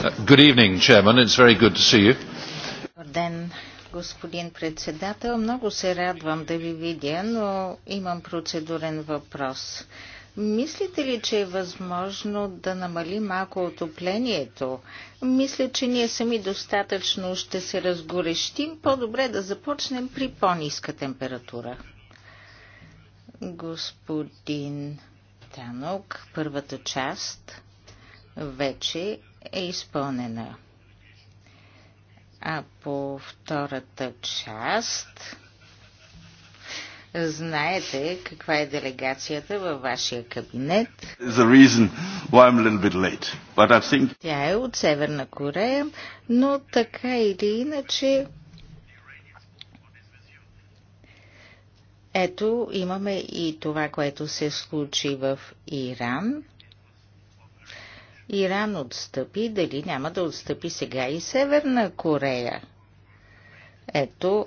Uh, good evening, Chairman. It's very good to see you. Ден, господин председател. Много се радвам да ви видя, но имам процедурен въпрос. Мислите ли, че е възможно да намали малко отоплението? Мисля, че ние сами достатъчно ще се разгорещим. По-добре да започнем при по-ниска температура. Господин Танок, първата част вече е изпълнена. А по втората част знаете каква е делегацията във вашия кабинет. Тя е от Северна Корея, но така или иначе Ето имаме и това, което се случи в Иран – Иран отстъпи, дали няма да отстъпи сега и Северна Корея. Ето,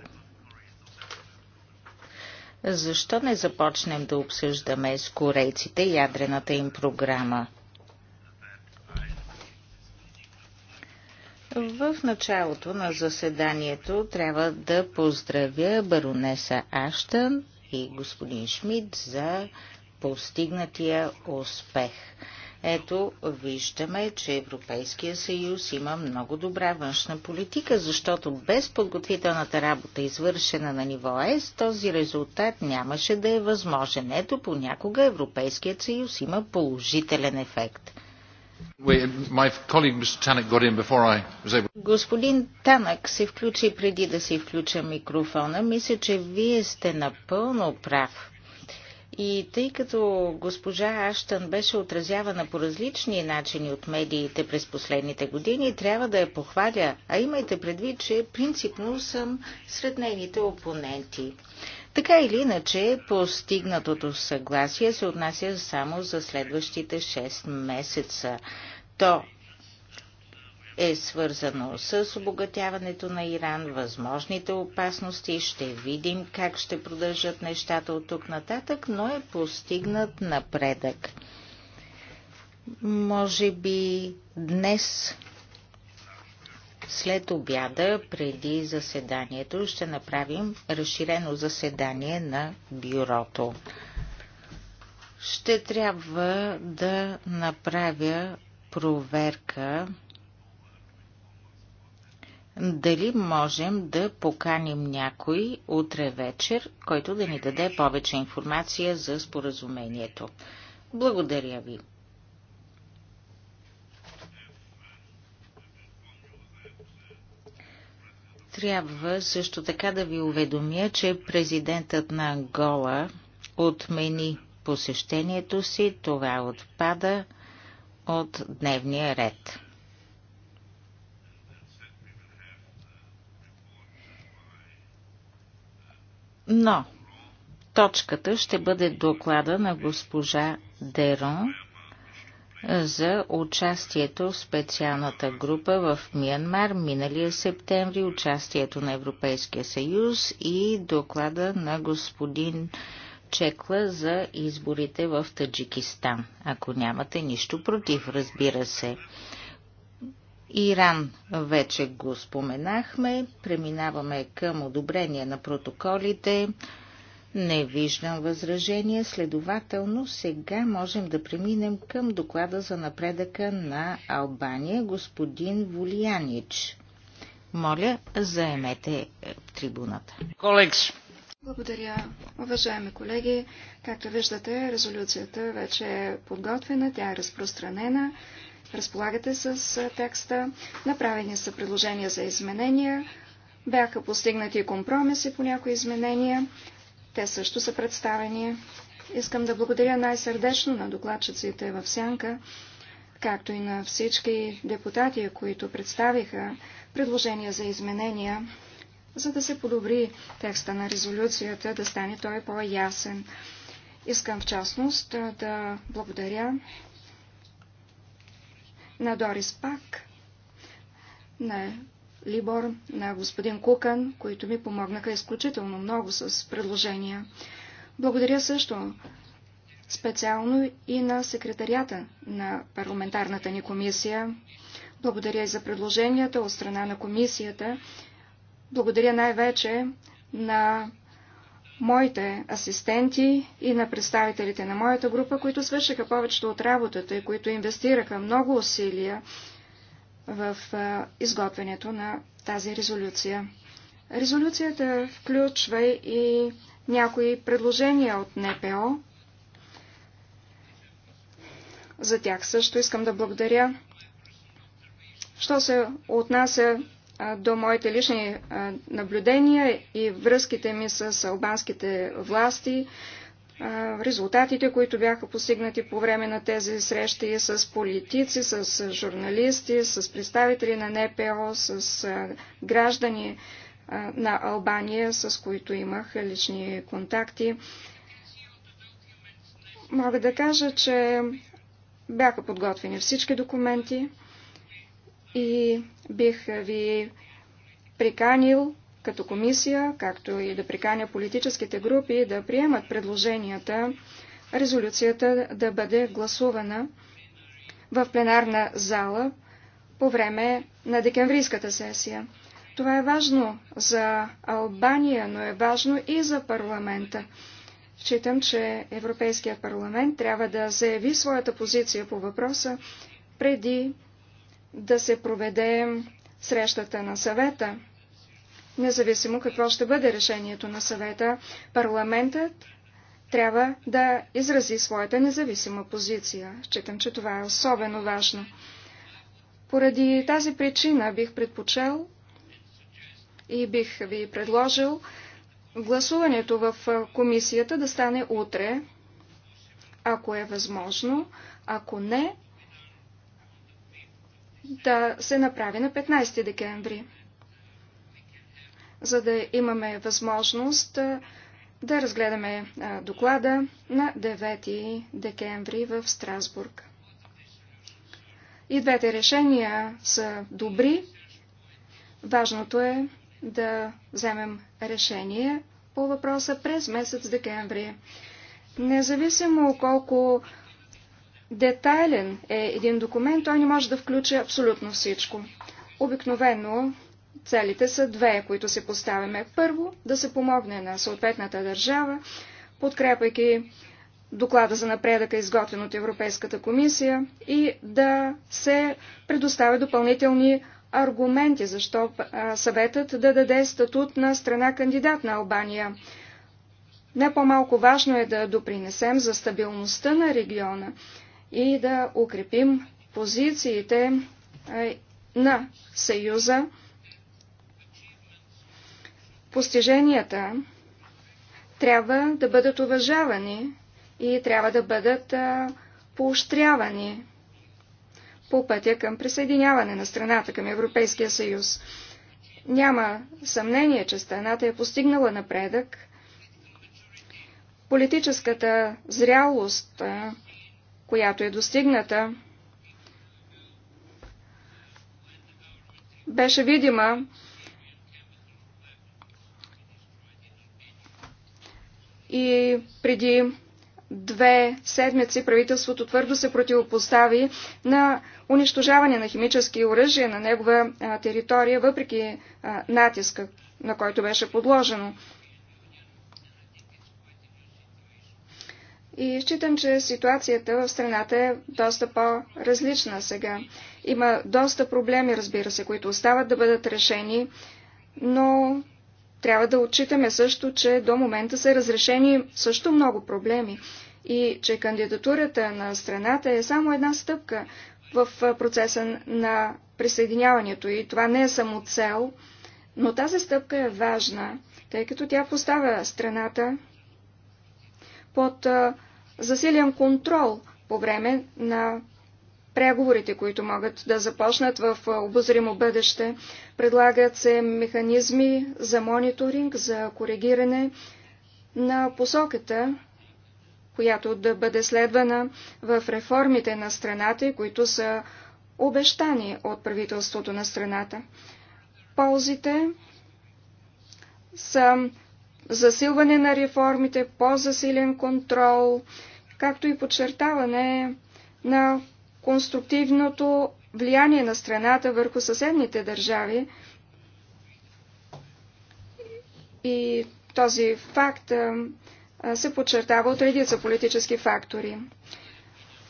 защо не започнем да обсъждаме с корейците ядрената им програма? В началото на заседанието трябва да поздравя баронеса Аштън и господин Шмидт за постигнатия успех. Ето, виждаме, че Европейския съюз има много добра външна политика, защото без подготвителната работа, извършена на ниво ЕС, този резултат нямаше да е възможен. Ето, понякога Европейският съюз има положителен ефект. Господин Танък се включи преди да се включа микрофона. Мисля, че вие сте напълно прав. И тъй като госпожа Аштън беше отразявана по различни начини от медиите през последните години, трябва да я похваля, а имайте предвид, че принципно съм сред нейните опоненти. Така или иначе, постигнатото съгласие се отнася само за следващите 6 месеца. То е свързано с обогатяването на Иран, възможните опасности, ще видим как ще продължат нещата от тук нататък, но е постигнат напредък. Може би днес след обяда, преди заседанието, ще направим разширено заседание на бюрото. Ще трябва да направя проверка дали можем да поканим някой утре вечер, който да ни даде повече информация за споразумението. Благодаря ви. Трябва също така да ви уведомя, че президентът на Ангола отмени посещението си, това отпада от дневния ред. Но точката ще бъде доклада на госпожа Дерон за участието в специалната група в Миянмар миналия септември, участието на Европейския съюз и доклада на господин Чекла за изборите в Таджикистан. Ако нямате нищо против, разбира се. Иран вече го споменахме. Преминаваме към одобрение на протоколите. Не виждам възражение, следователно сега можем да преминем към доклада за напредъка на Албания, господин Волиянич. Моля, заемете трибуната. Колекс. Благодаря, уважаеми колеги. Както виждате, резолюцията вече е подготвена, тя е разпространена разполагате с текста. Направени са предложения за изменения. Бяха постигнати компромиси по някои изменения. Те също са представени. Искам да благодаря най-сърдечно на докладчиците в Сянка, както и на всички депутати, които представиха предложения за изменения, за да се подобри текста на резолюцията, да стане той по-ясен. Искам в частност да благодаря на Дорис Пак, на Либор, на господин Кукан, които ми помогнаха изключително много с предложения. Благодаря също специално и на секретарията на парламентарната ни комисия. Благодаря и за предложенията от страна на комисията. Благодаря най-вече на моите асистенти и на представителите на моята група, които свършиха повечето от работата и които инвестираха много усилия в изготвянето на тази резолюция. Резолюцията включва и някои предложения от НПО. За тях също искам да благодаря. Що се отнася до моите лични наблюдения и връзките ми с албанските власти, резултатите, които бяха постигнати по време на тези срещи с политици, с журналисти, с представители на НПО, с граждани на Албания, с които имах лични контакти. Мога да кажа, че бяха подготвени всички документи и бих ви приканил като комисия, както и да приканя политическите групи да приемат предложенията, резолюцията да бъде гласувана в пленарна зала по време на декемврийската сесия. Това е важно за Албания, но е важно и за парламента. Считам, че Европейския парламент трябва да заяви своята позиция по въпроса преди да се проведе срещата на съвета. Независимо какво ще бъде решението на съвета, парламентът трябва да изрази своята независима позиция. Считам, че това е особено важно. Поради тази причина бих предпочел и бих ви предложил гласуването в комисията да стане утре, ако е възможно, ако не, да се направи на 15 декември, за да имаме възможност да разгледаме доклада на 9 декември в Страсбург. И двете решения са добри. Важното е да вземем решение по въпроса през месец декември. Независимо колко детайлен е един документ, той не може да включи абсолютно всичко. Обикновено целите са две, които се поставяме. Първо, да се помогне на съответната държава, подкрепайки доклада за напредъка, изготвен от Европейската комисия, и да се предоставя допълнителни аргументи, защо съветът да даде статут на страна кандидат на Албания. Не по-малко важно е да допринесем за стабилността на региона и да укрепим позициите е, на Съюза, постиженията трябва да бъдат уважавани и трябва да бъдат е, поощрявани по пътя към присъединяване на страната към Европейския съюз. Няма съмнение, че страната е постигнала напредък. Политическата зрялост е, която е достигната, беше видима и преди две седмици правителството твърдо се противопостави на унищожаване на химически оръжия на негова територия, въпреки натиска, на който беше подложено. И считам, че ситуацията в страната е доста по-различна сега. Има доста проблеми, разбира се, които остават да бъдат решени, но трябва да отчитаме също, че до момента са разрешени също много проблеми и че кандидатурата на страната е само една стъпка в процеса на присъединяването и това не е само цел, но тази стъпка е важна, тъй като тя поставя страната под засилен контрол по време на преговорите, които могат да започнат в обозримо бъдеще. Предлагат се механизми за мониторинг, за коригиране на посоката, която да бъде следвана в реформите на страната, които са обещани от правителството на страната. Ползите са засилване на реформите, по-засилен контрол, както и подчертаване на конструктивното влияние на страната върху съседните държави. И този факт се подчертава от редица политически фактори.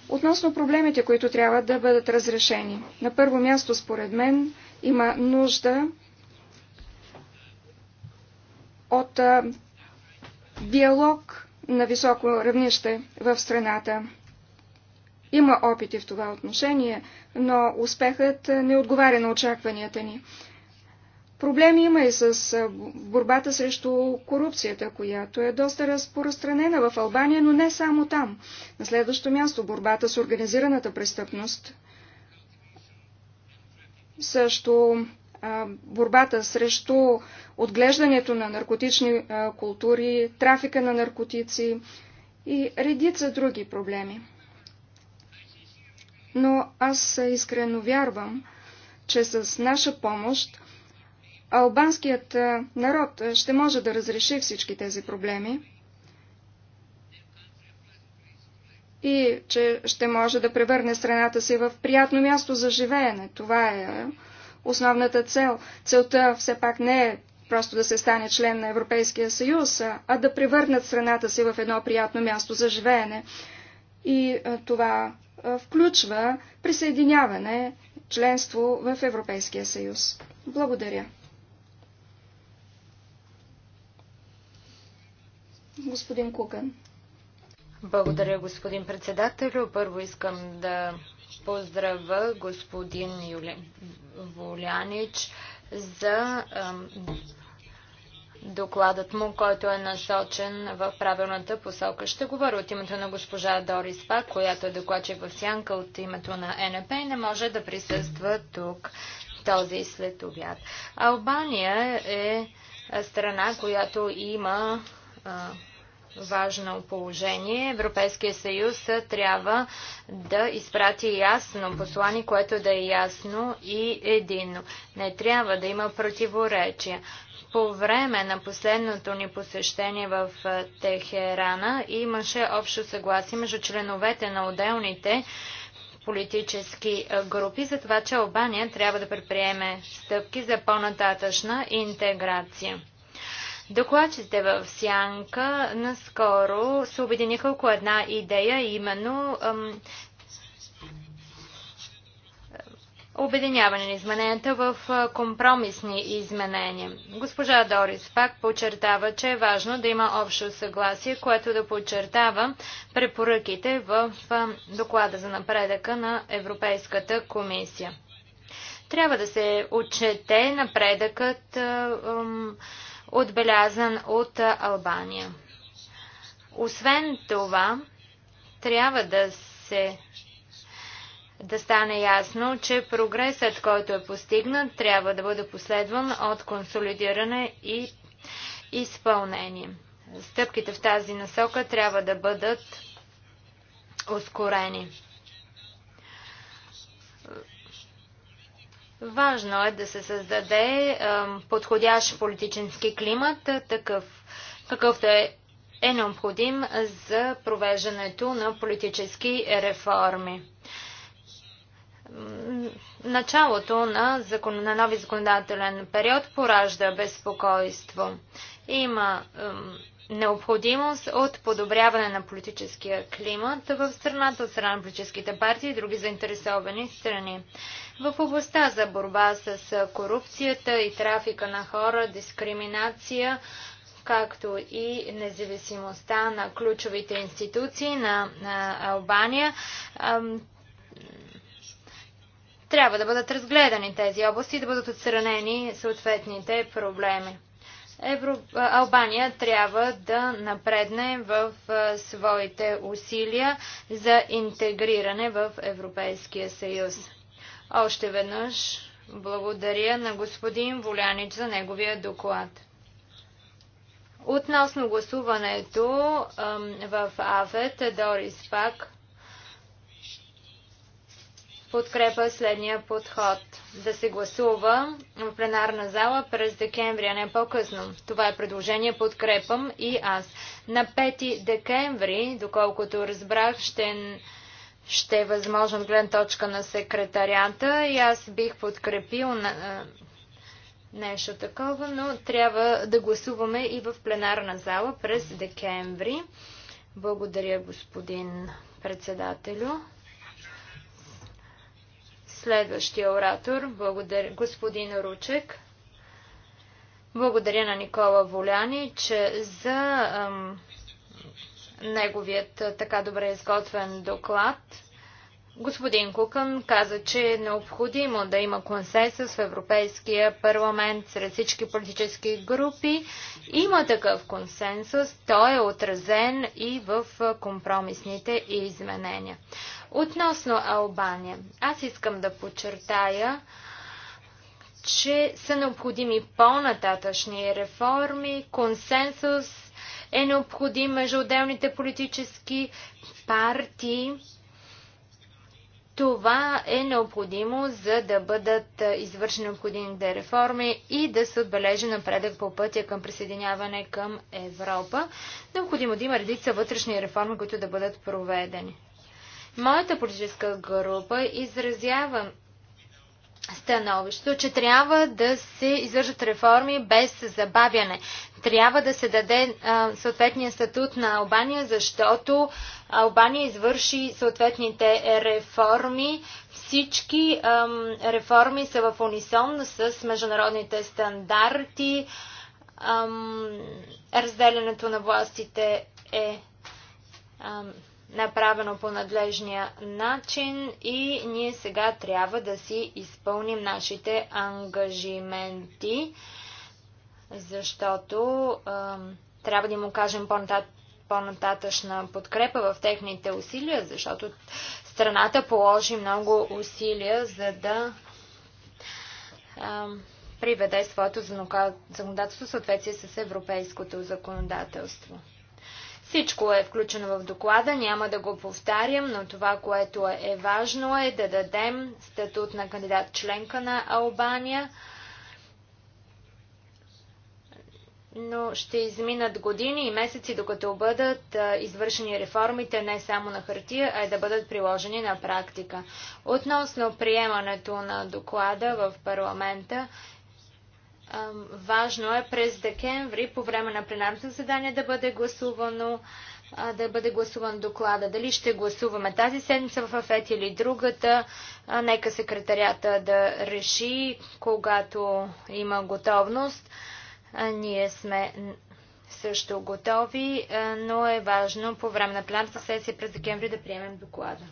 Относно проблемите, които трябва да бъдат разрешени. На първо място, според мен, има нужда от диалог на високо равнище в страната. Има опити в това отношение, но успехът не отговаря на очакванията ни. Проблеми има и с борбата срещу корупцията, която е доста разпространена в Албания, но не само там. На следващо място борбата с организираната престъпност. Също борбата срещу отглеждането на наркотични култури, трафика на наркотици и редица други проблеми. Но аз искрено вярвам, че с наша помощ албанският народ ще може да разреши всички тези проблеми и че ще може да превърне страната си в приятно място за живеене. Това е основната цел. Целта все пак не е просто да се стане член на Европейския съюз, а да превърнат страната си в едно приятно място за живеене. И това включва присъединяване, членство в Европейския съюз. Благодаря. Господин Кукан. Благодаря, господин председател. Първо искам да поздрава господин Юли... Волянич за докладът му, който е насочен в правилната посока. Ще говоря от името на госпожа Дорис Пак, която е докладчик в Сянка от името на НП и не може да присъства тук този след обяд. Албания е страна, която има а, важно положение. Европейския съюз трябва да изпрати ясно послание, което да е ясно и единно. Не трябва да има противоречия. По време на последното ни посещение в Техерана имаше общо съгласие между членовете на отделните политически групи за това, че Албания трябва да предприеме стъпки за по-нататъчна интеграция. Докладчите в Сянка наскоро се обединиха около една идея, именно ам, обединяване на измененията в компромисни изменения. Госпожа Дорис пак подчертава, че е важно да има общо съгласие, което да подчертава препоръките в доклада за напредъка на Европейската комисия. Трябва да се отчете напредъкът отбелязан от Албания. Освен това, трябва да се да стане ясно, че прогресът, който е постигнат, трябва да бъде последван от консолидиране и изпълнение. Стъпките в тази насока трябва да бъдат ускорени. Важно е да се създаде е, подходящ политически климат, е, такъв, какъвто е, е необходим за провеждането на политически реформи. Началото на, закон, на нови законодателен период поражда безпокойство. Има необходимост от подобряване на политическия климат в страната от страна на политическите партии и други заинтересовани страни. В областта за борба с корупцията и трафика на хора, дискриминация, както и независимостта на ключовите институции на, на Албания, трябва да бъдат разгледани тези области и да бъдат отстранени съответните проблеми. Евро... Албания трябва да напредне в своите усилия за интегриране в Европейския съюз. Още веднъж благодаря на господин Волянич за неговия доклад. Относно гласуването в АФЕТ, Дорис Пак подкрепа следния подход. Да се гласува в пленарна зала през декември, а не по-късно. Това е предложение, подкрепам и аз. На 5 декември, доколкото разбрах, ще, ще е възможно от гледна точка на секретарята и аз бих подкрепил на, нещо такова, но трябва да гласуваме и в пленарна зала през декември. Благодаря, господин председателю. Следващия оратор, благодар... господин Ручек. Благодаря на Никола Воляни, че за ам, неговият така добре изготвен доклад. Господин Кукън каза, че е необходимо да има консенсус в Европейския парламент сред всички политически групи. Има такъв консенсус, той е отразен и в компромисните изменения. Относно Албания, аз искам да подчертая, че са необходими по-нататъчни реформи, консенсус е необходим между отделните политически партии. Това е необходимо, за да бъдат извършени необходимите реформи и да се отбележи напредък по пътя към присъединяване към Европа. Необходимо да има редица вътрешни реформи, които да бъдат проведени. Моята политическа група изразява становището, че трябва да се извършат реформи без забавяне. Трябва да се даде съответния статут на Албания, защото Албания извърши съответните реформи. Всички реформи са в унисон с международните стандарти. разделянето на властите е направено по надлежния начин и ние сега трябва да си изпълним нашите ангажименти, защото трябва да им окажем по-нататъчна подкрепа в техните усилия, защото страната положи много усилия, за да приведе своето законодателство в съответствие с европейското законодателство. Всичко е включено в доклада, няма да го повтарям, но това, което е важно е да дадем статут на кандидат членка на Албания. Но ще изминат години и месеци, докато бъдат извършени реформите не само на хартия, а и да бъдат приложени на практика. Относно приемането на доклада в парламента, Важно е през декември, по време на пленарното заседание, да бъде гласувано да бъде гласуван доклада. Дали ще гласуваме тази седмица в АФЕТ или другата, нека секретарята да реши, когато има готовност. Ние сме също готови, но е важно по време на пленарната сесия през декември да приемем доклада.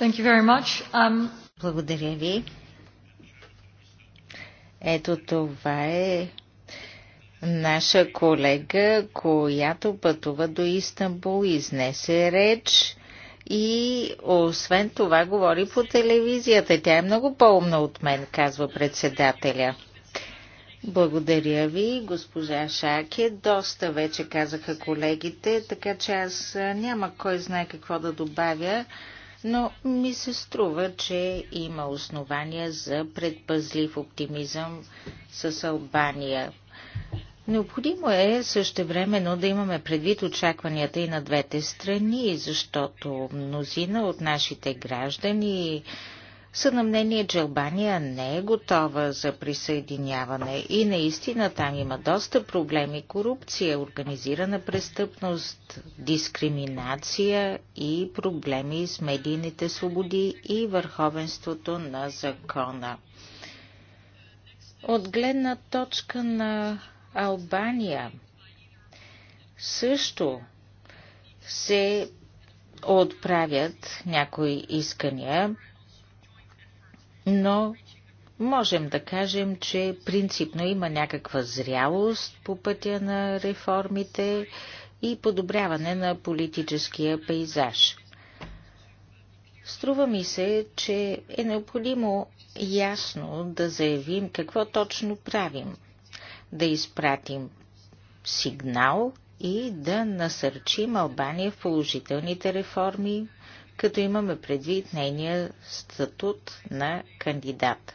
Thank you very much. Um, благодаря ви. Ето това е наша колега, която пътува до Истанбул, изнесе реч и освен това говори по телевизията. Тя е много по-умна от мен, казва председателя. Благодаря ви, госпожа Шаке. Доста вече казаха колегите, така че аз няма кой знае какво да добавя но ми се струва, че има основания за предпазлив оптимизъм с Албания. Необходимо е същевременно да имаме предвид очакванията и на двете страни, защото мнозина от нашите граждани са на мнение, че Албания не е готова за присъединяване и наистина там има доста проблеми корупция, организирана престъпност, дискриминация и проблеми с медийните свободи и върховенството на закона. От гледна точка на Албания също се отправят някои искания но можем да кажем, че принципно има някаква зрялост по пътя на реформите и подобряване на политическия пейзаж. Струва ми се, че е необходимо ясно да заявим какво точно правим, да изпратим сигнал и да насърчим Албания в положителните реформи, като имаме предвид нейния статут на кандидат.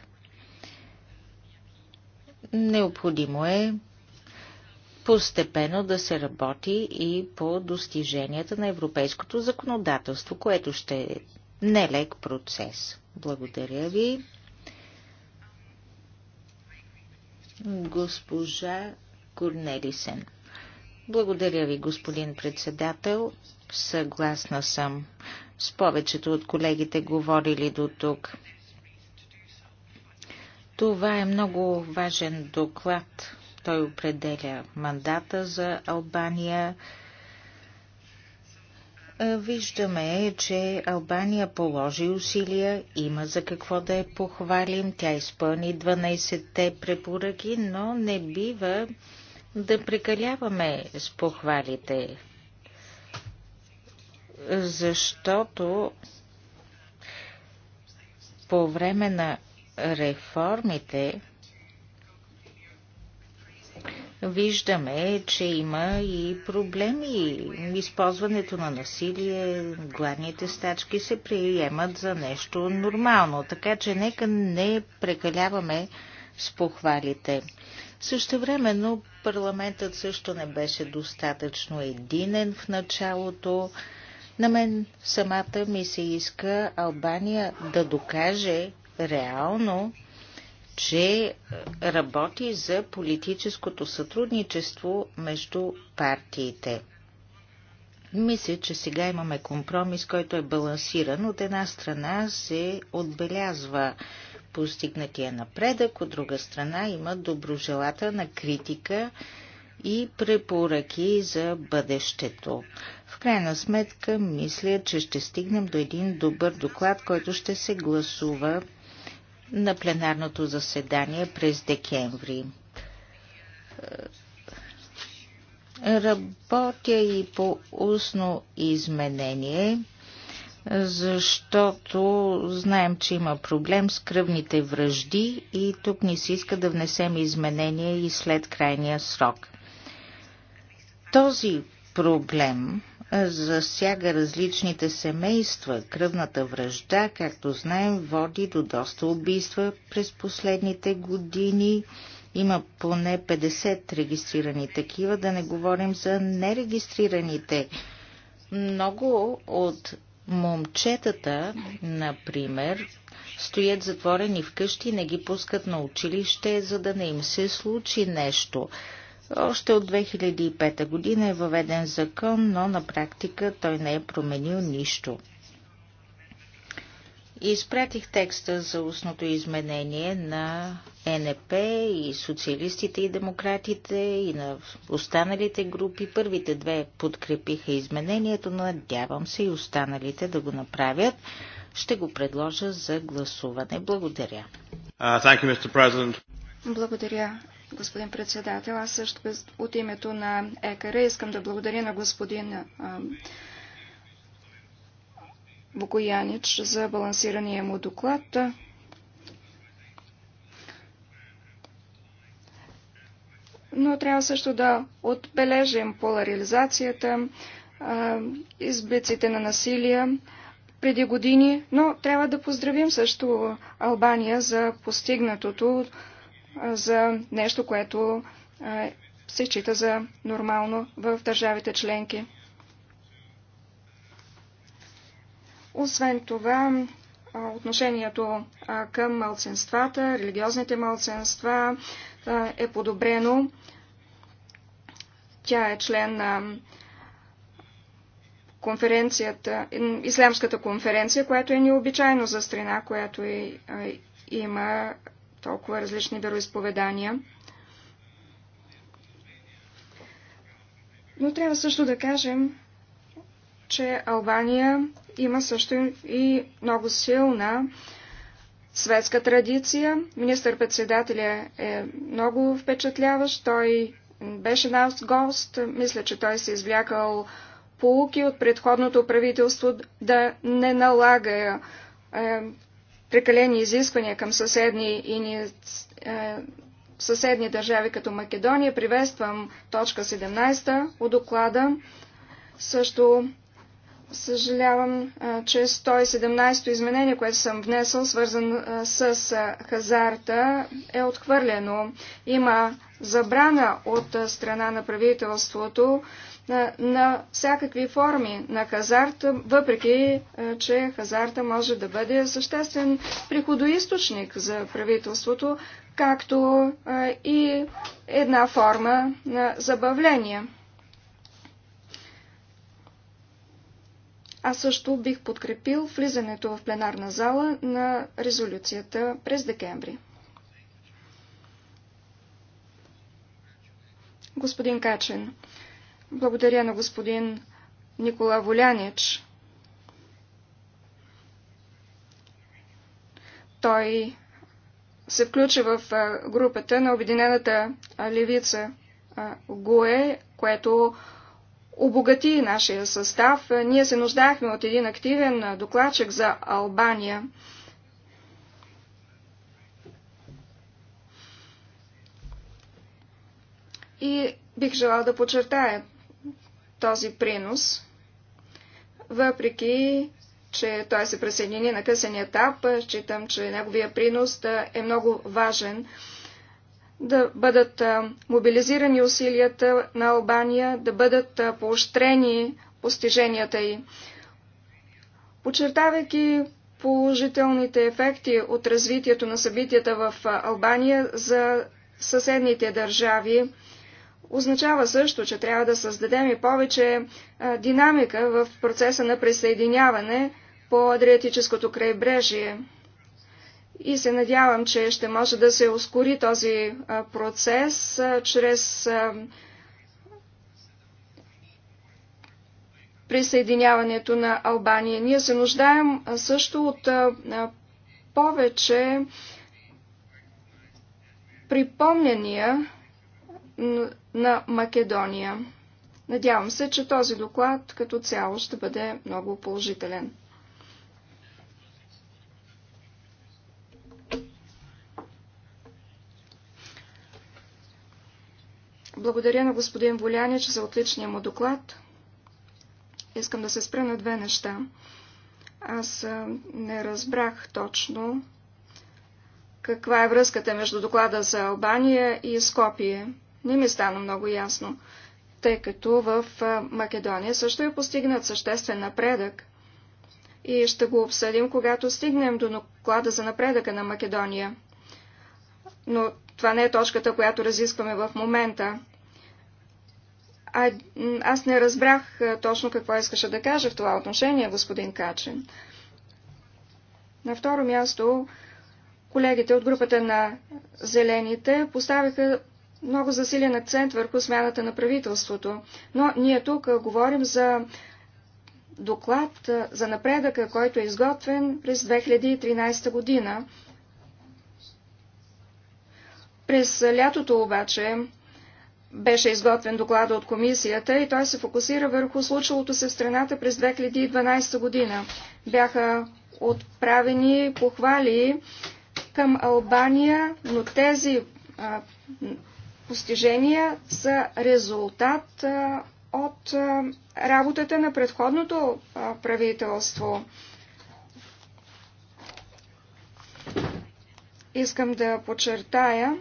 Необходимо е постепенно да се работи и по достиженията на европейското законодателство, което ще е нелег процес. Благодаря ви. Госпожа Корнелисен. Благодаря ви, господин председател. Съгласна съм с повечето от колегите говорили до тук. Това е много важен доклад. Той определя мандата за Албания. Виждаме, че Албания положи усилия, има за какво да я похвалим. Тя изпълни 12-те препоръки, но не бива да прекаляваме с похвалите защото по време на реформите виждаме, че има и проблеми. Използването на насилие, гладните стачки се приемат за нещо нормално. Така че нека не прекаляваме с похвалите. Също времено парламентът също не беше достатъчно единен в началото. На мен самата ми се иска Албания да докаже реално, че е, работи за политическото сътрудничество между партиите. Мисля, че сега имаме компромис, който е балансиран. От една страна се отбелязва постигнатия напредък, от друга страна има доброжелателна критика и препоръки за бъдещето. В крайна сметка, мисля, че ще стигнем до един добър доклад, който ще се гласува на пленарното заседание през декември. Работя и по устно изменение, защото знаем, че има проблем с кръвните връжди и тук ни се иска да внесем изменения и след крайния срок. Този проблем засяга различните семейства. Кръвната връжда, както знаем, води до доста убийства през последните години. Има поне 50 регистрирани такива, да не говорим за нерегистрираните. Много от момчетата, например, стоят затворени вкъщи, не ги пускат на училище, за да не им се случи нещо. Още от 2005 година е въведен закон, но на практика той не е променил нищо. Изпратих текста за устното изменение на НП и социалистите и демократите и на останалите групи. Първите две подкрепиха изменението, но надявам се и останалите да го направят. Ще го предложа за гласуване. Благодаря. Uh, you, Благодаря, господин председател. Аз също от името на ЕКР искам да благодаря на господин Бокоянич за балансирания му доклад. Но трябва също да отбележим поляризацията, избиците на насилие преди години, но трябва да поздравим също Албания за постигнатото за нещо, което се чита за нормално в държавите членки. Освен това, отношението към мълценствата, религиозните мълценства е подобрено. Тя е член на конференцията, Ислямската конференция, което е необичайно за страна, която е, е, има толкова различни вероисповедания. Но трябва също да кажем, че Албания има също и много силна светска традиция. Министър-председателя е много впечатляващ. Той беше наш гост. Мисля, че той се извлякал полуки от предходното правителство да не налага е, прекалени изисквания към съседни, и ни, е, съседни държави като Македония. Приветствам точка 17 от доклада. Също съжалявам, е, че 117-то изменение, което съм внесъл, свързан е, с е, хазарта, е отхвърлено. Има забрана от страна на правителството на, на всякакви форми на хазарта, въпреки е, че хазарта може да бъде съществен приходоисточник за правителството, както е, и една форма на забавление. Аз също бих подкрепил влизането в пленарна зала на резолюцията през декември. Господин Качен, благодаря на господин Никола Волянич. Той се включи в групата на Обединената левица ГУЕ, което обогати нашия състав. Ние се нуждаехме от един активен докладчик за Албания. И бих желал да подчертая, този принос, въпреки че той се присъедини на късен етап. Считам, че неговия принос да е много важен да бъдат мобилизирани усилията на Албания, да бъдат поощрени постиженията й. Почертавайки положителните ефекти от развитието на събитията в Албания за съседните държави, Означава също, че трябва да създадем и повече а, динамика в процеса на присъединяване по Адриатическото крайбрежие. И се надявам, че ще може да се ускори този а, процес а, чрез присъединяването на Албания. Ние се нуждаем също от повече припомняния на Македония. Надявам се, че този доклад като цяло ще бъде много положителен. Благодаря на господин Волянич за отличния му доклад. Искам да се спра на две неща. Аз не разбрах точно каква е връзката между доклада за Албания и Скопие не ми стана много ясно, тъй като в Македония също е постигнат съществен напредък и ще го обсъдим, когато стигнем до доклада за напредъка на Македония. Но това не е точката, която разискваме в момента. А, аз не разбрах точно какво искаше да каже в това отношение господин Качен. На второ място, колегите от групата на зелените поставиха много засилен акцент върху смяната на правителството. Но ние тук говорим за доклад за напредъка, който е изготвен през 2013 година. През лятото обаче беше изготвен доклада от комисията и той се фокусира върху случилото се в страната през 2012 година. Бяха отправени похвали към Албания, но тези а, постижения са резултат от работата на предходното правителство. Искам да подчертая,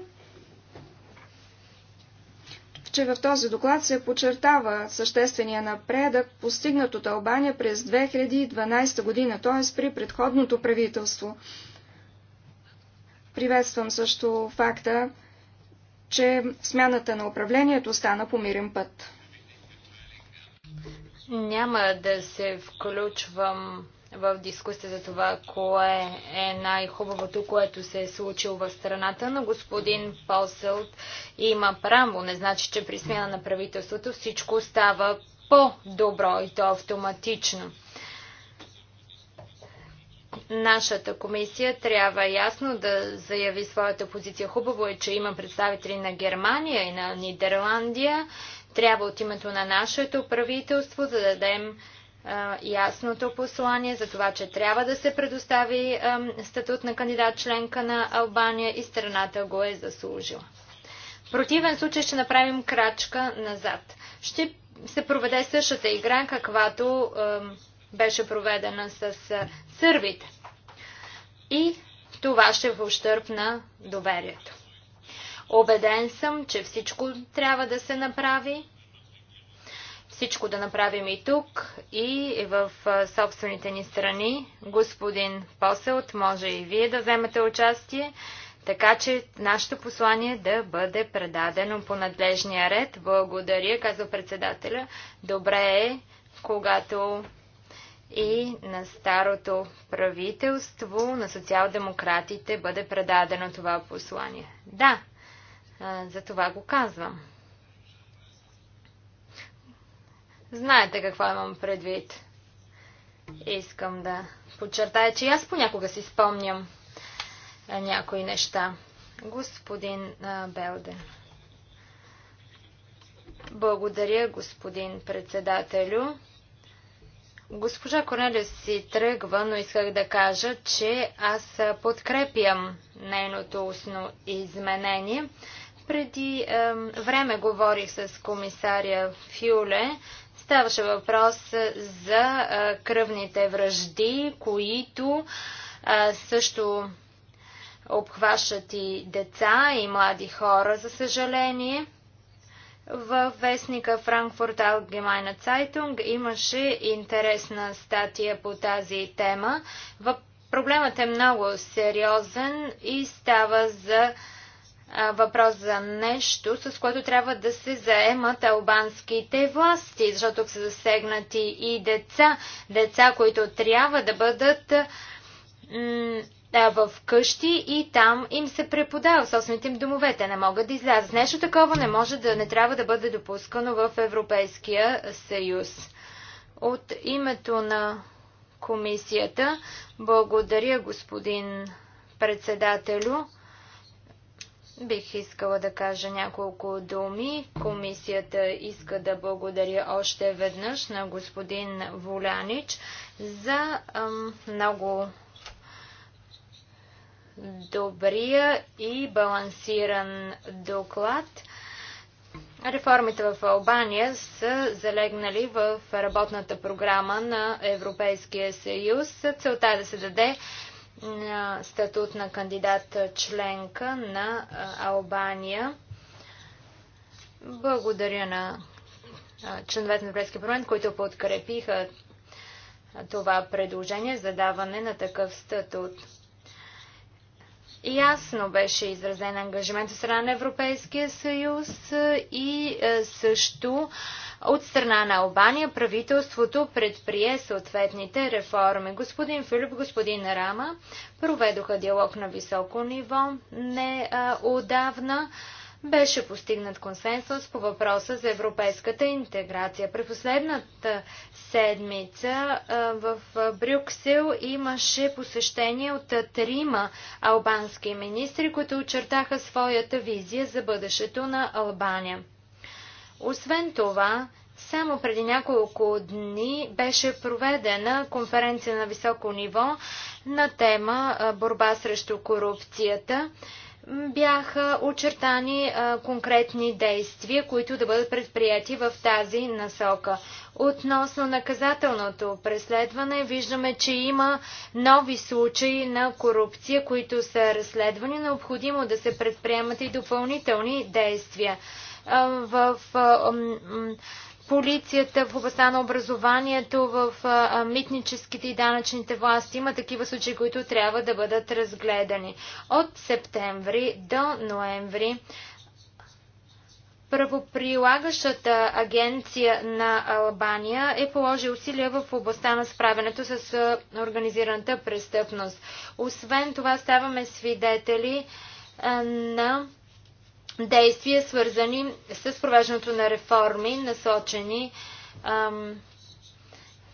че в този доклад се подчертава съществения напредък, постигнат от Албания през 2012 година, т.е. при предходното правителство. Приветствам също факта, че смяната на управлението стана по мирен път. Няма да се включвам в дискусия за това, кое е най-хубавото, което се е случило в страната, но господин Полселт има право. Не значи, че при смяна на правителството всичко става по-добро и то автоматично. Нашата комисия трябва ясно да заяви своята позиция. Хубаво е, че има представители на Германия и на Нидерландия. Трябва от името на нашето правителство да дадем ясното послание за това, че трябва да се предостави статут на кандидат членка на Албания и страната го е заслужила. В противен случай ще направим крачка назад. Ще се проведе същата игра, каквато беше проведена с сървите и това ще в ущърп на доверието. Обеден съм, че всичко трябва да се направи. Всичко да направим и тук, и в собствените ни страни. Господин Поселт, може и вие да вземете участие, така че нашето послание да бъде предадено по надлежния ред. Благодаря, казва председателя. Добре е, когато и на старото правителство, на социал-демократите, бъде предадено това послание. Да, за това го казвам. Знаете какво имам предвид. Искам да подчертая, че аз понякога си спомням някои неща. Господин Белден. Благодаря, господин председателю. Госпожа Корнелия си тръгва, но исках да кажа, че аз подкрепям нейното устно изменение. Преди е, време говорих с комисаря Фюле. Ставаше въпрос за е, кръвните връжди, които е, също обхващат и деца и млади хора, за съжаление – във вестника Frankfurt Allgemeine Zeitung имаше интересна статия по тази тема. Проблемът е много сериозен и става за въпрос за нещо, с което трябва да се заемат албанските власти, защото тук са засегнати и деца, деца, които трябва да бъдат в къщи и там им се преподава в собствените им домове. Те не могат да излязат. Нещо такова не може да, не трябва да бъде допускано в Европейския съюз. От името на комисията благодаря господин председателю. Бих искала да кажа няколко думи. Комисията иска да благодаря още веднъж на господин Волянич за ам, много добрия и балансиран доклад. Реформите в Албания са залегнали в работната програма на Европейския съюз. Целта е да се даде статут на кандидат членка на Албания. Благодаря на членовете на Европейския парламент, които подкрепиха това предложение за даване на такъв статут. Ясно беше изразен ангажимент от страна на Европейския съюз е, и е, също от страна на Албания правителството предприе съответните реформи. Господин Филип, господин Рама проведоха диалог на високо ниво не а, е, отдавна беше постигнат консенсус по въпроса за европейската интеграция. При последната седмица в Брюксел имаше посещение от трима албански министри, които очертаха своята визия за бъдещето на Албания. Освен това, само преди няколко дни беше проведена конференция на високо ниво на тема борба срещу корупцията бяха очертани а, конкретни действия, които да бъдат предприяти в тази насока. Относно наказателното преследване, виждаме, че има нови случаи на корупция, които са разследвани. Необходимо да се предприемат и допълнителни действия. А, в а, полицията, в областта на образованието, в митническите и данъчните власти. Има такива случаи, които трябва да бъдат разгледани. От септември до ноември Правоприлагащата агенция на Албания е положи усилия в областта на справянето с организираната престъпност. Освен това ставаме свидетели на действия, свързани с провеждането на реформи, насочени ам,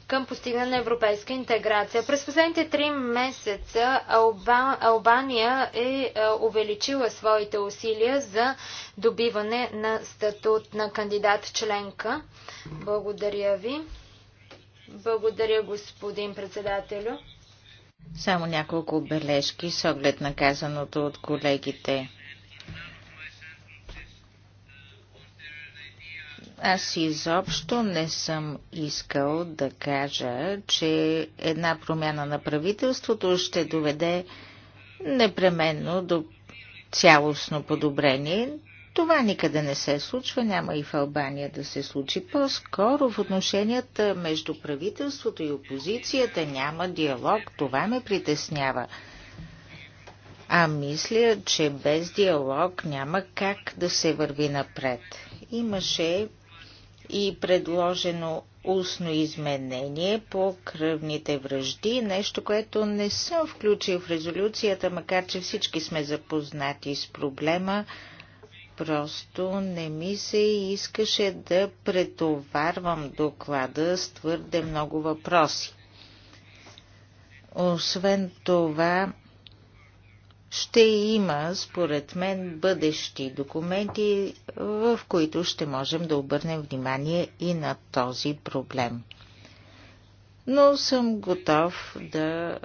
към постигане на европейска интеграция. През последните три месеца Алба... Албания е увеличила своите усилия за добиване на статут на кандидат членка. Благодаря ви. Благодаря, господин председателю. Само няколко бележки с оглед на казаното от колегите. Аз изобщо не съм искал да кажа, че една промяна на правителството ще доведе непременно до цялостно подобрение. Това никъде не се случва, няма и в Албания да се случи. По-скоро в отношенията между правителството и опозицията няма диалог. Това ме притеснява. А мисля, че без диалог няма как да се върви напред. Имаше и предложено устно изменение по кръвните връжди, нещо, което не съм включил в резолюцията, макар че всички сме запознати с проблема. Просто не ми се искаше да претоварвам доклада с твърде много въпроси. Освен това, ще има, според мен, бъдещи документи, в които ще можем да обърнем внимание и на този проблем. Но съм готов да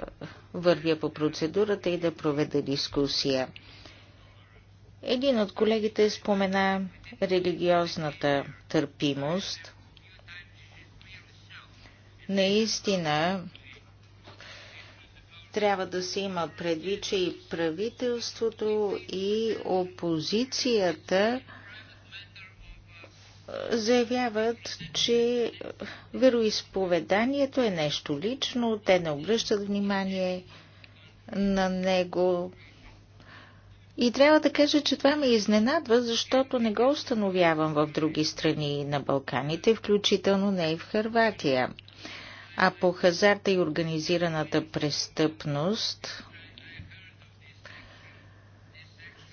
вървя по процедурата и да проведа дискусия. Един от колегите спомена религиозната търпимост. Наистина, трябва да се има предвид, че и правителството, и опозицията заявяват, че вероисповеданието е нещо лично, те не обръщат внимание на него. И трябва да кажа, че това ме изненадва, защото не го установявам в други страни на Балканите, включително не и в Харватия. А по хазарта и организираната престъпност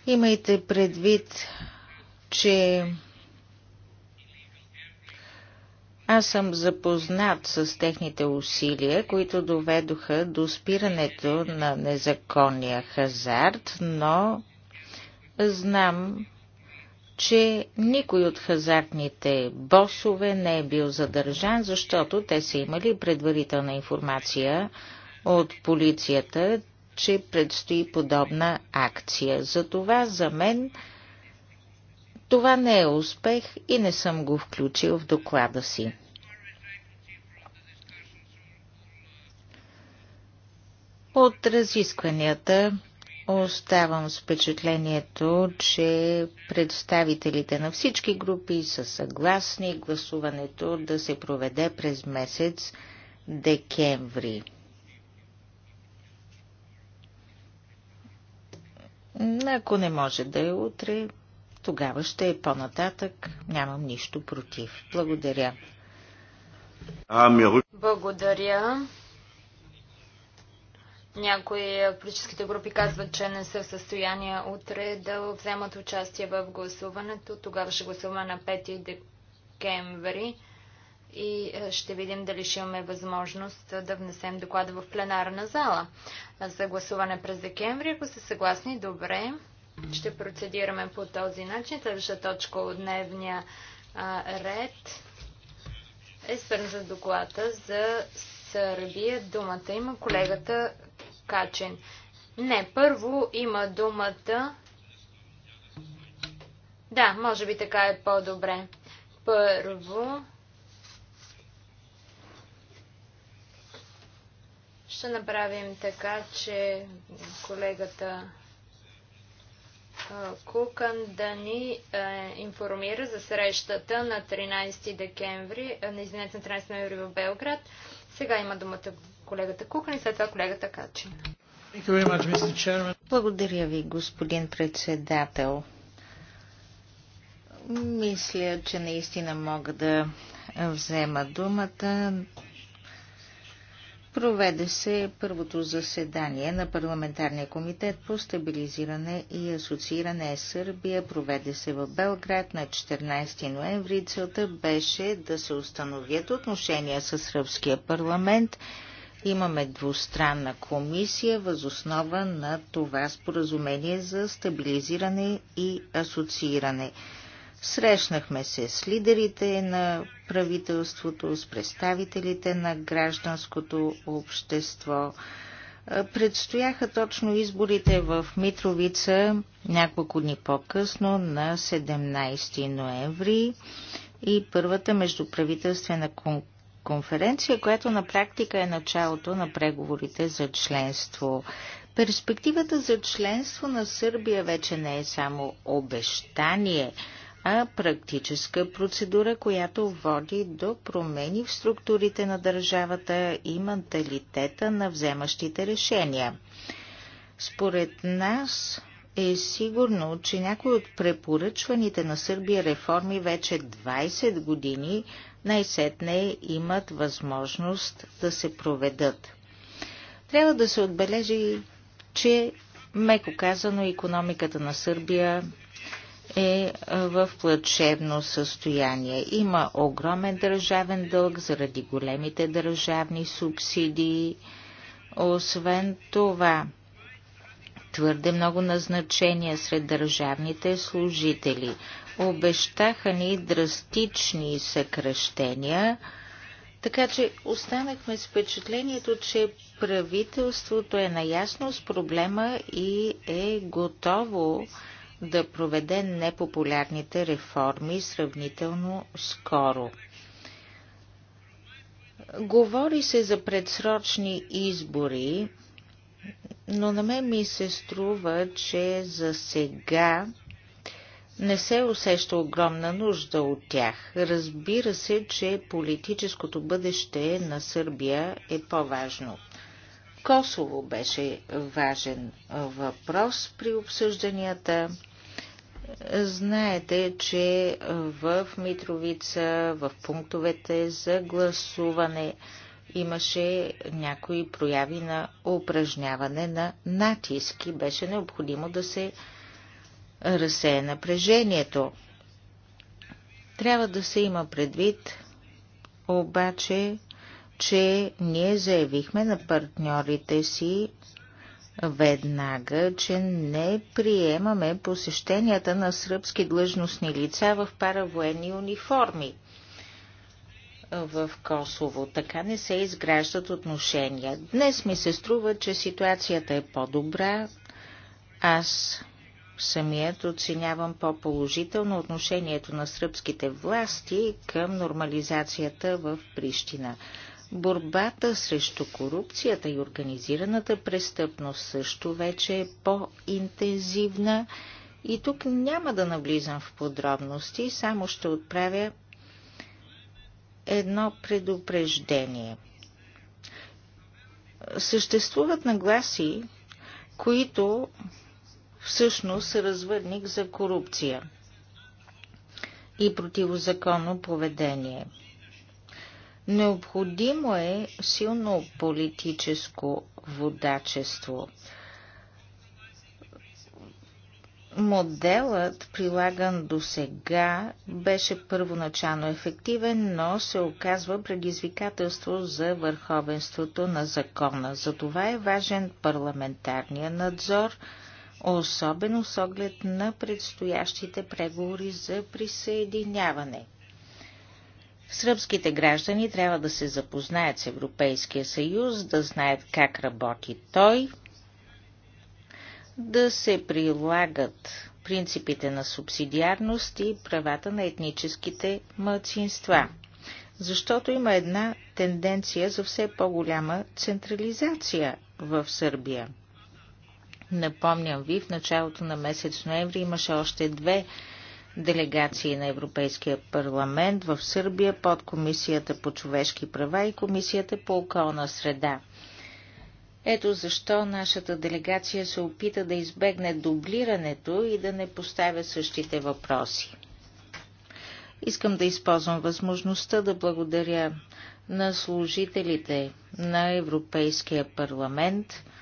имайте предвид, че аз съм запознат с техните усилия, които доведоха до спирането на незаконния хазарт, но знам, че никой от хазартните босове не е бил задържан, защото те са имали предварителна информация от полицията, че предстои подобна акция. Затова за мен това не е успех и не съм го включил в доклада си. От разискванията Оставам с впечатлението, че представителите на всички групи са съгласни гласуването да се проведе през месец декември. Ако не може да е утре, тогава ще е по-нататък. Нямам нищо против. Благодаря. Благодаря. Някои от политическите групи казват, че не са в състояние утре да вземат участие в гласуването. Тогава ще гласуваме на 5 декември и е, ще видим дали ще имаме възможност да внесем доклада в пленарна зала за гласуване през декември. Ако сте съгласни, добре. Ще процедираме по този начин. Следваща точка от дневния ред е свързан с доклада за Сърбия. Думата има колегата качен. Не, първо има думата. Да, може би така е по-добре. Първо. Ще направим така, че колегата Кукан да ни е, информира за срещата на 13 декември, на извинете, на 13 ноември в Белград. Сега има думата колегата Кухан и след това колегата Качин. Благодаря ви, господин председател. Мисля, че наистина мога да взема думата. Проведе се първото заседание на парламентарния комитет по стабилизиране и асоцииране с Сърбия. Проведе се в Белград на 14 ноември. Целта беше да се установят отношения с сръбския парламент Имаме двустранна комисия възоснова на това споразумение за стабилизиране и асоцииране. Срещнахме се с лидерите на правителството, с представителите на гражданското общество. Предстояха точно изборите в Митровица няколко дни по-късно на 17 ноември и първата междуправителствена конференция, която на практика е началото на преговорите за членство. Перспективата за членство на Сърбия вече не е само обещание, а практическа процедура, която води до промени в структурите на държавата и менталитета на вземащите решения. Според нас е сигурно, че някои от препоръчваните на Сърбия реформи вече 20 години най-сетне имат възможност да се проведат. Трябва да се отбележи, че, меко казано, економиката на Сърбия е в плачевно състояние. Има огромен държавен дълг заради големите държавни субсидии. Освен това, твърде много назначения сред държавните служители. Обещаха ни драстични съкръщения, така че останахме с впечатлението, че правителството е наясно с проблема и е готово да проведе непопулярните реформи сравнително скоро. Говори се за предсрочни избори, но на мен ми се струва, че за сега не се усеща огромна нужда от тях. Разбира се, че политическото бъдеще на Сърбия е по-важно. Косово беше важен въпрос при обсъжданията. Знаете, че в Митровица, в пунктовете за гласуване имаше някои прояви на упражняване на натиски. Беше необходимо да се разсея напрежението. Трябва да се има предвид обаче, че ние заявихме на партньорите си веднага, че не приемаме посещенията на сръбски длъжностни лица в паравоенни униформи в Косово. Така не се изграждат отношения. Днес ми се струва, че ситуацията е по-добра. Аз самият оценявам по-положително отношението на сръбските власти към нормализацията в Прищина. Борбата срещу корупцията и организираната престъпност също вече е по-интензивна и тук няма да навлизам в подробности, само ще отправя едно предупреждение. Съществуват нагласи, които всъщност развърник за корупция и противозаконно поведение. Необходимо е силно политическо водачество. Моделът, прилаган до сега, беше първоначално ефективен, но се оказва предизвикателство за върховенството на закона. Затова е важен парламентарния надзор – особено с оглед на предстоящите преговори за присъединяване. Сръбските граждани трябва да се запознаят с Европейския съюз, да знаят как работи той, да се прилагат принципите на субсидиарност и правата на етническите мълцинства. Защото има една тенденция за все по-голяма централизация в Сърбия – Напомням ви, в началото на месец ноември имаше още две делегации на Европейския парламент в Сърбия под Комисията по човешки права и Комисията по околна среда. Ето защо нашата делегация се опита да избегне дублирането и да не поставя същите въпроси. Искам да използвам възможността да благодаря на служителите на Европейския парламент –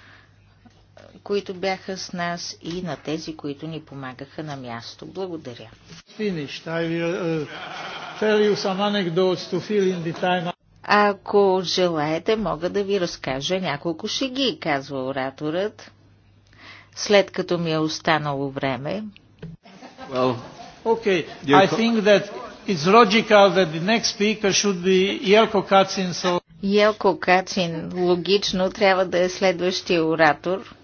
които бяха с нас и на тези, които ни помагаха на място. Благодаря. Uh, Ако желаете, мога да ви разкажа няколко шеги, казва ораторът, след като ми е останало време. Well, okay. I think that it's logical that the next speaker should be Jelko Kacin, so... Елко Кацин логично трябва да е следващия оратор.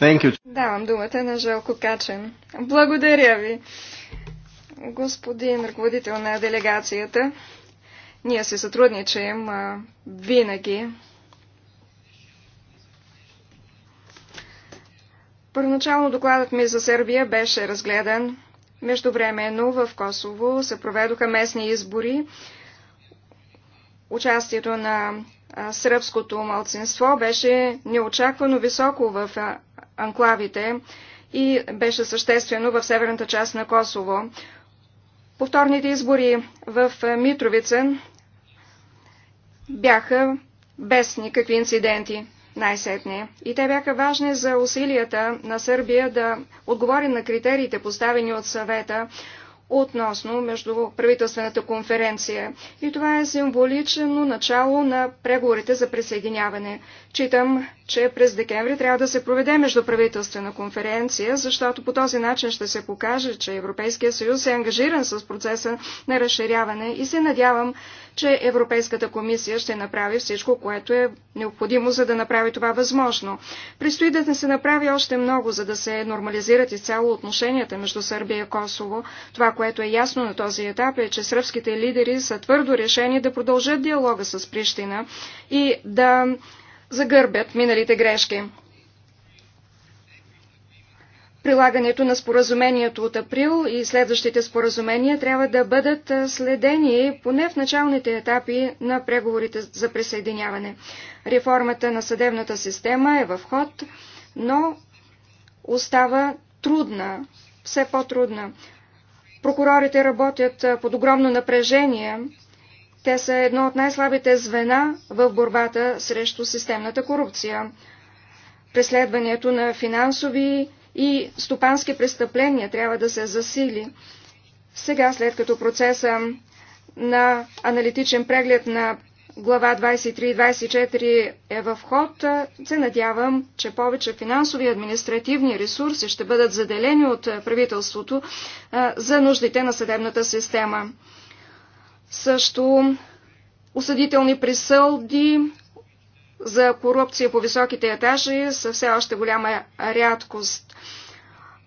Thank you. Давам думата на Желко Качен. Благодаря ви, господин ръководител на делегацията. Ние се сътрудничаем а, винаги. Първоначално докладът ми за Сърбия беше разгледан. Междувременно в Косово се проведоха местни избори. Участието на сръбското малцинство беше неочаквано високо в анклавите и беше съществено в северната част на Косово. Повторните избори в Митровица бяха без никакви инциденти най-сетне. И те бяха важни за усилията на Сърбия да отговори на критериите, поставени от съвета относно междуправителствената конференция. И това е символично начало на преговорите за присъединяване. Читам, че през декември трябва да се проведе междуправителствена конференция, защото по този начин ще се покаже, че Европейския съюз е ангажиран с процеса на разширяване и се надявам, че Европейската комисия ще направи всичко, което е необходимо, за да направи това възможно. Предстои да се направи още много, за да се нормализират изцяло отношенията между Сърбия и Косово. Това, което е ясно на този етап е, че сръбските лидери са твърдо решени да продължат диалога с Прищина и да загърбят миналите грешки. Прилагането на споразумението от април и следващите споразумения трябва да бъдат следени поне в началните етапи на преговорите за присъединяване. Реформата на съдебната система е в ход, но остава трудна, все по-трудна. Прокурорите работят под огромно напрежение. Те са едно от най-слабите звена в борбата срещу системната корупция. Преследването на финансови и стопански престъпления трябва да се засили. Сега, след като процеса на аналитичен преглед на глава 23 и 24 е в ход, се надявам, че повече финансови и административни ресурси ще бъдат заделени от правителството за нуждите на съдебната система. Също осъдителни присълди за корупция по високите етажи са все още голяма рядкост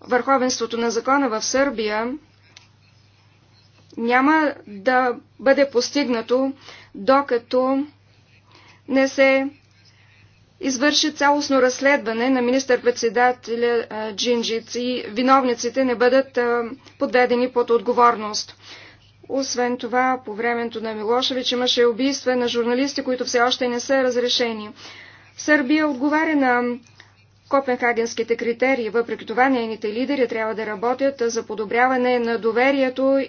върховенството на закона в Сърбия няма да бъде постигнато, докато не се извърши цялостно разследване на министър-председателя Джинджиц и виновниците не бъдат подведени под отговорност. Освен това, по времето на Милошевич имаше убийства на журналисти, които все още не са разрешени. Сърбия отговаря на Копенхагенските критерии. Въпреки това, нейните лидери трябва да работят за подобряване на доверието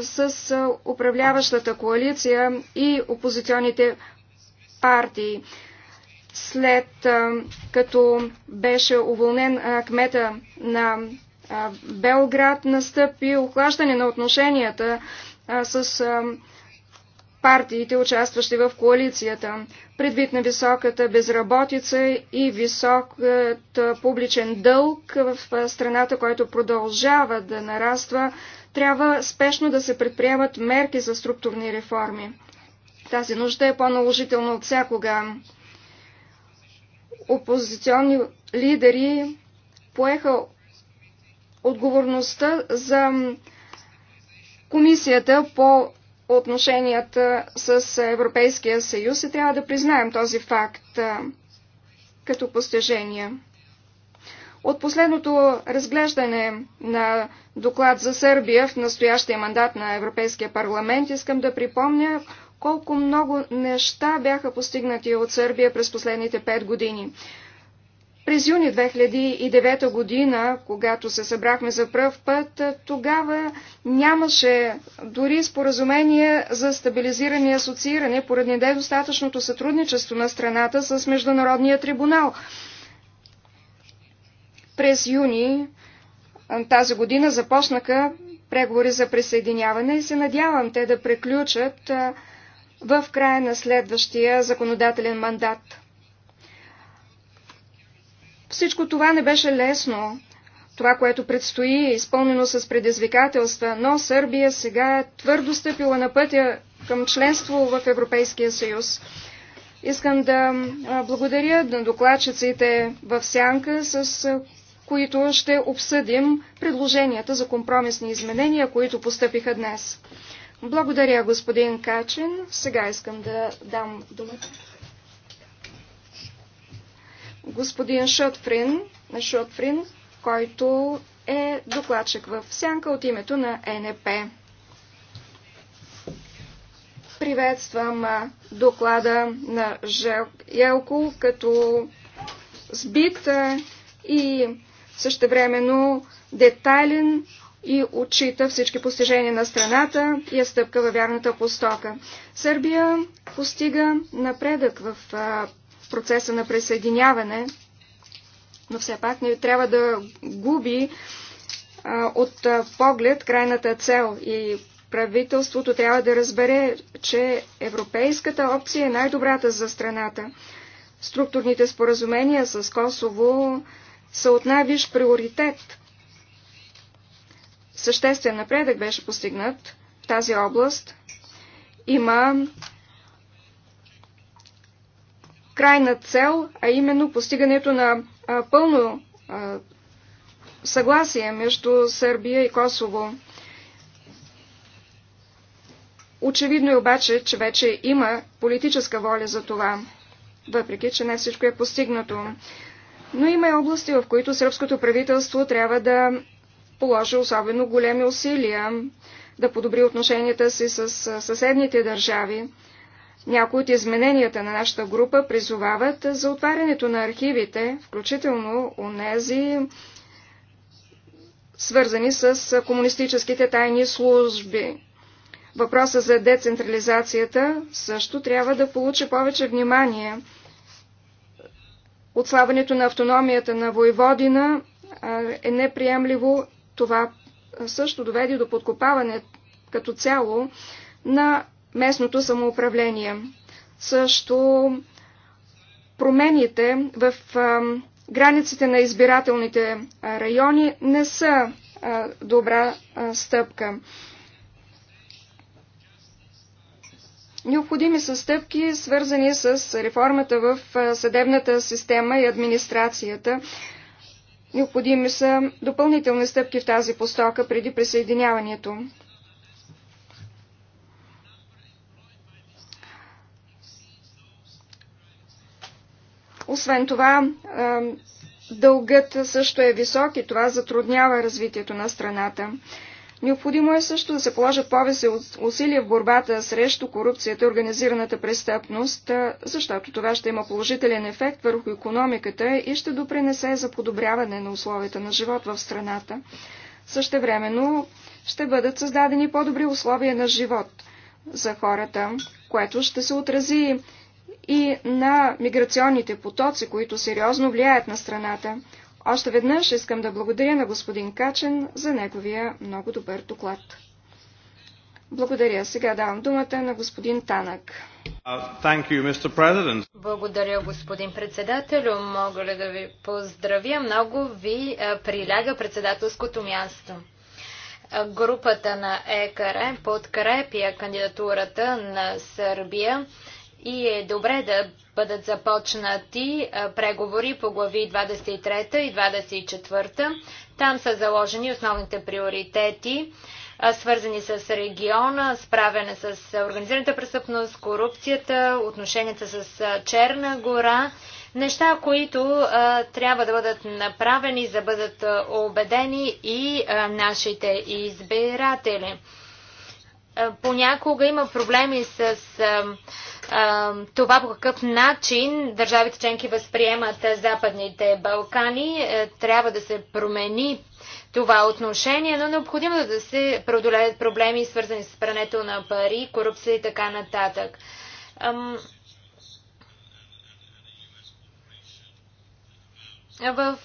с управляващата коалиция и опозиционните партии. След като беше уволнен кмета на Белград, настъпи охлаждане на отношенията с партиите, участващи в коалицията. Предвид на високата безработица и високът публичен дълг в страната, който продължава да нараства, трябва спешно да се предприемат мерки за структурни реформи. Тази нужда е по-наложителна от всякога. Опозиционни лидери поеха отговорността за Комисията по отношенията с Европейския съюз и трябва да признаем този факт като постижение. От последното разглеждане на доклад за Сърбия в настоящия мандат на Европейския парламент искам да припомня колко много неща бяха постигнати от Сърбия през последните пет години. През юни 2009 година, когато се събрахме за пръв път, тогава нямаше дори споразумение за стабилизиране и асоцииране поради недостатъчното сътрудничество на страната с Международния трибунал. През юни тази година започнаха преговори за присъединяване и се надявам те да приключат в края на следващия законодателен мандат. Всичко това не беше лесно. Това, което предстои, е изпълнено с предизвикателства, но Сърбия сега е твърдо стъпила на пътя към членство в Европейския съюз. Искам да благодаря на докладчиците в Сянка, с които ще обсъдим предложенията за компромисни изменения, които постъпиха днес. Благодаря, господин Качин. Сега искам да дам думата господин Шотфрин, Шотфрин, който е докладчик в сянка от името на НП. Приветствам доклада на Желко Елко като сбит и същевременно детайлен и отчита всички постижения на страната и е стъпка във вярната постока. Сърбия постига напредък в в процеса на присъединяване, но все пак не трябва да губи от поглед крайната цел и правителството трябва да разбере, че европейската опция е най-добрата за страната. Структурните споразумения с Косово са от най-виш приоритет. Съществен напредък беше постигнат в тази област. Има крайна цел, а именно постигането на пълно съгласие между Сърбия и Косово. Очевидно е обаче, че вече има политическа воля за това, въпреки че не всичко е постигнато. Но има и области, в които сръбското правителство трябва да положи особено големи усилия да подобри отношенията си с съседните държави. Някои от измененията на нашата група призовават за отварянето на архивите, включително нези, свързани с комунистическите тайни служби. Въпросът за децентрализацията също трябва да получи повече внимание. Отслабването на автономията на Войводина е неприемливо. Това също доведе до подкопаване като цяло на местното самоуправление. Също промените в границите на избирателните райони не са добра стъпка. Необходими са стъпки, свързани с реформата в съдебната система и администрацията. Необходими са допълнителни стъпки в тази постока преди присъединяването. Освен това, дългът също е висок и това затруднява развитието на страната. Необходимо е също да се положат повече усилия в борбата срещу корупцията и организираната престъпност, защото това ще има положителен ефект върху економиката и ще допринесе за подобряване на условията на живот в страната. Същевременно ще бъдат създадени по-добри условия на живот за хората, което ще се отрази и на миграционните потоци, които сериозно влияят на страната. Още веднъж искам да благодаря на господин Качен за неговия много добър доклад. Благодаря. Сега давам думата на господин Танък. Uh, благодаря, господин председател. Мога ли да ви поздравя? Много ви е, приляга председателското място. Е, групата на ЕКР подкрепя кандидатурата на Сърбия и е добре да бъдат започнати преговори по глави 23 и 24. Там са заложени основните приоритети, свързани с региона, справяне с организираната престъпност, корупцията, отношенията с Черна гора, неща, които трябва да бъдат направени, за да бъдат убедени и нашите избиратели. Е, понякога има проблеми с е, е, това по какъв начин държавите членки възприемат Западните Балкани. Трябва да се промени това отношение, но необходимо да се преодолеят проблеми, свързани с прането на пари, корупция и така нататък. В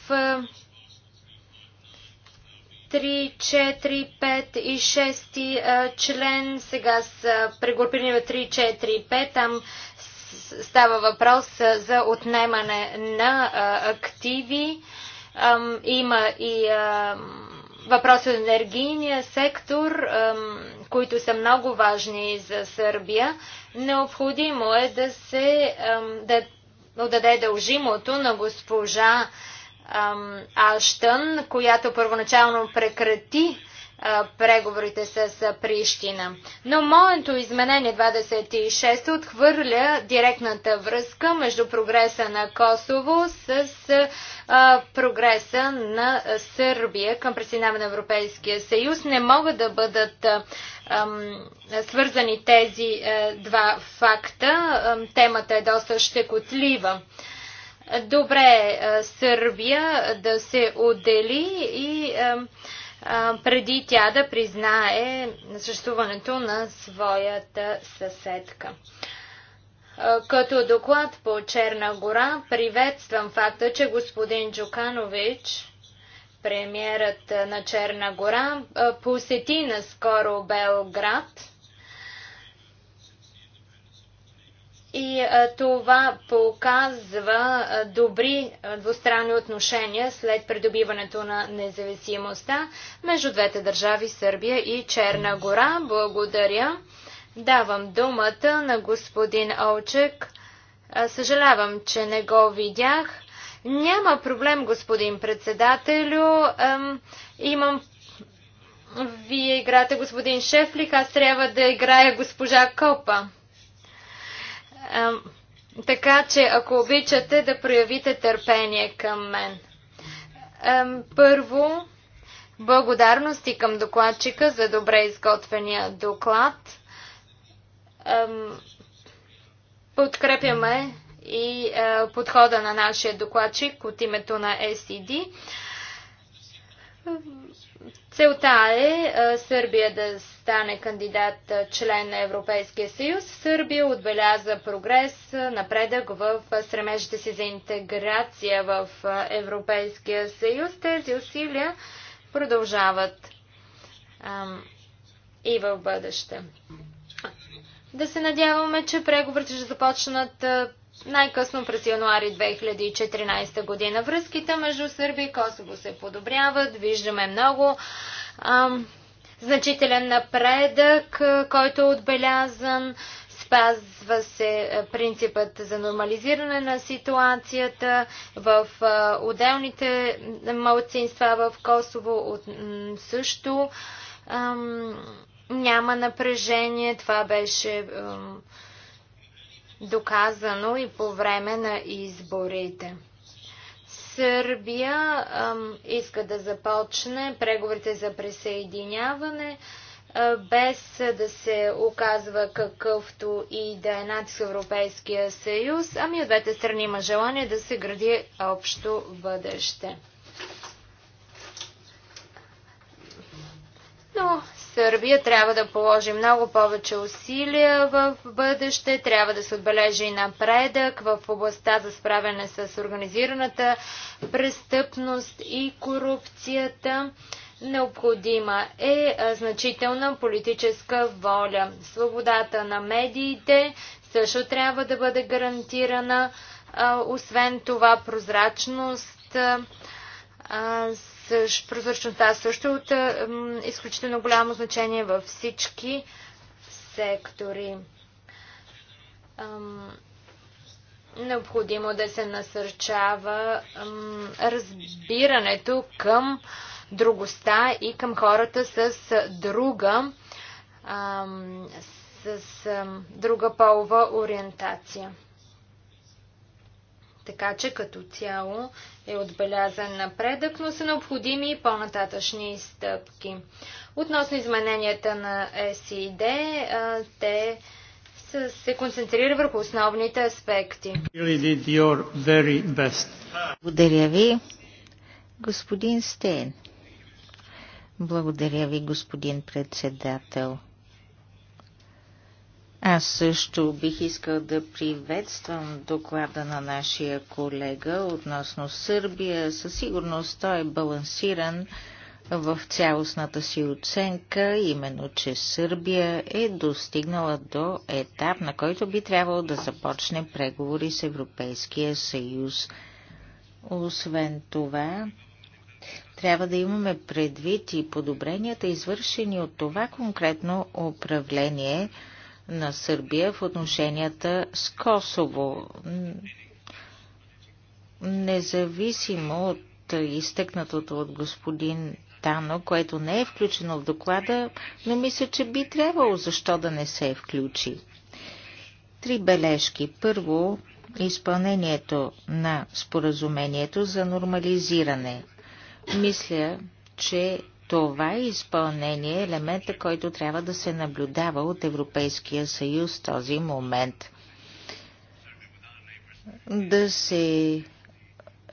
3, 4, 5 и 6 е, член. Сега с прегрупирани 3, 4, 5. Там става въпрос е, за отнемане на е, активи. Има и въпроси от енергийния сектор, които са много важни за Сърбия. Необходимо е да се да отдаде дължимото на госпожа Аштън, която първоначално прекрати преговорите с Прищина. Но моето изменение 26 отхвърля директната връзка между прогреса на Косово с прогреса на Сърбия към присъединяване на Европейския съюз. Не могат да бъдат свързани тези е, два факта. Темата е доста щекотлива. Добре е, Сърбия да се отдели и е, е, преди тя да признае съществуването на своята съседка. Като доклад по Черна гора приветствам факта, че господин Джуканович, премиерът на Черна гора, посети наскоро Белград – И а, това показва а, добри а, двустранни отношения след придобиването на независимостта между двете държави Сърбия и Черна гора. Благодаря. Давам думата на господин Олчек. Съжалявам, че не го видях. Няма проблем, господин председателю. Имам вие играте господин Шефлик, аз трябва да играя госпожа Копа така че, ако обичате да проявите търпение към мен. първо, благодарности към докладчика за добре изготвения доклад. подкрепяме и подхода на нашия докладчик от името на SED. Целта е Сърбия да стане кандидат член на Европейския съюз. Сърбия отбеляза прогрес, напредък в стремежите си за интеграция в Европейския съюз. Тези усилия продължават ам, и в бъдеще. Да се надяваме, че преговорите ще започнат най-късно през януари 2014 година. Връзките между Сърбия и Косово се подобряват. Виждаме много ам, значителен напредък, който е отбелязан. Спазва се принципът за нормализиране на ситуацията в отделните малцинства в Косово от също няма напрежение. Това беше доказано и по време на изборите. Сърбия иска да започне преговорите за присъединяване без да се оказва какъвто и да е натиск Европейския съюз, ами от двете страни има желание да се гради общо бъдеще. Но Сърбия трябва да положи много повече усилия в бъдеще, трябва да се отбележи напредък в областта за справяне с организираната престъпност и корупцията. Необходима е значителна политическа воля. Свободата на медиите също трябва да бъде гарантирана. Освен това, прозрачност, също, прозрачността е също е от изключително голямо значение във всички сектори. Необходимо да се насърчава разбирането към другостта и към хората с друга, с друга полова ориентация. Така че като цяло е отбелязан напредък, но са необходими и по-нататъчни стъпки. Относно измененията на СИД, те се концентрира върху основните аспекти. Благодаря ви, господин Стейн. Благодаря ви, господин председател. Аз също бих искал да приветствам доклада на нашия колега относно Сърбия. Със сигурност той е балансиран в цялостната си оценка, именно че Сърбия е достигнала до етап, на който би трябвало да започне преговори с Европейския съюз. Освен това, трябва да имаме предвид и подобренията, извършени от това конкретно управление – на Сърбия в отношенията с Косово. Независимо от изтъкнатото от господин Тано, което не е включено в доклада, но мисля, че би трябвало защо да не се включи. Три бележки. Първо, изпълнението на споразумението за нормализиране. Мисля, че това изпълнение е елемента, който трябва да се наблюдава от Европейския съюз в този момент. Да се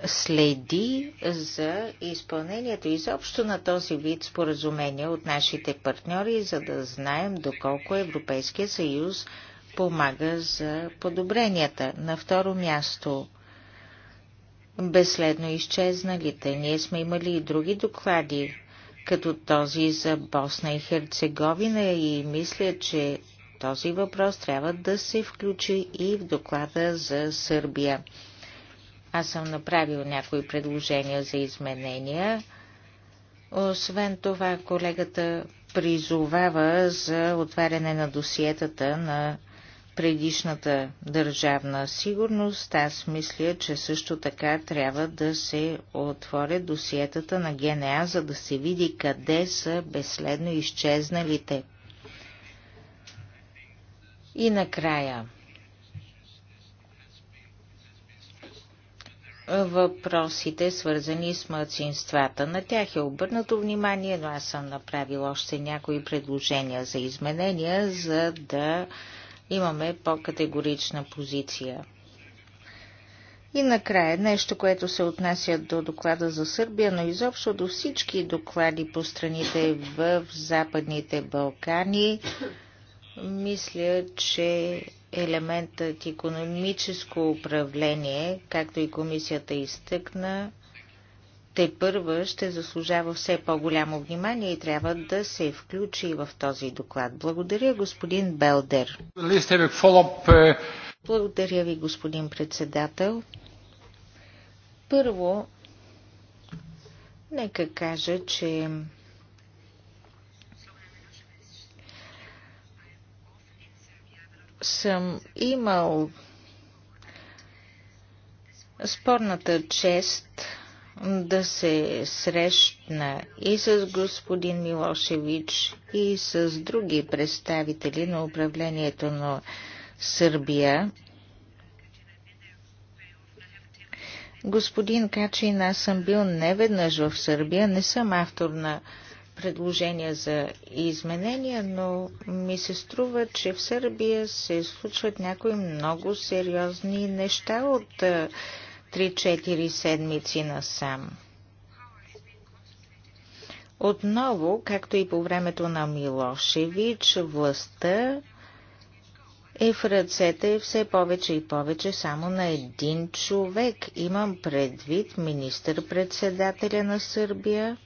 следи за изпълнението изобщо на този вид споразумения от нашите партньори, за да знаем доколко Европейския съюз помага за подобренията. На второ място безследно изчезналите. Ние сме имали и други доклади като този за Босна и Херцеговина и мисля, че този въпрос трябва да се включи и в доклада за Сърбия. Аз съм направил някои предложения за изменения. Освен това, колегата призовава за отваряне на досиетата на предишната държавна сигурност, аз мисля, че също така трябва да се отворят досиетата на ГНА, за да се види къде са безследно изчезналите. И накрая. Въпросите, свързани с мъцинствата. На тях е обърнато внимание, но аз съм направил още някои предложения за изменения, за да имаме по-категорична позиция. И накрая нещо, което се отнася до доклада за Сърбия, но изобщо до всички доклади по страните в Западните Балкани, мисля, че елементът економическо управление, както и комисията изтъкна, те първа ще заслужава все по-голямо внимание и трябва да се включи в този доклад. Благодаря, господин Белдер. Благодаря ви, господин председател. Първо, нека кажа, че съм имал спорната чест да се срещна и с господин Милошевич, и с други представители на управлението на Сърбия. Господин Качин, аз съм бил неведнъж в Сърбия, не съм автор на предложения за изменения, но ми се струва, че в Сърбия се случват някои много сериозни неща от 3-4 седмици насам. Отново, както и по времето на Милошевич, властта е в ръцете все повече и повече само на един човек. Имам предвид министър-председателя на Сърбия,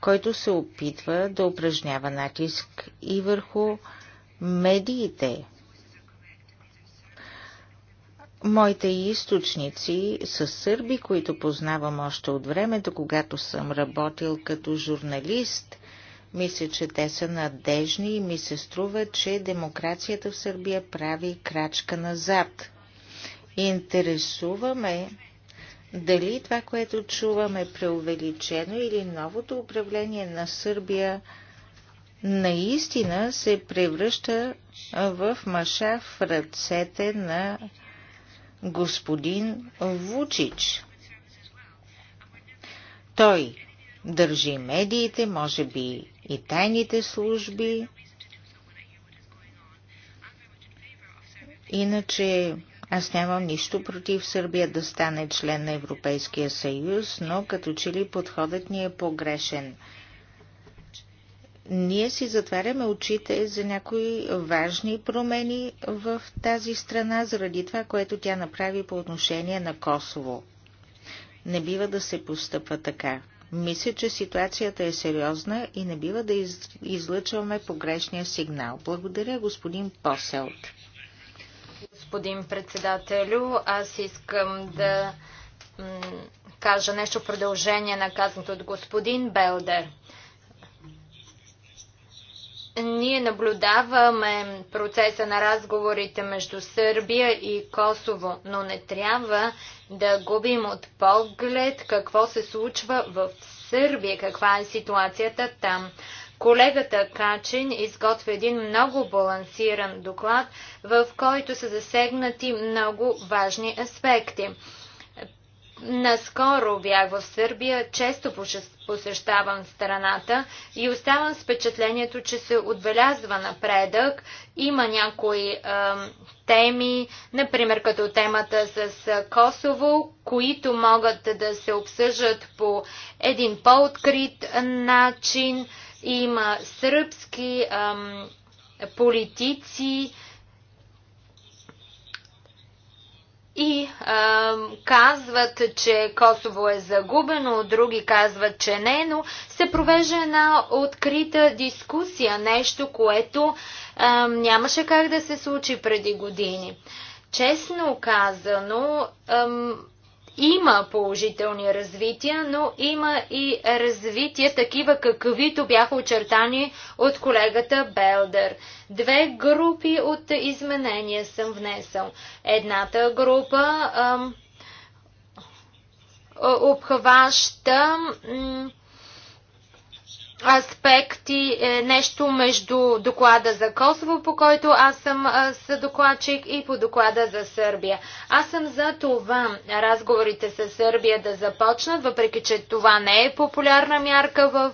който се опитва да упражнява натиск и върху медиите. Моите източници са сърби, които познавам още от времето, когато съм работил като журналист. Мисля, че те са надежни и ми се струва, че демокрацията в Сърбия прави крачка назад. Интересуваме дали това, което чуваме преувеличено или новото управление на Сърбия наистина се превръща в маша в ръцете на господин Вучич. Той държи медиите, може би и тайните служби. Иначе аз нямам нищо против Сърбия да стане член на Европейския съюз, но като че ли подходът ни е погрешен – ние си затваряме очите за някои важни промени в тази страна, заради това, което тя направи по отношение на Косово. Не бива да се постъпва така. Мисля, че ситуацията е сериозна и не бива да из... излъчваме погрешния сигнал. Благодаря, господин Поселт. Господин председателю, аз искам да кажа нещо в продължение на казаното от господин Белдер. Ние наблюдаваме процеса на разговорите между Сърбия и Косово, но не трябва да губим от поглед какво се случва в Сърбия, каква е ситуацията там. Колегата Качин изготви един много балансиран доклад, в който са засегнати много важни аспекти. Наскоро бях в Сърбия, често посещавам страната и оставам с впечатлението, че се отбелязва напредък. Има някои е, теми, например като темата с Косово, които могат да се обсъжат по един по-открит начин. Има сръбски е, политици, и а, казват, че Косово е загубено, други казват, че не, но се провежда една открита дискусия, нещо, което а, нямаше как да се случи преди години. Честно казано, има положителни развития, но има и развития такива каквито бяха очертани от колегата Белдер. Две групи от изменения съм внесъл. Едната група ам, обхваща ам, аспекти, е, нещо между доклада за Косово, по който аз съм съдокладчик и по доклада за Сърбия. Аз съм за това разговорите с Сърбия да започнат, въпреки че това не е популярна мярка в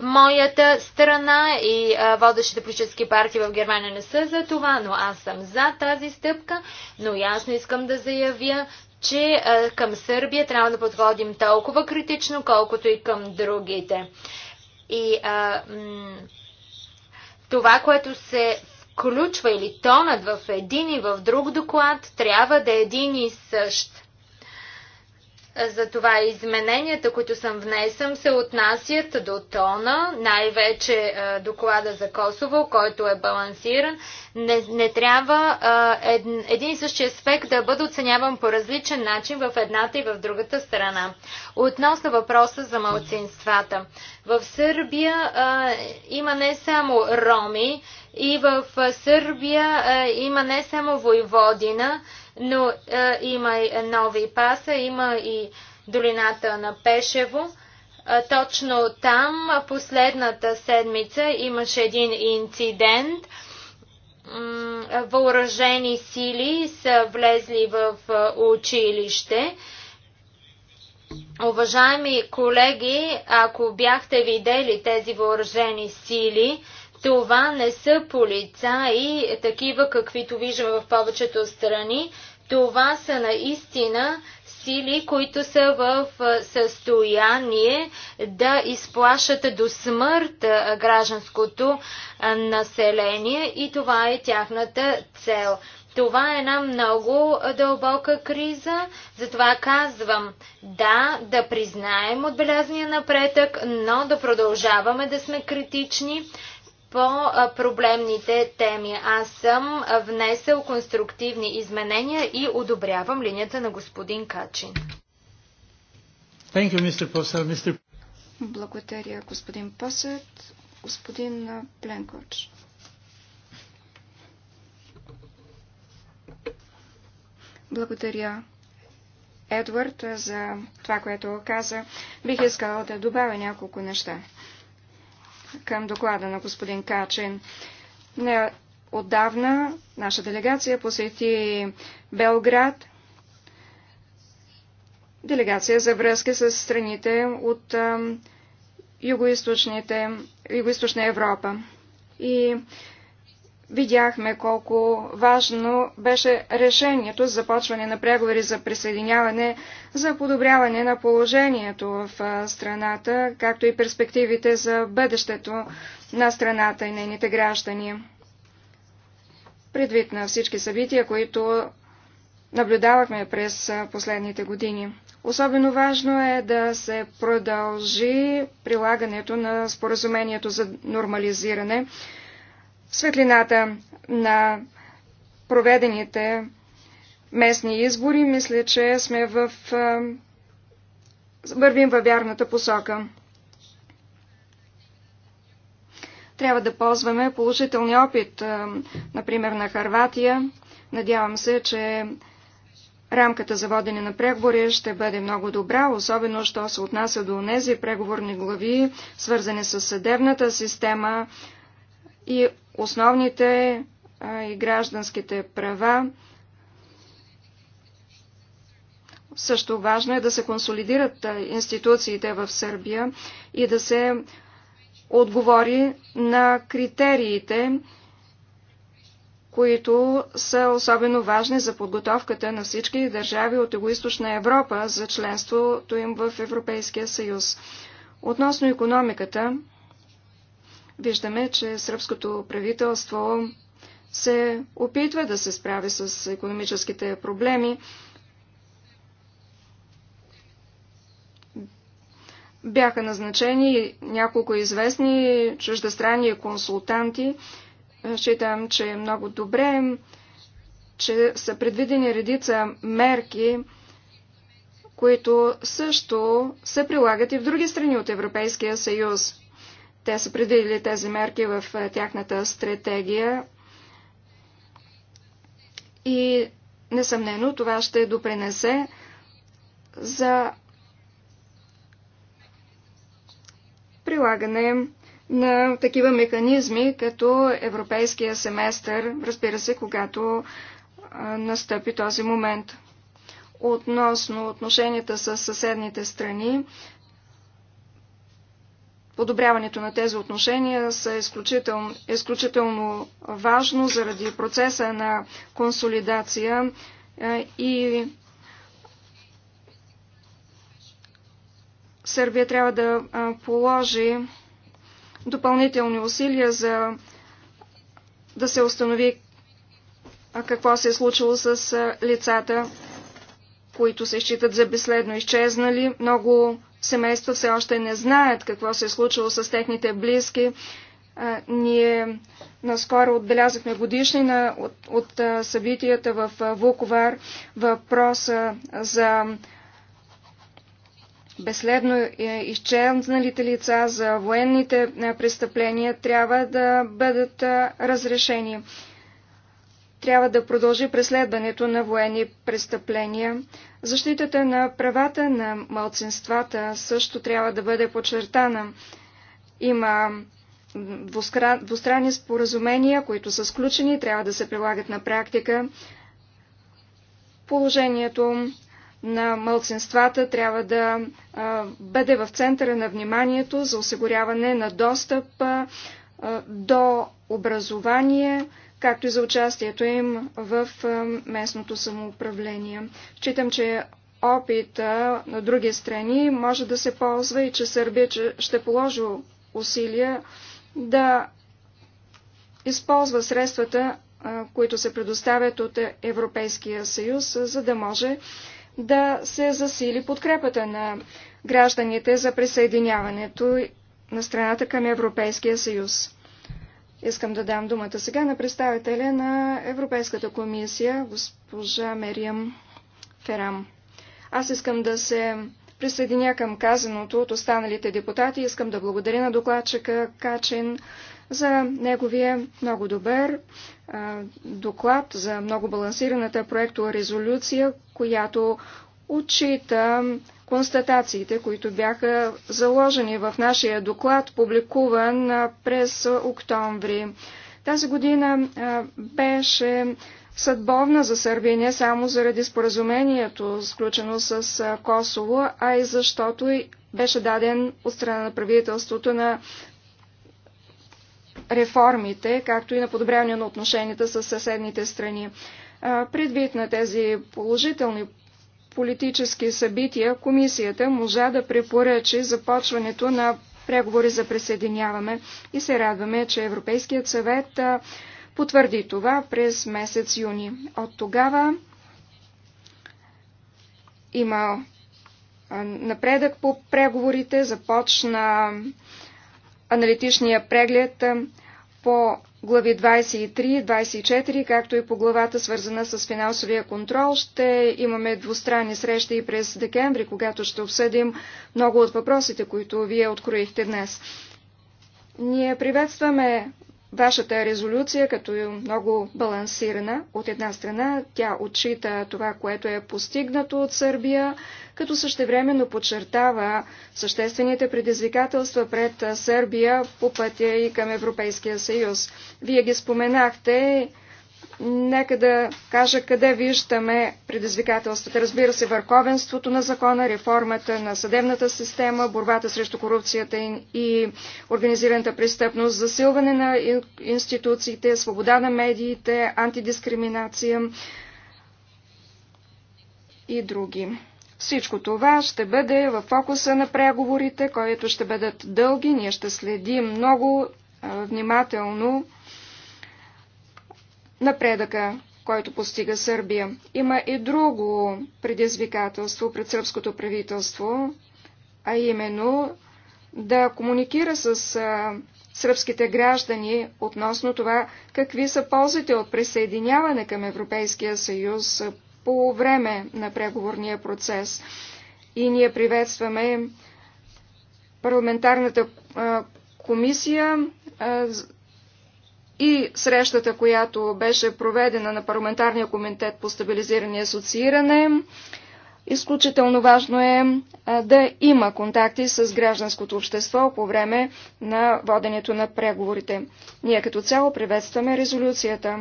моята страна и водещите политически партии в Германия не са за това, но аз съм за тази стъпка, но ясно искам да заявя, че към Сърбия трябва да подходим толкова критично, колкото и към другите. И а, това, което се включва или тонът в един и в друг доклад, трябва да е един и същ. Затова измененията, които съм внесъм, се отнасят до тона, най-вече е, доклада за Косово, който е балансиран. Не, не трябва е, ед, един и същи аспект да бъде оценяван по различен начин в едната и в другата страна. Относно въпроса за малцинствата. В Сърбия а, е, има не само роми, и в Сърбия а, има не само войводина, но е, има и нови паса, има и долината на Пешево. Е, точно там последната седмица имаше един инцидент. Въоръжени сили са влезли в е, училище. Уважаеми колеги, ако бяхте видели тези въоръжени сили, това не са полицаи, такива каквито виждаме в повечето страни. Това са наистина сили, които са в състояние да изплашат до смърт гражданското население и това е тяхната цел. Това е една много дълбока криза, затова казвам да, да признаем отбелязния напредък, но да продължаваме да сме критични, по проблемните теми. Аз съм внесъл конструктивни изменения и одобрявам линията на господин Качин. Thank you, Mr. Mr. Благодаря, господин Посет. Господин Пленкоч. Благодаря, Едвард, за това, което каза. Бих искала да добавя няколко неща към доклада на господин Качин. Не отдавна наша делегация посети Белград, делегация за връзки с страните от юго-источна юго Европа. И видяхме колко важно беше решението за започване на преговори за присъединяване, за подобряване на положението в страната, както и перспективите за бъдещето на страната и нейните граждани. Предвид на всички събития, които наблюдавахме през последните години. Особено важно е да се продължи прилагането на споразумението за нормализиране, светлината на проведените местни избори, мисля, че сме в... вървим във вярната посока. Трябва да ползваме положителния опит, например, на Харватия. Надявам се, че рамката за водене на преговори ще бъде много добра, особено, що се отнася до тези преговорни глави, свързани с съдебната система и основните и гражданските права. Също важно е да се консолидират институциите в Сърбия и да се отговори на критериите, които са особено важни за подготовката на всички държави от юго Европа за членството им в Европейския съюз. Относно економиката, Виждаме, че сръбското правителство се опитва да се справи с економическите проблеми. Бяха назначени няколко известни чуждестранни консултанти. Считам, че е много добре, че са предвидени редица мерки, които също се прилагат и в други страни от Европейския съюз. Те са предвидили тези мерки в е, тяхната стратегия и несъмнено това ще допринесе за прилагане на такива механизми, като европейския семестър, разбира се, когато настъпи този момент. Относно отношенията с съседните страни, Подобряването на тези отношения са изключително, изключително важно заради процеса на консолидация е, и Сърбия трябва да е, положи допълнителни усилия за да се установи е, какво се е случило с лицата, които се считат за безследно изчезнали. Много семейства все още не знаят какво се е случило с техните близки. ние наскоро отбелязахме годишнина от, от събитията в Вуковар. Въпроса за безследно е, изчезналите лица, за военните престъпления трябва да бъдат разрешени трябва да продължи преследването на военни престъпления. Защитата на правата на малцинствата също трябва да бъде подчертана. Има двустранни споразумения, които са сключени, трябва да се прилагат на практика. Положението на мълцинствата трябва да а, бъде в центъра на вниманието за осигуряване на достъп а, до образование, както и за участието им в местното самоуправление. Читам, че опита на други страни може да се ползва и че Сърбия ще положи усилия да използва средствата, които се предоставят от Европейския съюз, за да може да се засили подкрепата на гражданите за присъединяването на страната към Европейския съюз. Искам да дам думата сега на представителя на Европейската комисия, госпожа Мериам Ферам. Аз искам да се присъединя към казаното от останалите депутати. Искам да благодаря на докладчика Качин за неговия много добър а, доклад, за много балансираната проекто резолюция, която отчита констатациите, които бяха заложени в нашия доклад, публикуван през октомври. Тази година беше съдбовна за Сърбия не само заради споразумението, сключено с Косово, а и защото беше даден от страна на правителството на реформите, както и на подобряване на отношенията с съседните страни. Предвид на тези положителни политически събития, комисията можа да препоръчи започването на преговори за присъединяване и се радваме, че Европейският съвет потвърди това през месец юни. От тогава има напредък по преговорите, започна аналитичния преглед по глави 23 и 24, както и по главата свързана с финансовия контрол. Ще имаме двустранни срещи и през декември, когато ще обсъдим много от въпросите, които вие откроихте днес. Ние приветстваме вашата резолюция като е много балансирана. От една страна тя отчита това, което е постигнато от Сърбия, като същевременно подчертава съществените предизвикателства пред Сърбия по пътя и към Европейския съюз. Вие ги споменахте Нека да кажа къде виждаме предизвикателствата. Разбира се, върховенството на закона, реформата на съдебната система, борбата срещу корупцията и организираната престъпност, засилване на институциите, свобода на медиите, антидискриминация и други. Всичко това ще бъде в фокуса на преговорите, които ще бъдат дълги. Ние ще следим много внимателно напредъка, който постига Сърбия. Има и друго предизвикателство пред сръбското правителство, а именно да комуникира с а, сръбските граждани относно това какви са ползите от присъединяване към Европейския съюз по време на преговорния процес. И ние приветстваме парламентарната а, комисия а, и срещата, която беше проведена на парламентарния комитет по стабилизиране и асоцииране. Изключително важно е да има контакти с гражданското общество по време на воденето на преговорите. Ние като цяло приветстваме резолюцията.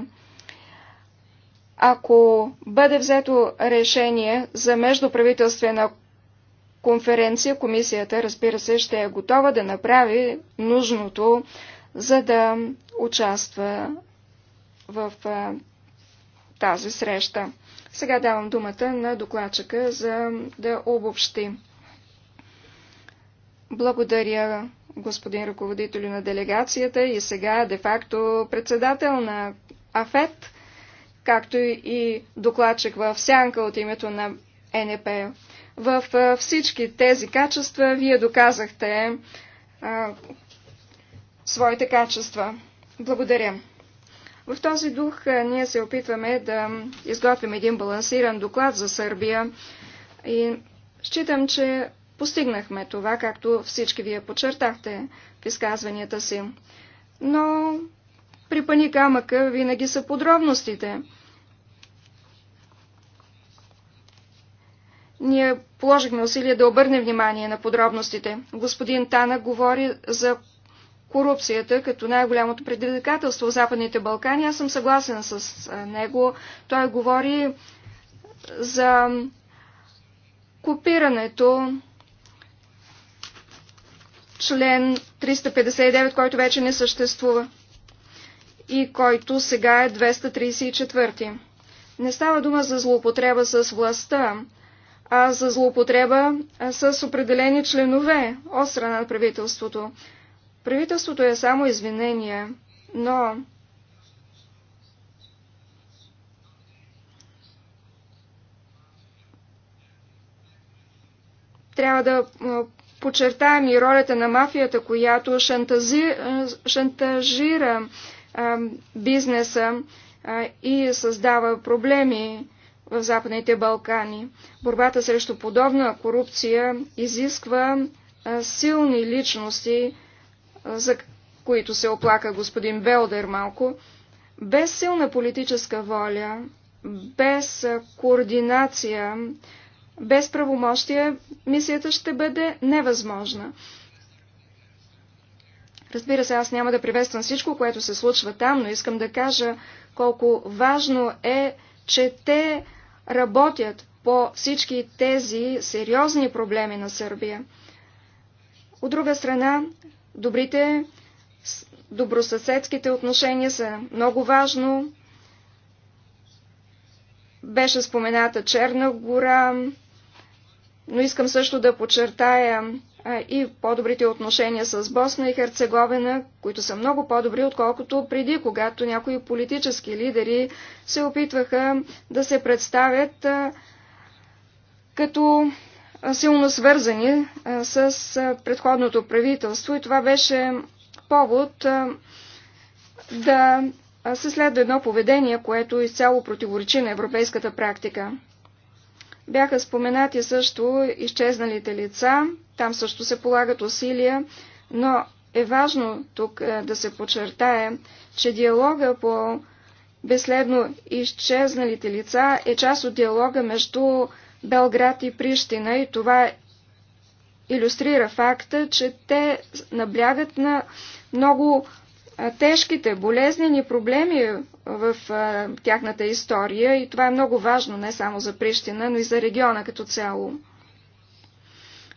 Ако бъде взето решение за междуправителствена конференция, комисията, разбира се, ще е готова да направи нужното за да участва в тази среща. Сега давам думата на докладчика, за да обобщи. Благодаря, господин ръководител на делегацията и сега де-факто председател на АФЕТ, както и докладчик в сянка от името на НП. В всички тези качества вие доказахте своите качества. Благодаря. В този дух е, ние се опитваме да изготвим един балансиран доклад за Сърбия и считам, че постигнахме това, както всички вие подчертахте в изказванията си. Но при пани камъка винаги са подробностите. Ние положихме усилия да обърнем внимание на подробностите. Господин Тана говори за корупцията като най-голямото предизвикателство в Западните Балкани. Аз съм съгласен с него. Той говори за копирането член 359, който вече не съществува и който сега е 234. Не става дума за злоупотреба с властта, а за злоупотреба с определени членове от страна на правителството. Правителството е само извинение, но трябва да подчертаем и ролята на мафията, която шантази, шантажира бизнеса и създава проблеми в Западните Балкани. Борбата срещу подобна корупция изисква силни личности, за които се оплака господин Белдер малко, без силна политическа воля, без координация, без правомощия, мисията ще бъде невъзможна. Разбира се, аз няма да приветствам всичко, което се случва там, но искам да кажа колко важно е, че те работят по всички тези сериозни проблеми на Сърбия. От друга страна, Добрите добросъседските отношения са много важно. Беше спомената Черна гора, но искам също да подчертая и по-добрите отношения с Босна и Херцеговина, които са много по-добри, отколкото преди, когато някои политически лидери се опитваха да се представят като силно свързани с предходното правителство и това беше повод да се следва едно поведение, което изцяло противоречи на европейската практика. Бяха споменати също изчезналите лица, там също се полагат усилия, но е важно тук да се подчертае, че диалога по безследно изчезналите лица е част от диалога между Белград и Прищина и това иллюстрира факта, че те наблягат на много тежките, болезнени проблеми в тяхната история и това е много важно не само за Прищина, но и за региона като цяло.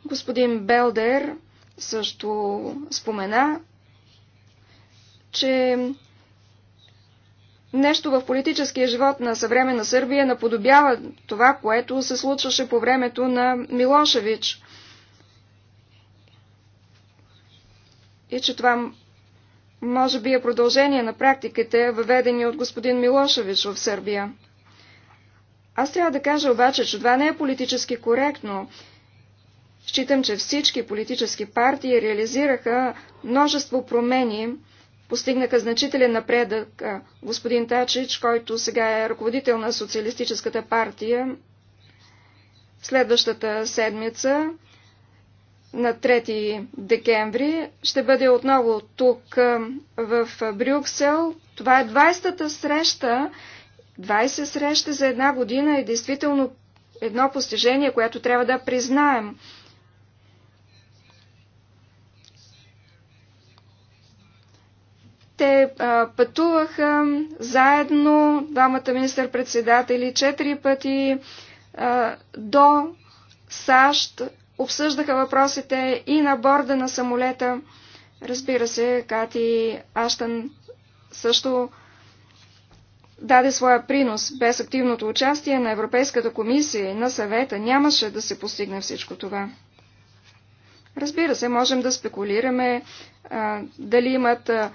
Господин Белдер също спомена, че нещо в политическия живот на съвременна Сърбия наподобява това, което се случваше по времето на Милошевич. И че това може би е продължение на практиките, въведени от господин Милошевич в Сърбия. Аз трябва да кажа обаче, че това не е политически коректно. Считам, че всички политически партии реализираха множество промени, постигнаха значителен напредък. Господин Тачич, който сега е ръководител на Социалистическата партия, следващата седмица, на 3 декември, ще бъде отново тук в Брюксел. Това е 20-та среща, 20 срещи за една година е действително едно постижение, което трябва да признаем. Те а, пътуваха заедно, двамата министър-председатели, четири пъти а, до САЩ, обсъждаха въпросите и на борда на самолета. Разбира се, Кати Аштън също даде своя принос. Без активното участие на Европейската комисия и на съвета нямаше да се постигне всичко това. Разбира се, можем да спекулираме а, дали имат а,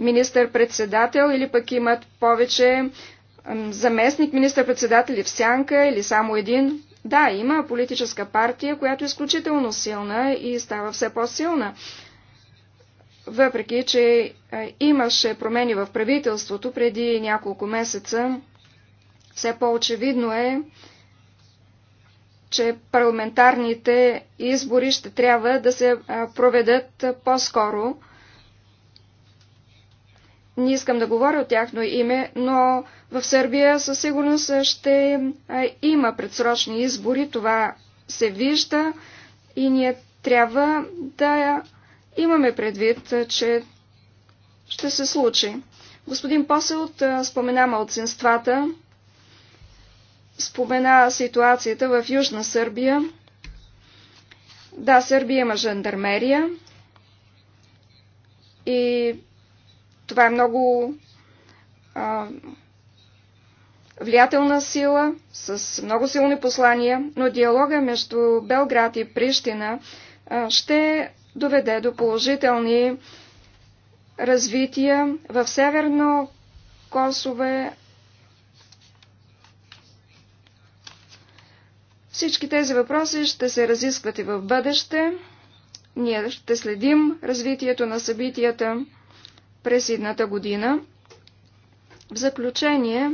министър-председател или пък имат повече заместник министър-председатели в сянка или само един. Да, има политическа партия, която е изключително силна и става все по-силна. Въпреки, че имаше промени в правителството преди няколко месеца, все по-очевидно е, че парламентарните избори ще трябва да се проведат по-скоро, не искам да говоря от тяхно име, но в Сърбия със сигурност ще има предсрочни избори. Това се вижда и ние трябва да имаме предвид, че ще се случи. Господин Поселт спомена малцинствата, спомена ситуацията в Южна Сърбия. Да, Сърбия има жандармерия и това е много а, влиятелна сила, с много силни послания, но диалога между Белград и Прищина а, ще доведе до положителни развития в Северно Косове. Всички тези въпроси ще се разискват и в бъдеще. Ние ще следим развитието на събитията през едната година. В заключение,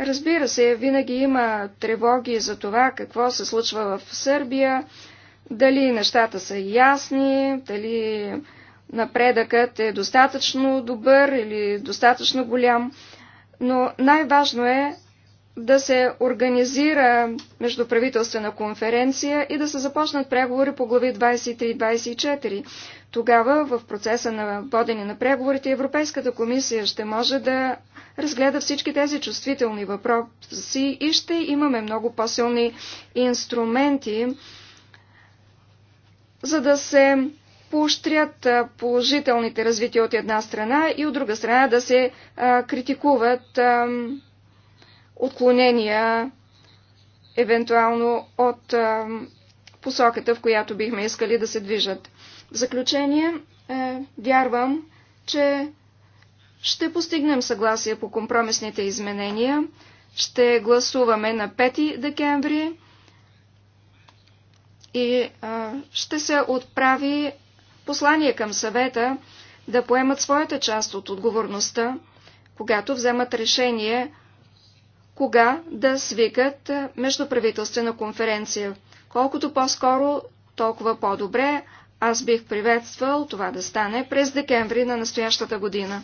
разбира се, винаги има тревоги за това какво се случва в Сърбия, дали нещата са ясни, дали напредъкът е достатъчно добър или достатъчно голям, но най-важно е да се организира междуправителствена конференция и да се започнат преговори по глави 23 и 24. Тогава в процеса на водене на преговорите Европейската комисия ще може да разгледа всички тези чувствителни въпроси и ще имаме много по-силни инструменти, за да се поощрят положителните развития от една страна и от друга страна да се критикуват отклонения, евентуално от а, посоката, в която бихме искали да се движат. В заключение, е, вярвам, че ще постигнем съгласие по компромисните изменения. Ще гласуваме на 5 декември и а, ще се отправи послание към съвета да поемат своята част от отговорността, когато вземат решение кога да свикат междуправителствена конференция. Колкото по-скоро, толкова по-добре. Аз бих приветствал това да стане през декември на настоящата година.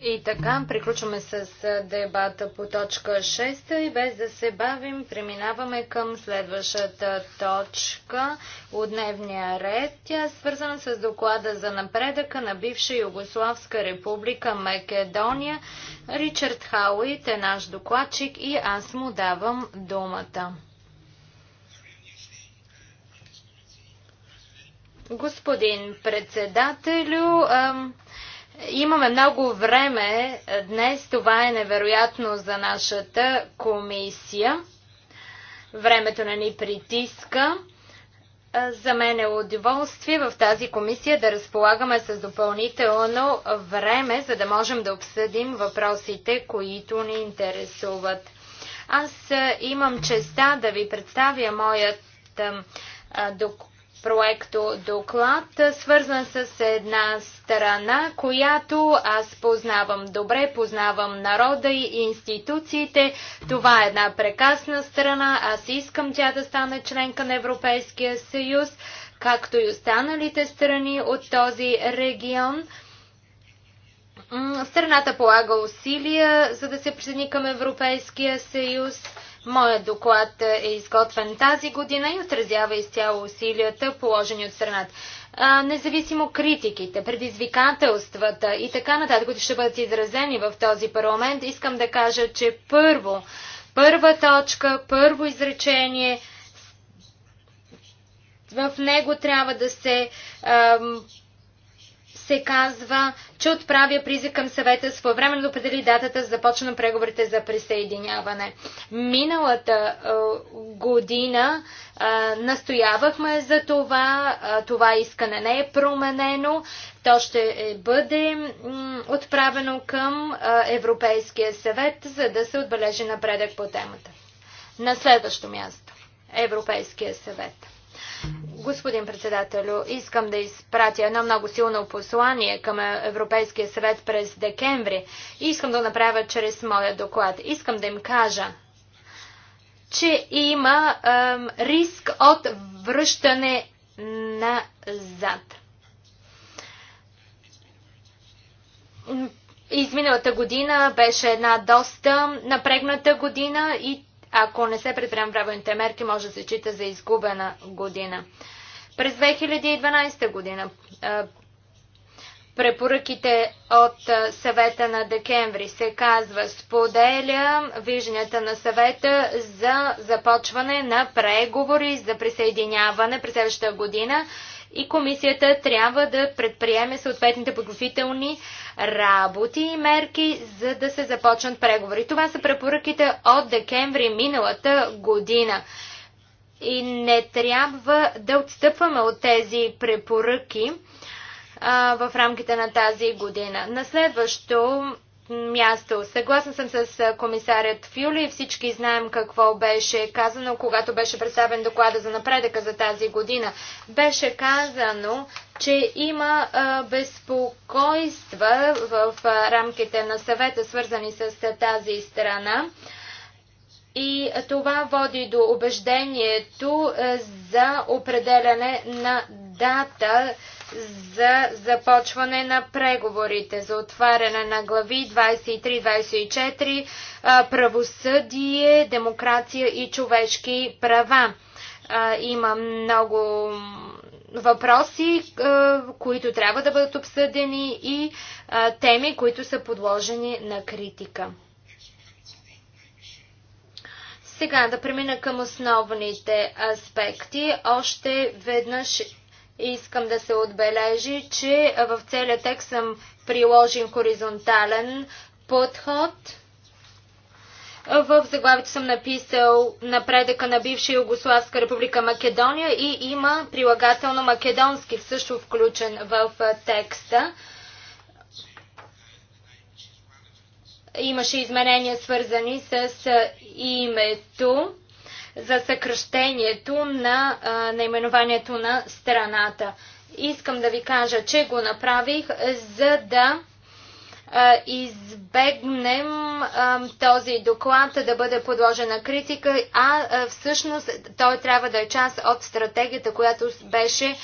И така, приключваме с дебата по точка 6 и без да се бавим, преминаваме към следващата точка от дневния ред. Тя е свързана с доклада за напредъка на бивша Югославска република Македония. Ричард Хауит е наш докладчик и аз му давам думата. Господин председателю, Имаме много време днес. Това е невероятно за нашата комисия. Времето не ни притиска. За мен е удоволствие в тази комисия да разполагаме с допълнително време, за да можем да обсъдим въпросите, които ни интересуват. Аз имам честа да ви представя моят доклад проекто доклад, свързан с една страна, която аз познавам добре, познавам народа и институциите. Това е една прекрасна страна. Аз искам тя да стане членка на Европейския съюз, както и останалите страни от този регион. Страната полага усилия, за да се присъедини към Европейския съюз Моят доклад е изготвен тази година и отразява изцяло усилията, положени от страната. независимо критиките, предизвикателствата и така нататък, които ще бъдат изразени в този парламент, искам да кажа, че първо, първа точка, първо изречение, в него трябва да се ам, се казва, че отправя призи към съвета своевременно да определи датата за започване на преговорите за присъединяване. Миналата е, година е, настоявахме за това, е, това искане не е променено, то ще е, бъде отправено към е, Европейския съвет, за да се отбележи напредък по темата. На следващо място Европейския съвет. Господин председателю, искам да изпратя едно много силно послание към Европейския съвет през декември. И искам да направя чрез моя доклад. Искам да им кажа, че има ем, риск от връщане назад. Изминалата година беше една доста напрегната година и ако не се предприемат правилните мерки, може да се чита за изгубена година. През 2012 година препоръките от съвета на декември се казва споделя вижданията на съвета за започване на преговори за присъединяване през следващата година и комисията трябва да предприеме съответните подготвителни работи и мерки, за да се започнат преговори. Това са препоръките от декември миналата година. И не трябва да отстъпваме от тези препоръки а, в рамките на тази година. На следващо място. Съгласна съм с комисарят Фюли. Всички знаем какво беше казано, когато беше представен доклада за напредъка за тази година. Беше казано, че има безпокойства в рамките на съвета, свързани с тази страна. И това води до убеждението за определяне на дата за започване на преговорите, за отваряне на глави 23-24 правосъдие, демокрация и човешки права. Има много въпроси, които трябва да бъдат обсъдени и теми, които са подложени на критика. Сега да премина към основните аспекти. Още веднъж Искам да се отбележи, че в целия текст съм приложен хоризонтален подход. В заглавието съм написал напредъка на бивша Югославска република Македония и има прилагателно македонски също включен в текста. Имаше изменения свързани с името за съкръщението на наименованието на страната. Искам да ви кажа, че го направих, за да избегнем този доклад да бъде подложен на критика, а всъщност той трябва да е част от стратегията, която беше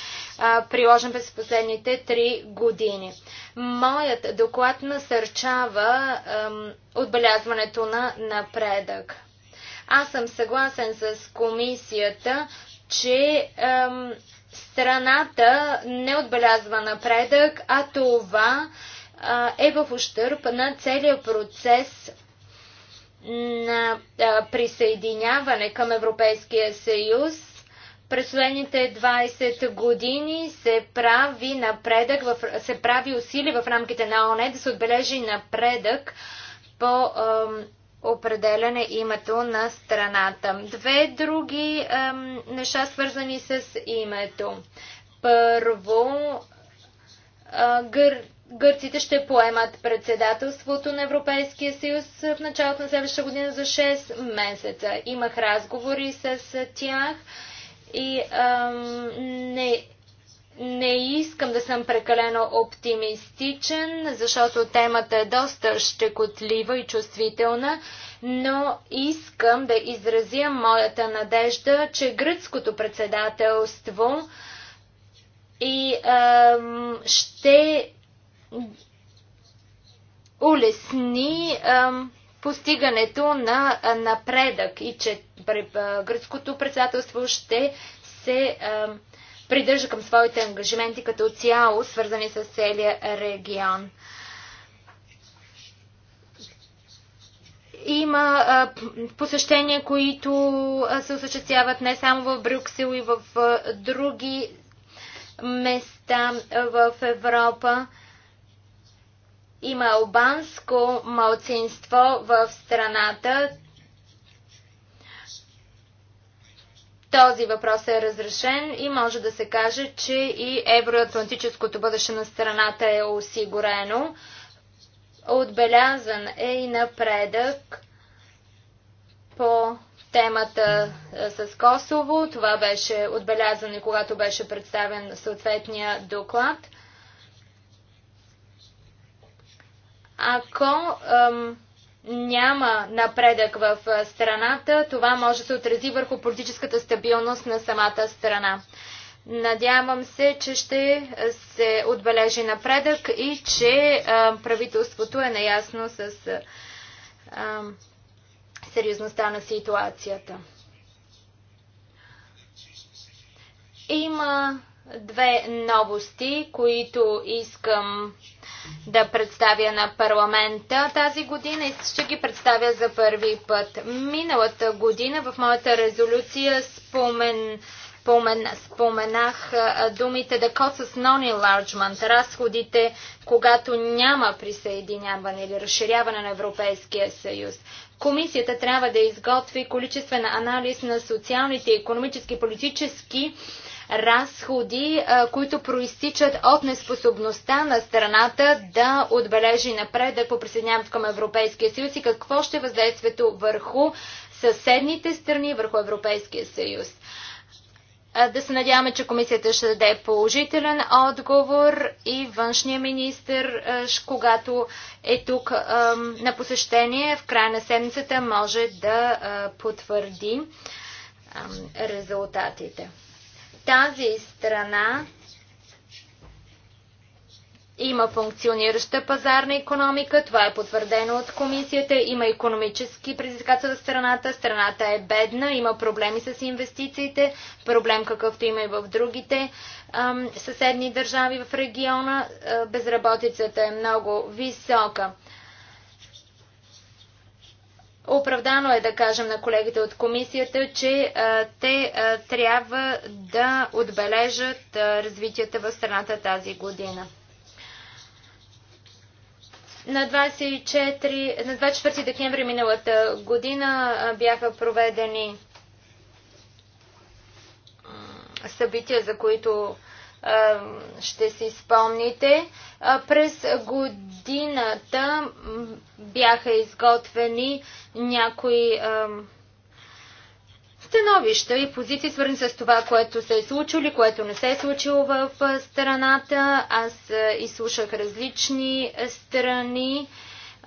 приложен през последните три години. Моят доклад насърчава отбелязването на напредък. Аз съм съгласен с комисията, че ем, страната не отбелязва напредък, а това е, в ущърп на целият процес на присъединяване към Европейския съюз. През последните 20 години се прави напредък, се прави усилия в рамките на ОНЕ да се отбележи напредък по определяне името на страната. Две други ем, неща, свързани с името. Първо, е, гър... гърците ще поемат председателството на Европейския съюз в началото на следващата година за 6 месеца. Имах разговори с тях и ем, не не искам да съм прекалено оптимистичен, защото темата е доста щекотлива и чувствителна, но искам да изразя моята надежда, че гръцкото председателство и ам, ще улесни ам, постигането на напредък и че гръцкото председателство ще се ам, придържа към своите ангажименти като цяло, свързани с целия регион. Има а, посещения, които се осъществяват не само в Брюксел и в а, други места в Европа. Има албанско малцинство в страната. Този въпрос е разрешен и може да се каже, че и евроатлантическото бъдеще на страната е осигурено. Отбелязан е и напредък по темата е, с Косово. Това беше отбелязано и когато беше представен съответния доклад. Ако ам, няма напредък в страната, това може да се отрази върху политическата стабилност на самата страна. Надявам се, че ще се отбележи напредък и че правителството е наясно с сериозността на ситуацията. Има две новости, които искам да представя на парламента тази година и ще ги представя за първи път. Миналата година в моята резолюция спомен, спомен, споменах думите the cost of non-enlargement, разходите, когато няма присъединяване или разширяване на Европейския съюз. Комисията трябва да изготви количествен анализ на социалните, економически, политически разходи, които проистичат от неспособността на страната да отбележи напредък по присъединяването към Европейския съюз и какво ще е въздействието върху съседните страни, върху Европейския съюз. Да се надяваме, че комисията ще даде положителен отговор и външния министр, когато е тук на посещение, в края на седмицата може да потвърди резултатите тази страна има функционираща пазарна економика, това е потвърдено от комисията, има економически предизвикателства в страната, страната е бедна, има проблеми с инвестициите, проблем какъвто има и в другите съседни държави в региона, безработицата е много висока. Оправдано е да кажем на колегите от комисията, че а, те а, трябва да отбележат а, развитията в страната тази година. На 24, на 24 декември миналата година а, бяха проведени събития, за които а, ще си спомните. През годината бяха изготвени някои становища и позиции, свързани с това, което се е случило или което не се е случило в страната. Аз изслушах различни страни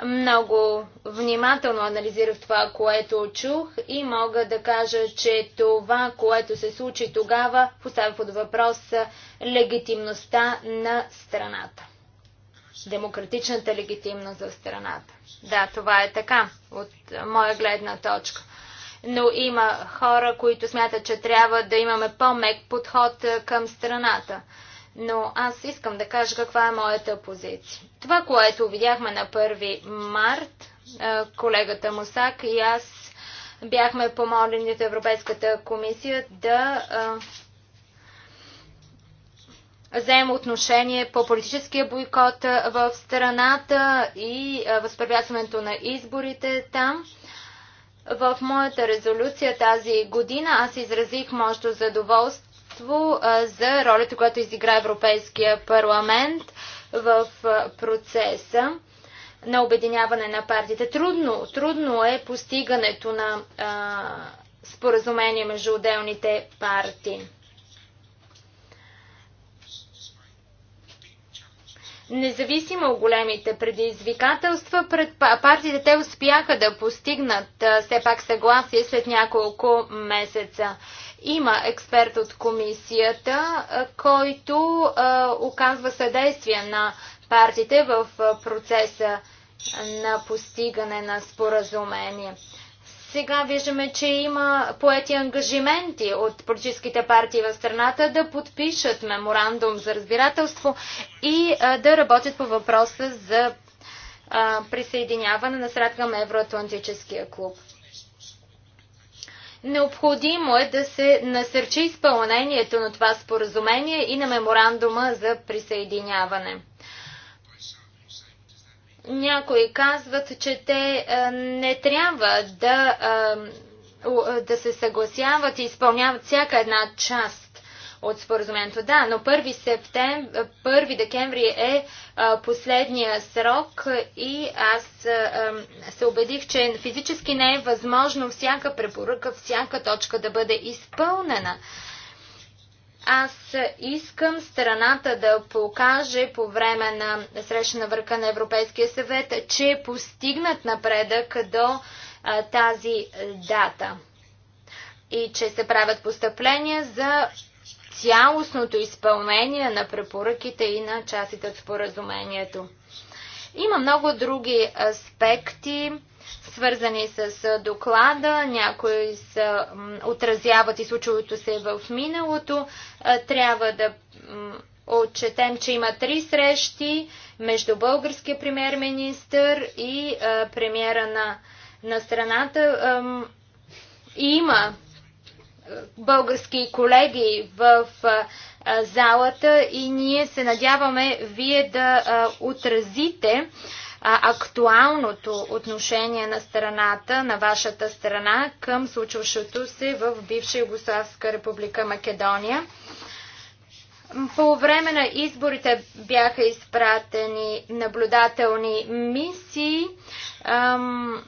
много внимателно анализирах това, което чух и мога да кажа, че това, което се случи тогава, поставя под въпрос легитимността на страната. Демократичната легитимност за страната. Да, това е така, от моя гледна точка но има хора, които смятат, че трябва да имаме по-мек подход към страната но аз искам да кажа каква е моята позиция. Това, което видяхме на 1 март, колегата Мусак и аз бяхме помолени от Европейската комисия да взема отношение по политическия бойкот в страната и възпрепятстването на изборите там. В моята резолюция тази година аз изразих моето задоволство пространство за ролята, която изигра Европейския парламент в процеса на обединяване на партиите. Трудно, трудно е постигането на а, споразумение между отделните партии. Независимо от големите предизвикателства, пред партиите те успяха да постигнат все пак съгласие след няколко месеца. Има експерт от комисията, който оказва съдействие на партиите в процеса на постигане на споразумение. Сега виждаме, че има поети ангажименти от политическите партии в страната да подпишат меморандум за разбирателство и да работят по въпроса за присъединяване на страна към Евроатлантическия клуб. Необходимо е да се насърчи изпълнението на това споразумение и на меморандума за присъединяване. Някои казват, че те е, не трябва да, е, е, да се съгласяват и изпълняват всяка една част от споразумението. Да, но 1, септем, 1 декември е последния срок и аз се убедих, че физически не е възможно всяка препоръка, всяка точка да бъде изпълнена. Аз искам страната да покаже по време на среща на върха на Европейския съвет, че е постигнат напредък до а, тази дата и че се правят постъпления за цялостното изпълнение на препоръките и на частите от споразумението. Има много други аспекти, свързани с доклада, някои са, отразяват и случилото се в миналото. Трябва да отчетем, че има три срещи между българския премьер-министр и премьера на, на страната. Има български колеги в залата и ние се надяваме вие да отразите актуалното отношение на страната, на вашата страна към случващото се в бивша Югославска република Македония. По време на изборите бяха изпратени наблюдателни мисии. Ам,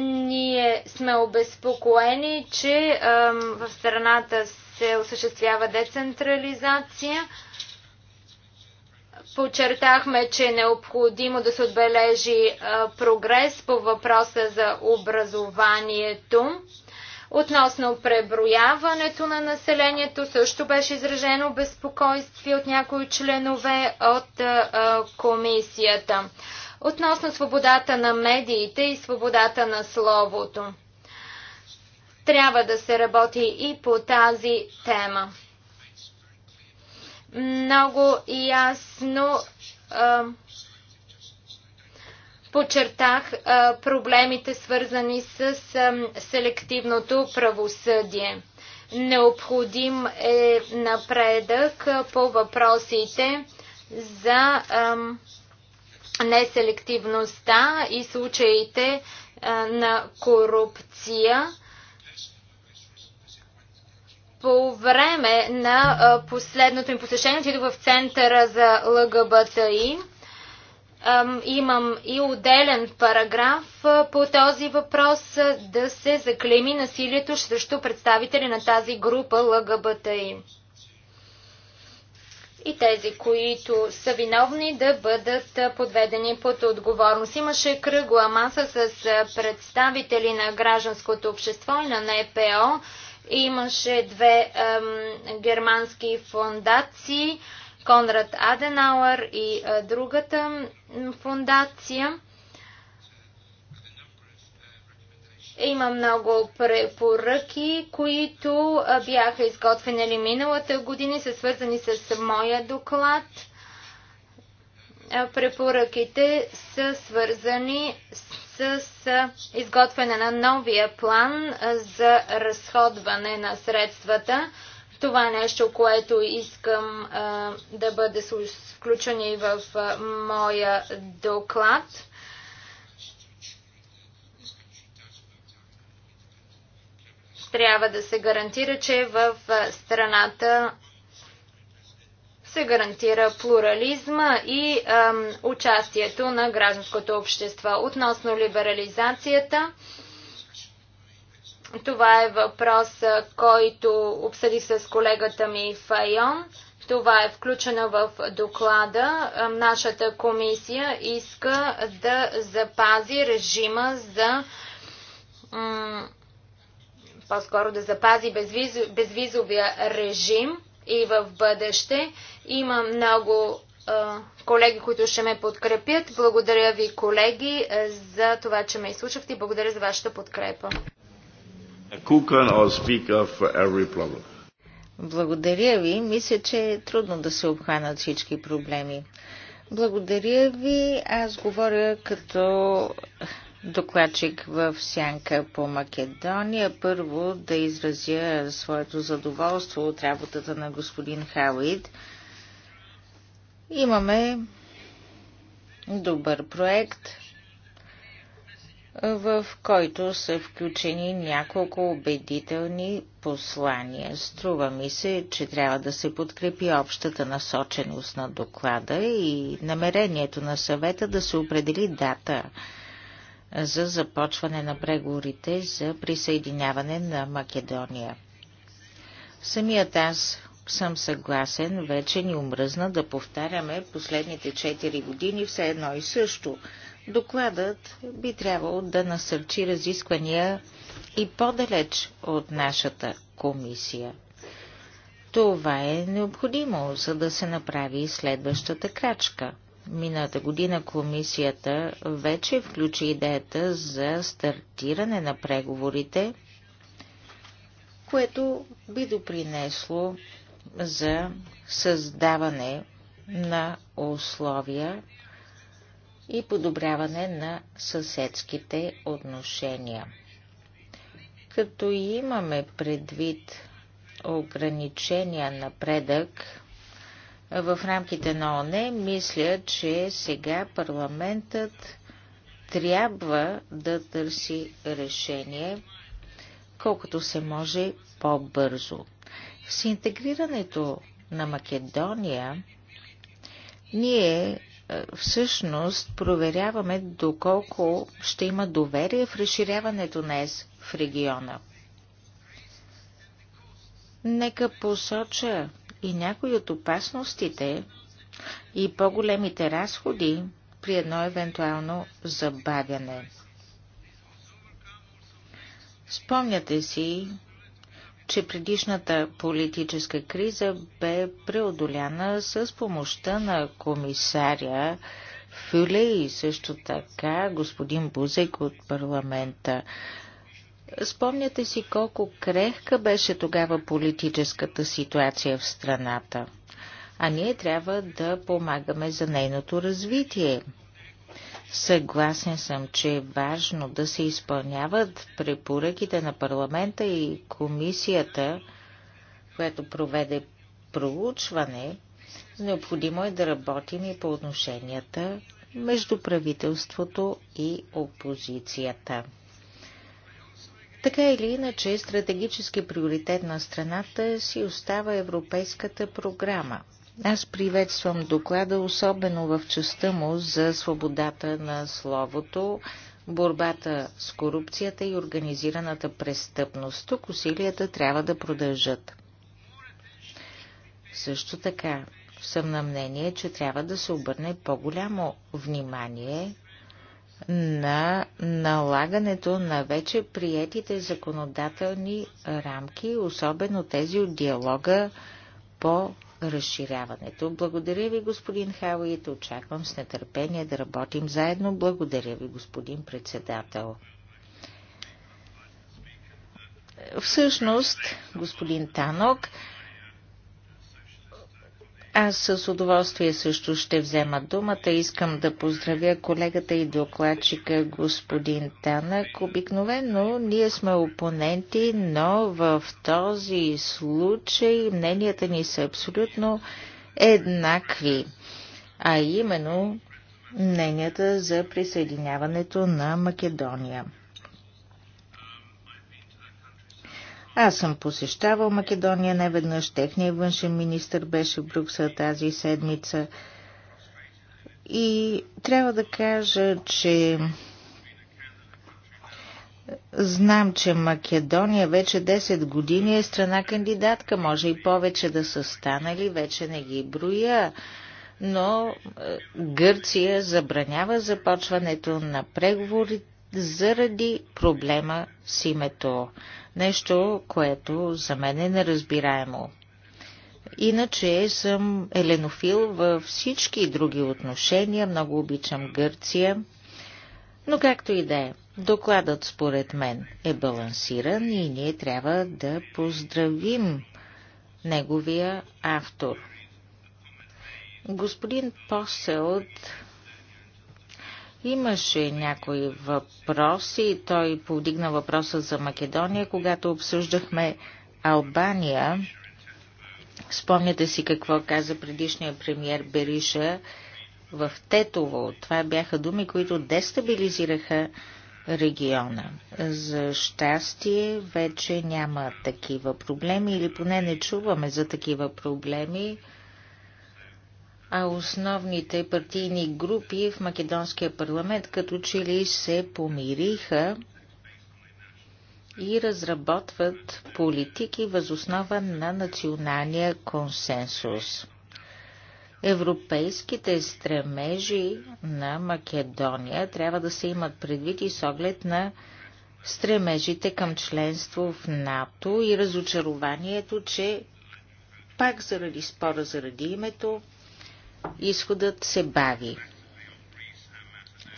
ние сме обезпокоени, че в страната се осъществява децентрализация. Подчертахме, че е необходимо да се отбележи прогрес по въпроса за образованието. Относно преброяването на населението също беше изражено безпокойствие от някои членове от комисията. Относно свободата на медиите и свободата на словото. Трябва да се работи и по тази тема. Много ясно а, подчертах а, проблемите свързани с а, селективното правосъдие. Необходим е напредък по въпросите за а, неселективността и случаите на корупция. По време на последното ми посещение отидох в центъра за ЛГБТИ. Имам и отделен параграф по този въпрос да се заклеми насилието срещу представители на тази група ЛГБТИ и тези, които са виновни да бъдат подведени под отговорност. Имаше кръгла маса с представители на гражданското общество и на НПО. Имаше две ем, германски фундации, Конрад Аденауер и е, другата фундация. Има много препоръки, които бяха изготвени миналата година и са свързани с моя доклад. Препоръките са свързани с изготвяне на новия план за разходване на средствата. Това е нещо, което искам да бъде включено и в моя доклад. Трябва да се гарантира, че в страната се гарантира плурализма и ам, участието на гражданското общество. Относно либерализацията, това е въпрос, който обсъди с колегата ми Файон. Това е включено в доклада. Нашата комисия иска да запази режима за по-скоро да запази безвизовия режим и в бъдеще. Има много колеги, които ще ме подкрепят. Благодаря ви, колеги, за това, че ме изслушахте и благодаря за вашата подкрепа. Благодаря ви. Мисля, че е трудно да се обхванат всички проблеми. Благодаря ви. Аз говоря като докладчик в Сянка по Македония. Първо да изразя своето задоволство от работата на господин Хауид. Имаме добър проект, в който са включени няколко убедителни послания. Струва ми се, че трябва да се подкрепи общата насоченост на доклада и намерението на съвета да се определи дата – за започване на преговорите за присъединяване на Македония. Самият аз съм съгласен, вече ни омръзна да повтаряме последните 4 години все едно и също. Докладът би трябвало да насърчи разисквания и по-далеч от нашата комисия. Това е необходимо, за да се направи следващата крачка. Миналата година комисията вече включи идеята за стартиране на преговорите, което би допринесло за създаване на условия и подобряване на съседските отношения. Като имаме предвид ограничения напредък в рамките на ОНЕ, мисля, че сега парламентът трябва да търси решение колкото се може по-бързо. С интегрирането на Македония ние е, всъщност проверяваме доколко ще има доверие в разширяването на ЕС в региона. Нека посоча и някои от опасностите и по-големите разходи при едно евентуално забавяне. Спомняте си, че предишната политическа криза бе преодоляна с помощта на комисаря Фюле и също така господин Бузек от парламента. Спомняте си колко крехка беше тогава политическата ситуация в страната, а ние трябва да помагаме за нейното развитие. Съгласен съм, че е важно да се изпълняват препоръките на парламента и комисията, която проведе проучване, необходимо е да работим и по отношенията между правителството и опозицията. Така или иначе, стратегически приоритет на страната си остава Европейската програма. Аз приветствам доклада, особено в частта му за свободата на словото, борбата с корупцията и организираната престъпност. Тук усилията трябва да продължат. Също така съм на мнение, че трябва да се обърне по-голямо внимание на налагането на вече приетите законодателни рамки, особено тези от диалога по разширяването. Благодаря ви, господин Хауит. Очаквам с нетърпение да работим заедно. Благодаря ви, господин председател. Всъщност, господин Танок, аз с удоволствие също ще взема думата. Искам да поздравя колегата и докладчика господин Танък. Обикновено ние сме опоненти, но в този случай мненията ни са абсолютно еднакви. А именно мненията за присъединяването на Македония. Аз съм посещавал Македония неведнъж Техният външен министр беше в Брюксел тази седмица. И трябва да кажа, че знам, че Македония вече 10 години е страна кандидатка. Може и повече да са станали, вече не ги броя. Но е, Гърция забранява започването на преговори заради проблема с името. Нещо, което за мен е неразбираемо. Иначе съм еленофил във всички други отношения, много обичам Гърция, но както и да е, докладът според мен е балансиран и ние трябва да поздравим неговия автор. Господин Посел от Имаше някои въпроси. Той повдигна въпроса за Македония, когато обсъждахме Албания. Спомняте си какво каза предишния премьер Бериша в Тетово. Това бяха думи, които дестабилизираха региона. За щастие вече няма такива проблеми или поне не чуваме за такива проблеми а основните партийни групи в Македонския парламент като че ли се помириха и разработват политики възоснова на националния консенсус. Европейските стремежи на Македония трябва да се имат предвид и с оглед на стремежите към членство в НАТО и разочарованието, че пак заради спора заради името изходът се бави.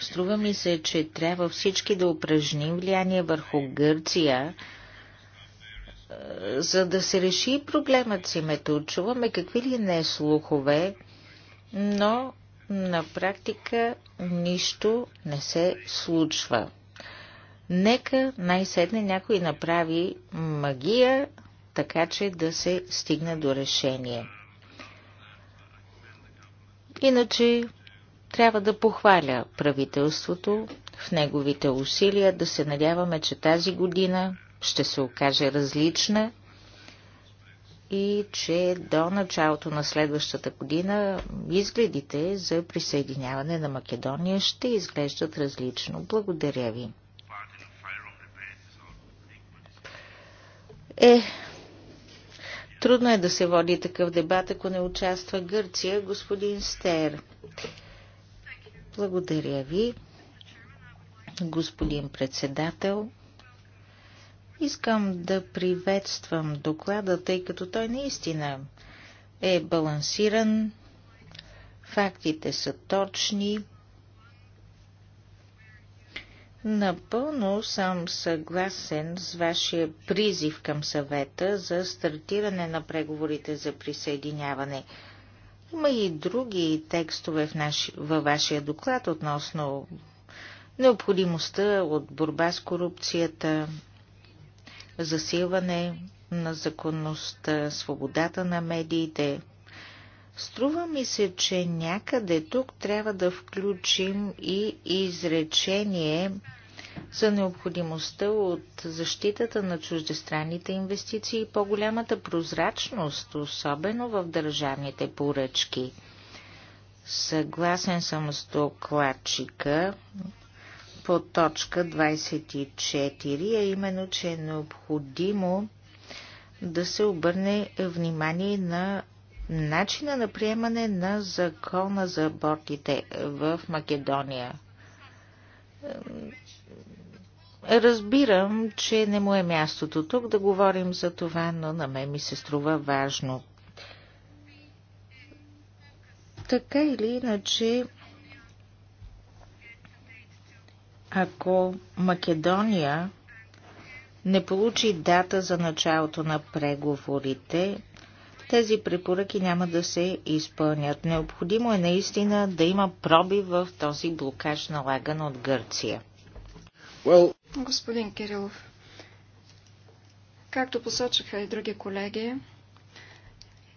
Струва ми се, че трябва всички да упражним влияние върху Гърция, е, за да се реши проблемът си мето. Чуваме какви ли не слухове, но на практика нищо не се случва. Нека най-седне някой направи магия, така че да се стигне до решение. Иначе трябва да похваля правителството в неговите усилия, да се надяваме, че тази година ще се окаже различна и че до началото на следващата година изгледите за присъединяване на Македония ще изглеждат различно. Благодаря ви. Е, Трудно е да се води такъв дебат, ако не участва Гърция, господин Стер. Благодаря ви, господин председател. Искам да приветствам доклада, тъй като той наистина е балансиран, фактите са точни, Напълно съм съгласен с вашия призив към съвета за стартиране на преговорите за присъединяване. Има и други текстове в наш... във вашия доклад относно необходимостта от борба с корупцията, засилване на законността, свободата на медиите – Струва ми се, че някъде тук трябва да включим и изречение за необходимостта от защитата на чуждестранните инвестиции и по-голямата прозрачност, особено в държавните поръчки. Съгласен съм с докладчика по точка 24, а именно, че е необходимо да се обърне внимание на начина на приемане на закона за абортите в Македония. Разбирам, че не му е мястото тук да говорим за това, но на мен ми се струва важно. Така или иначе, ако Македония не получи дата за началото на преговорите, тези препоръки няма да се изпълнят. Необходимо е наистина да има проби в този блокаж налаган от Гърция. Well... Господин Кирилов, както посочиха и други колеги,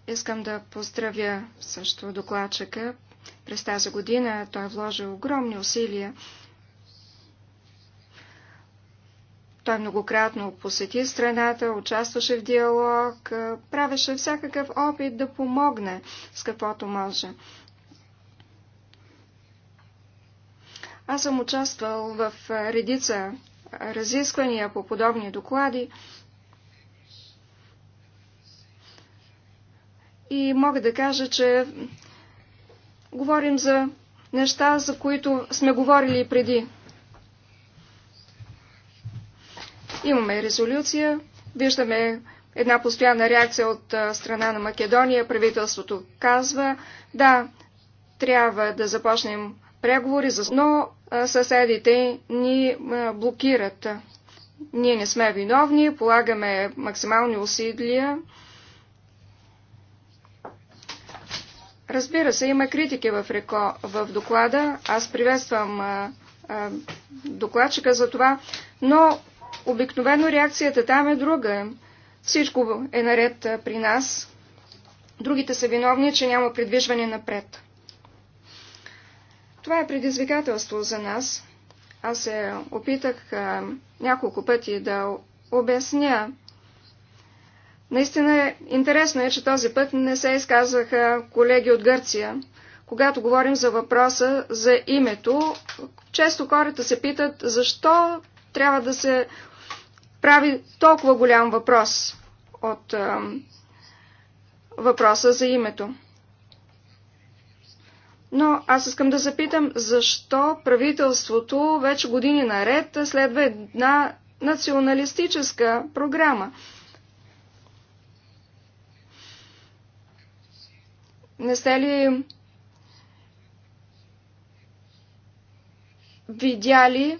искам да поздравя също докладчика. През тази година той е вложи огромни усилия Той многократно посети страната, участваше в диалог, правеше всякакъв опит да помогне с каквото може. Аз съм участвал в редица разисквания по подобни доклади и мога да кажа, че говорим за неща, за които сме говорили преди. Имаме резолюция, виждаме една постоянна реакция от страна на Македония. Правителството казва, да, трябва да започнем преговори, но съседите ни блокират. Ние не сме виновни, полагаме максимални усилия. Разбира се, има критики в, реко, в доклада. Аз приветствам а, а, докладчика за това, но Обикновено реакцията там е друга. Всичко е наред при нас. Другите са виновни, че няма придвижване напред. Това е предизвикателство за нас. Аз се опитах а, няколко пъти да обясня. Наистина интересно е, че този път не се изказаха колеги от Гърция. Когато говорим за въпроса за името, често хората се питат защо трябва да се прави толкова голям въпрос от а, въпроса за името. Но аз искам да запитам, защо правителството вече години наред следва една националистическа програма? Не сте ли видяли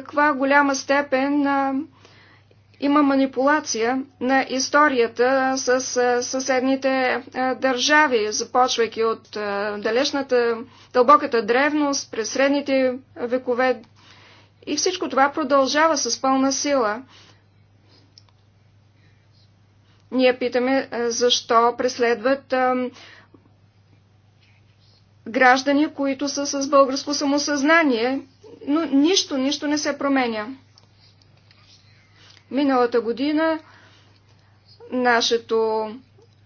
каква голяма степен а, има манипулация на историята с съседните държави, започвайки от далечната, дълбоката древност, през средните векове. И всичко това продължава с пълна сила. Ние питаме защо преследват граждани, които са с българско самосъзнание но нищо, нищо не се променя. Миналата година нашето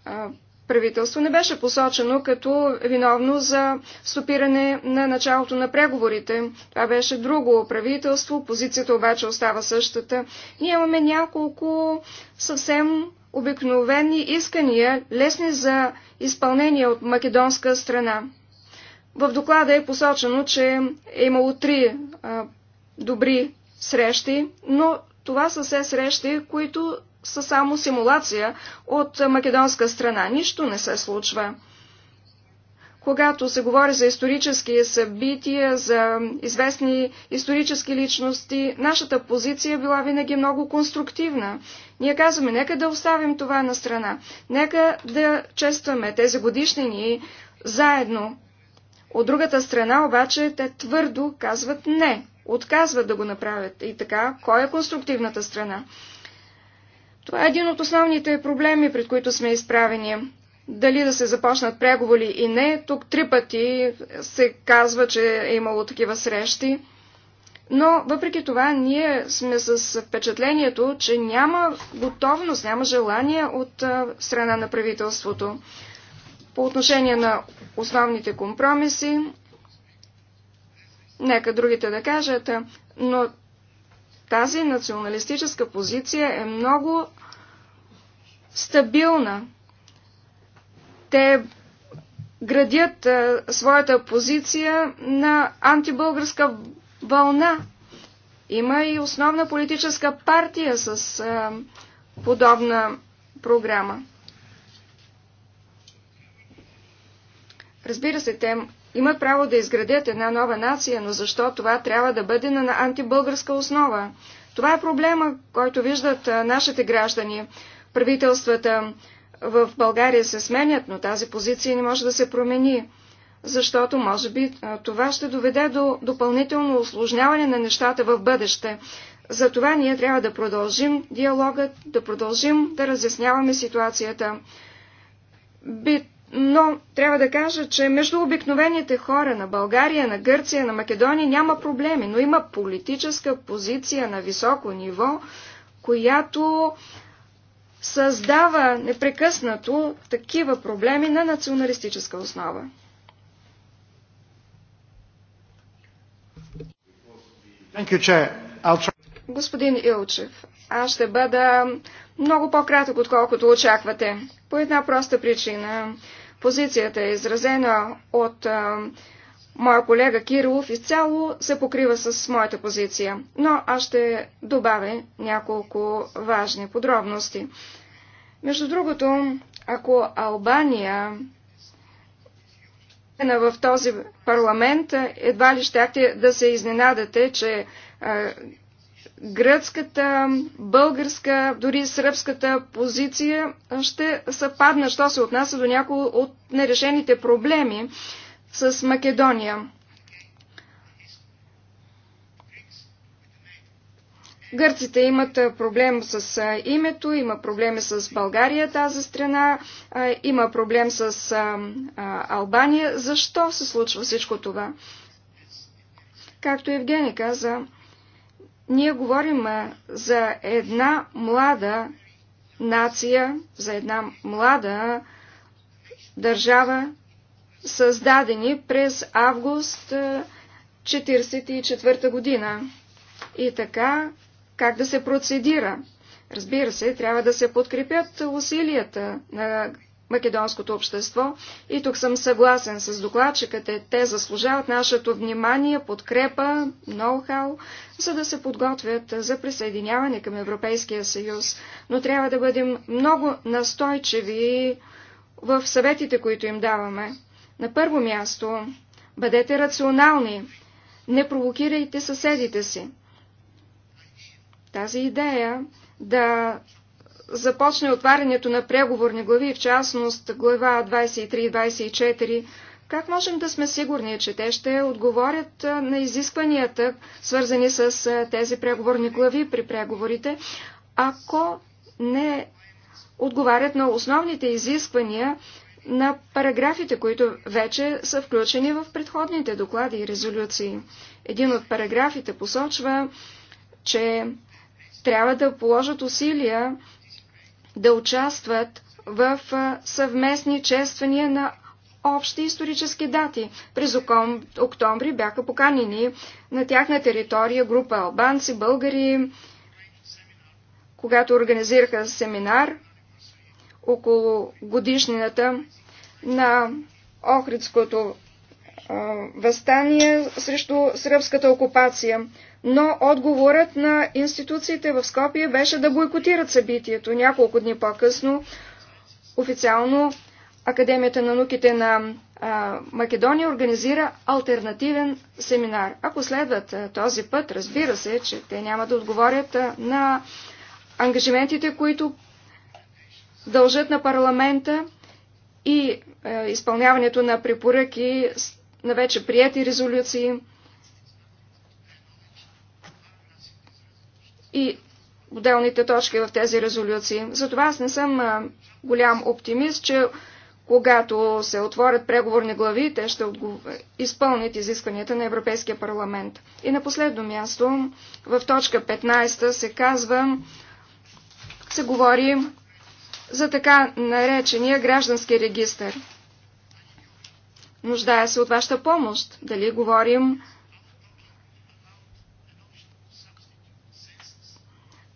а, правителство не беше посочено като виновно за стопиране на началото на преговорите. Това беше друго правителство, позицията обаче остава същата. Ние имаме няколко съвсем обикновени искания, лесни за изпълнение от македонска страна. В доклада е посочено, че е имало три а, добри срещи, но това са все срещи, които са само симулация от македонска страна. Нищо не се случва. Когато се говори за исторически събития, за известни исторически личности, нашата позиция е била винаги много конструктивна. Ние казваме, нека да оставим това на страна, нека да честваме тези ни заедно, от другата страна обаче те твърдо казват не, отказват да го направят. И така, кой е конструктивната страна? Това е един от основните проблеми, пред които сме изправени. Дали да се започнат преговори и не, тук три пъти се казва, че е имало такива срещи. Но въпреки това ние сме с впечатлението, че няма готовност, няма желание от страна на правителството. По отношение на основните компромиси, нека другите да кажат, но тази националистическа позиция е много стабилна. Те градят а, е, своята позиция на антибългарска вълна. Има и основна политическа партия с а, е, подобна програма. Разбира се, те имат право да изградят една нова нация, но защо това трябва да бъде на антибългарска основа? Това е проблема, който виждат нашите граждани. Правителствата в България се сменят, но тази позиция не може да се промени, защото може би това ще доведе до допълнително осложняване на нещата в бъдеще. Затова ние трябва да продължим диалогът, да продължим да разясняваме ситуацията. Би но трябва да кажа, че между обикновените хора на България, на Гърция, на Македония няма проблеми, но има политическа позиция на високо ниво, която създава непрекъснато такива проблеми на националистическа основа. Господин Илчев, аз ще бъда много по-кратък, отколкото очаквате. По една проста причина позицията е изразена от а, моя колега Кирилов, изцяло се покрива с моята позиция. Но аз ще добавя няколко важни подробности. Между другото, ако Албания е в този парламент, едва ли щяхте да се изненадате, че гръцката, българска, дори сръбската позиция ще съпадна, що се отнася до някои от нерешените проблеми с Македония. Гърците имат проблем с името, има проблеми с България тази страна, има проблем с Албания. Защо се случва всичко това? Както Евгений каза, ние говорим е, за една млада нация, за една млада държава, създадени през август 1944 е, година. И така, как да се процедира? Разбира се, трябва да се подкрепят усилията на македонското общество. И тук съм съгласен с докладчиката. Те заслужават нашето внимание, подкрепа, ноу-хау, за да се подготвят за присъединяване към Европейския съюз. Но трябва да бъдем много настойчиви в съветите, които им даваме. На първо място, бъдете рационални. Не провокирайте съседите си. Тази идея да започне отварянето на преговорни глави, в частност глава 23 и 24, как можем да сме сигурни, че те ще отговорят на изискванията, свързани с тези преговорни глави при преговорите, ако не отговарят на основните изисквания на параграфите, които вече са включени в предходните доклади и резолюции. Един от параграфите посочва, че трябва да положат усилия да участват в съвместни чествания на общи исторически дати. През октомври бяха поканени на тяхна територия група албанци, българи, когато организираха семинар около годишнината на Охридското възстание срещу сръбската окупация. Но отговорът на институциите в Скопие беше да бойкотират събитието. Няколко дни по-късно официално Академията на науките на а, Македония организира альтернативен семинар. Ако следват а, този път, разбира се, че те няма да отговорят а, на ангажиментите, които дължат на парламента и изпълняването на препоръки на вече прияти резолюции. И отделните точки в тези резолюции. Затова аз не съм голям оптимист, че когато се отворят преговорни глави, те ще отгов... изпълнят изискванията на Европейския парламент. И на последно място, в точка 15 се казва, се говори за така наречения граждански регистр. Нуждая се от вашата помощ. Дали говорим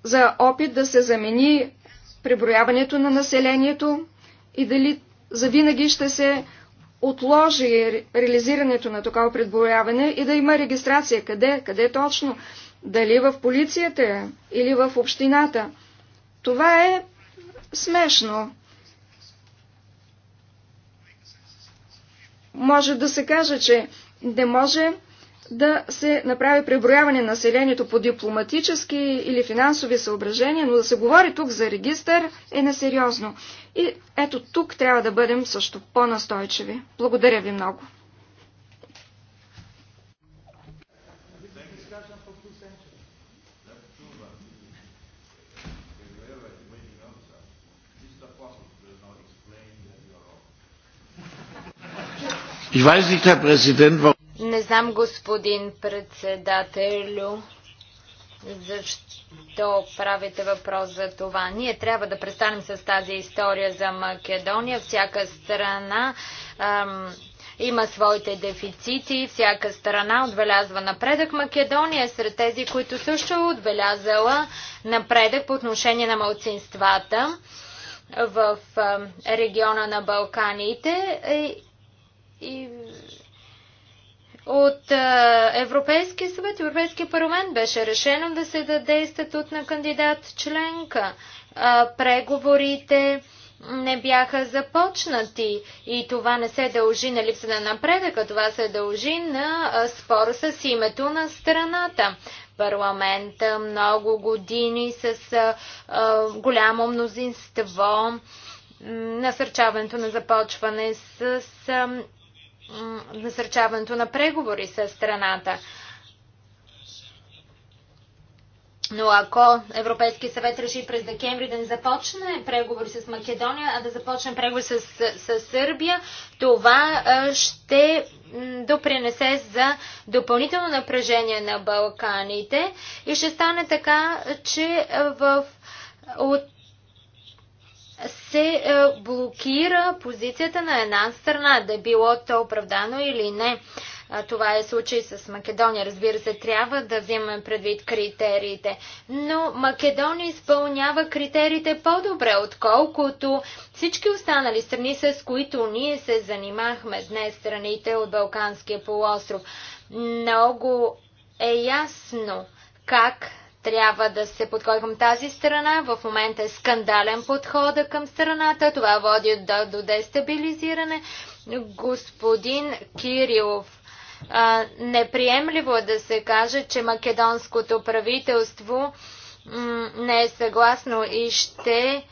за опит да се замени преброяването на населението и дали завинаги ще се отложи реализирането на такова преброяване и да има регистрация. Къде? Къде точно? Дали в полицията или в общината? Това е смешно. може да се каже, че не може да се направи преброяване на населението по дипломатически или финансови съображения, но да се говори тук за регистър е несериозно. И ето тук трябва да бъдем също по-настойчиви. Благодаря ви много. Не знам, господин председателю, защо правите въпрос за това? Ние трябва да престанем с тази история за Македония. Всяка страна ам, има своите дефицити, всяка страна отбелязва напредък. Македония е сред тези, които също е отбелязала напредък по отношение на малцинствата в региона на Балканите е, и от Европейския съвет, Европейския парламент беше решено да се даде статут на кандидат членка. Преговорите не бяха започнати и това не се дължи на липса на напредъка, това се дължи на спор с името на страната. Парламента много години с голямо мнозинство насърчаването на започване с насърчаването на преговори с страната. Но ако Европейски съвет реши през декември да не започне преговори с Македония, а да започне преговори с, с Сърбия, това ще допринесе за допълнително напрежение на Балканите и ще стане така, че в, от се е, блокира позицията на една страна, да е било то оправдано или не. Това е случай с Македония. Разбира се, трябва да вземем предвид критериите. Но Македония изпълнява критериите по-добре, отколкото всички останали страни, с които ние се занимахме днес, страните от Балканския полуостров. Много е ясно как трябва да се подходи към тази страна. В момента е скандален подхода към страната. Това води до, до дестабилизиране. Господин Кирилов, а, неприемливо е да се каже, че македонското правителство не е съгласно и ще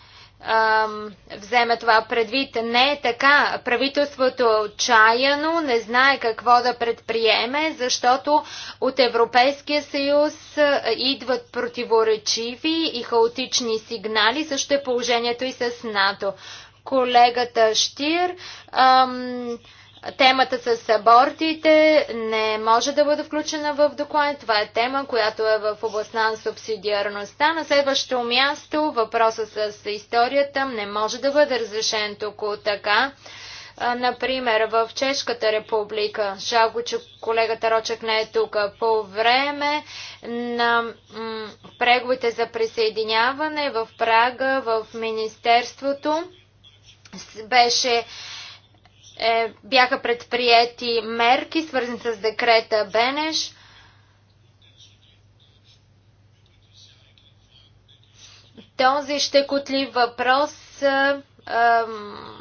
вземе това предвид. Не е така. Правителството е отчаяно, не знае какво да предприеме, защото от Европейския съюз идват противоречиви и хаотични сигнали. Също е положението и с НАТО. Колегата Штир. Ам, Темата с абортите не може да бъде включена в доклада. Това е тема, която е в областта на субсидиарността. На следващо място въпроса с историята не може да бъде разрешен тук така. Например, в Чешката република, жалко, че колегата Рочек не е тук, по време на преговите за присъединяване в Прага, в Министерството, беше е, бяха предприяти мерки, свързани с декрета Бенеш. Този щекотлив въпрос е, е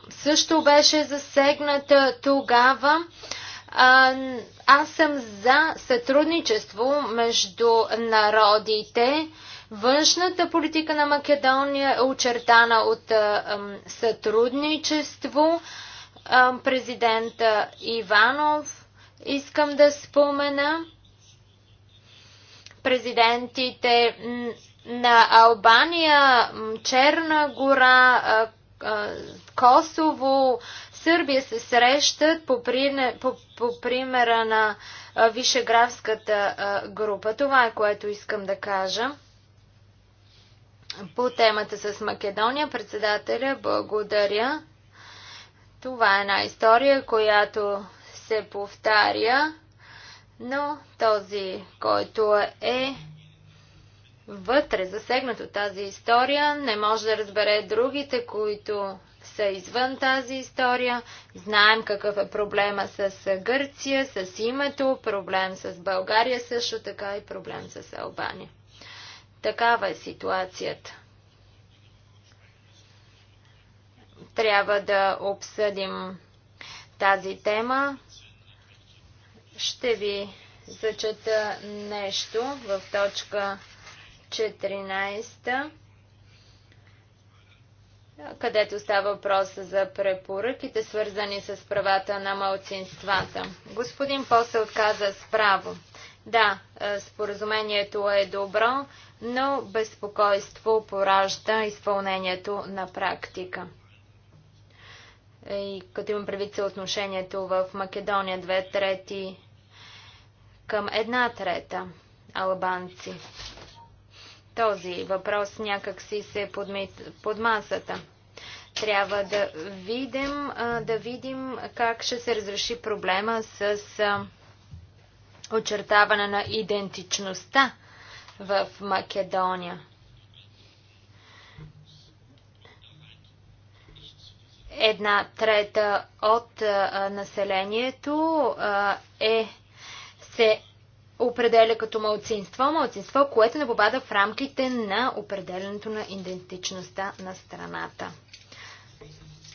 също беше засегнат тогава. Е, аз съм за сътрудничество между народите. Външната политика на Македония е очертана от е, сътрудничество президента Иванов искам да спомена. Президентите на Албания, Черна гора, Косово, Сърбия се срещат по, при, по, по примера на Вишеградската група. Това е което искам да кажа. По темата с Македония, председателя, благодаря. Това е една история, която се повтаря, но този, който е вътре засегнат от тази история, не може да разбере другите, които са извън тази история. Знаем какъв е проблема с Гърция, с името, проблем с България също така и проблем с Албания. Такава е ситуацията. трябва да обсъдим тази тема. Ще ви зачета нещо в точка 14, където става въпрос за препоръките, свързани с правата на малцинствата. Господин Посел каза справо. Да, е, споразумението е добро, но безпокойство поражда изпълнението на практика. Е, и като имам предвид съотношението в Македония, две трети към една трета албанци. Този въпрос някак си се подмит, под масата. Трябва да видим, да видим как ще се разреши проблема с очертаване на идентичността в Македония. една трета от а, населението а, е, се определя като малцинство, малцинство, което не попада в рамките на определенето на идентичността на страната.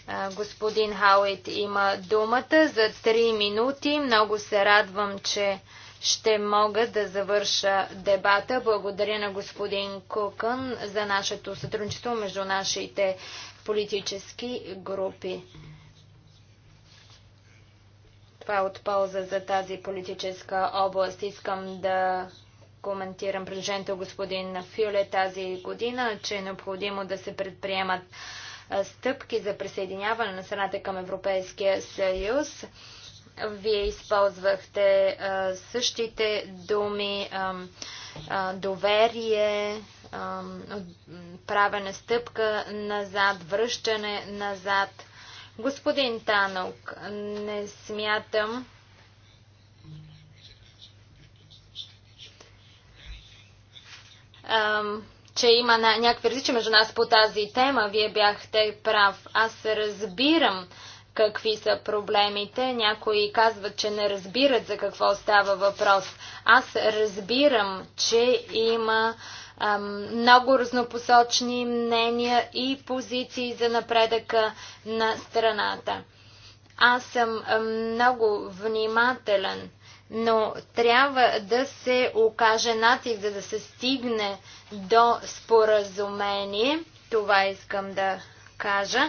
А, господин Хауит има думата за 3 минути. Много се радвам, че ще мога да завърша дебата. Благодаря на господин Кукън за нашето сътрудничество между нашите политически групи. Това е от полза за тази политическа област. Искам да коментирам предложението господин Фюле тази година, че е необходимо да се предприемат стъпки за присъединяване на страната към Европейския съюз. Вие използвахте същите думи, доверие, правене стъпка назад, връщане назад. Господин Танок, не смятам, че има някакви различия между нас по тази тема. Вие бяхте прав. Аз разбирам какви са проблемите. Някои казват, че не разбират за какво става въпрос. Аз разбирам, че има много разнопосочни мнения и позиции за напредъка на страната. Аз съм много внимателен, но трябва да се окаже натиск, за да се стигне до споразумение. Това искам да кажа.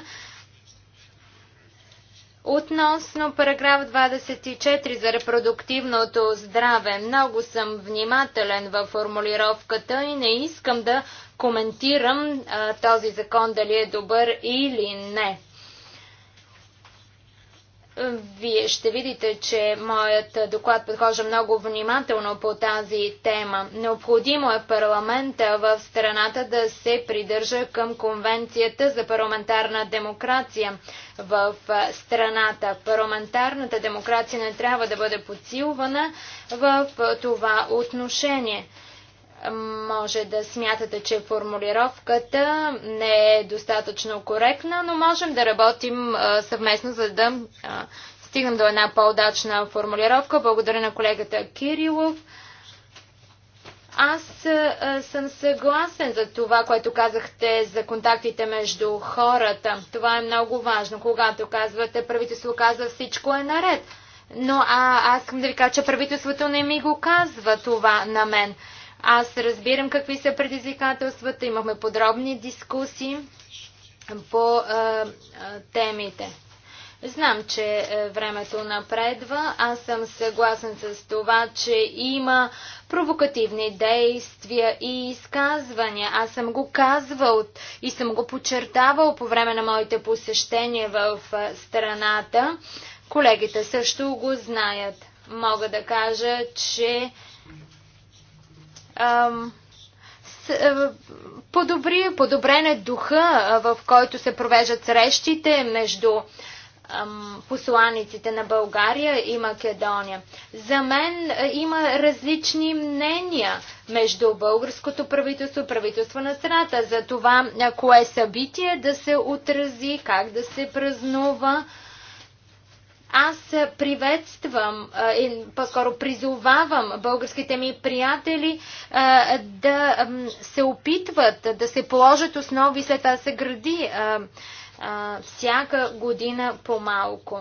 Относно параграф 24 за репродуктивното здраве, много съм внимателен във формулировката и не искам да коментирам а, този закон дали е добър или не. Вие ще видите, че моят доклад подхожда много внимателно по тази тема. Необходимо е парламента в страната да се придържа към Конвенцията за парламентарна демокрация в страната. Парламентарната демокрация не трябва да бъде подсилвана в това отношение. Може да смятате, че формулировката не е достатъчно коректна, но можем да работим съвместно, за да стигнем до една по-удачна формулировка. Благодаря на колегата Кирилов. Аз съм съгласен за това, което казахте за контактите между хората. Това е много важно, когато казвате правителство казва всичко е наред. Но а, аз искам да ви кажа, че правителството не ми го казва това на мен. Аз разбирам какви са предизвикателствата, имахме подробни дискусии по а, темите. Знам, че времето напредва. Аз съм съгласен с това, че има провокативни действия и изказвания. Аз съм го казвал и съм го подчертавал по време на моите посещения в страната. Колегите също го знаят. Мога да кажа, че е, подобри, подобрен е духа, е, в който се провеждат срещите между посланиците на България и Македония. За мен е, има различни мнения между българското правителство и правителство на страната за това кое събитие да се отрази, как да се празнува аз приветствам, по-скоро призовавам българските ми приятели да се опитват да се положат основи, след това се гради всяка година по-малко.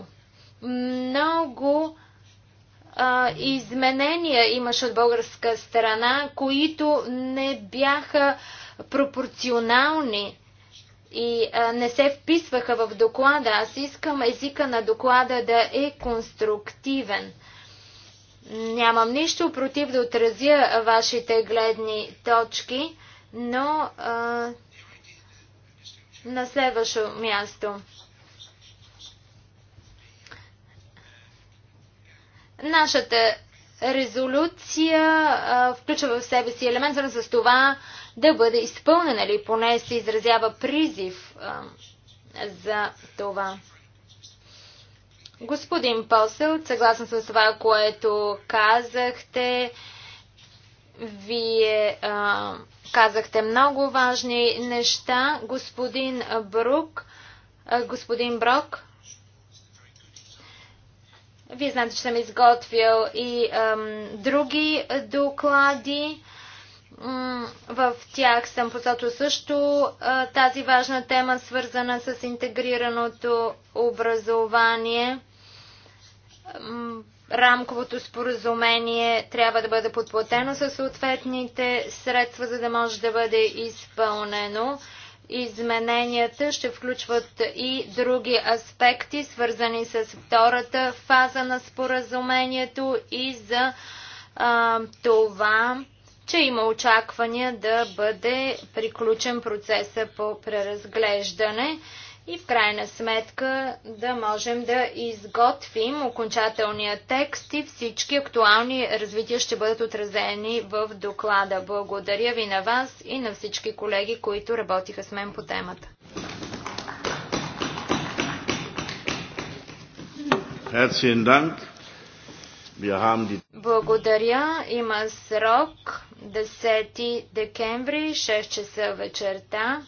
Много изменения имаше от българска страна, които не бяха пропорционални и а, не се вписваха в доклада. Аз искам езика на доклада да е конструктивен. Нямам нищо против да отразя вашите гледни точки, но а, на следващо място. Нашата резолюция а, включва в себе си елемент, с това, да бъде изпълнена или поне се изразява призив а, за това. Господин Посел, съгласно с това, което казахте, вие а, казахте много важни неща. Господин Брук, а, господин Брок, вие знаете, че съм изготвил и а, други доклади в тях съм посочил също тази важна тема, свързана с интегрираното образование. Рамковото споразумение трябва да бъде подплатено със съответните средства, за да може да бъде изпълнено. Измененията ще включват и други аспекти, свързани с втората фаза на споразумението и за а, това, че има очаквания да бъде приключен процеса по преразглеждане и в крайна сметка да можем да изготвим окончателния текст и всички актуални развития ще бъдат отразени в доклада. Благодаря ви на вас и на всички колеги, които работиха с мен по темата. Herzlichen Dank. Благодаря. Има срок 10 декември, 6 часа вечерта.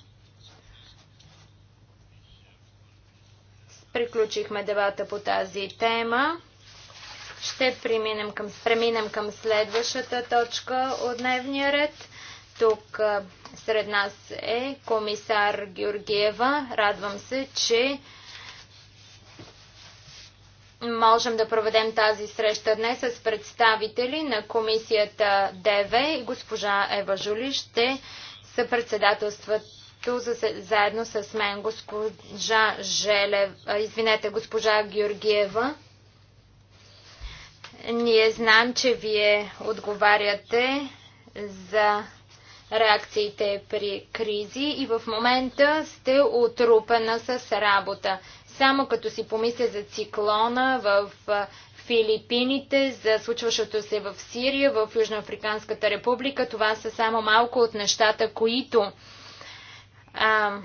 Приключихме дебата по тази тема. Ще преминем към, преминем към следващата точка от дневния ред. Тук сред нас е комисар Георгиева. Радвам се, че можем да проведем тази среща днес с представители на комисията ДВ и госпожа Ева Жули ще съпредседателството заедно с мен госпожа Желева, извинете, госпожа Георгиева. Ние знам, че вие отговаряте за реакциите при кризи и в момента сте отрупена с работа. Само като си помисля за циклона в Филипините, за случващото се в Сирия, в Южноафриканската република, това са само малко от нещата, които а,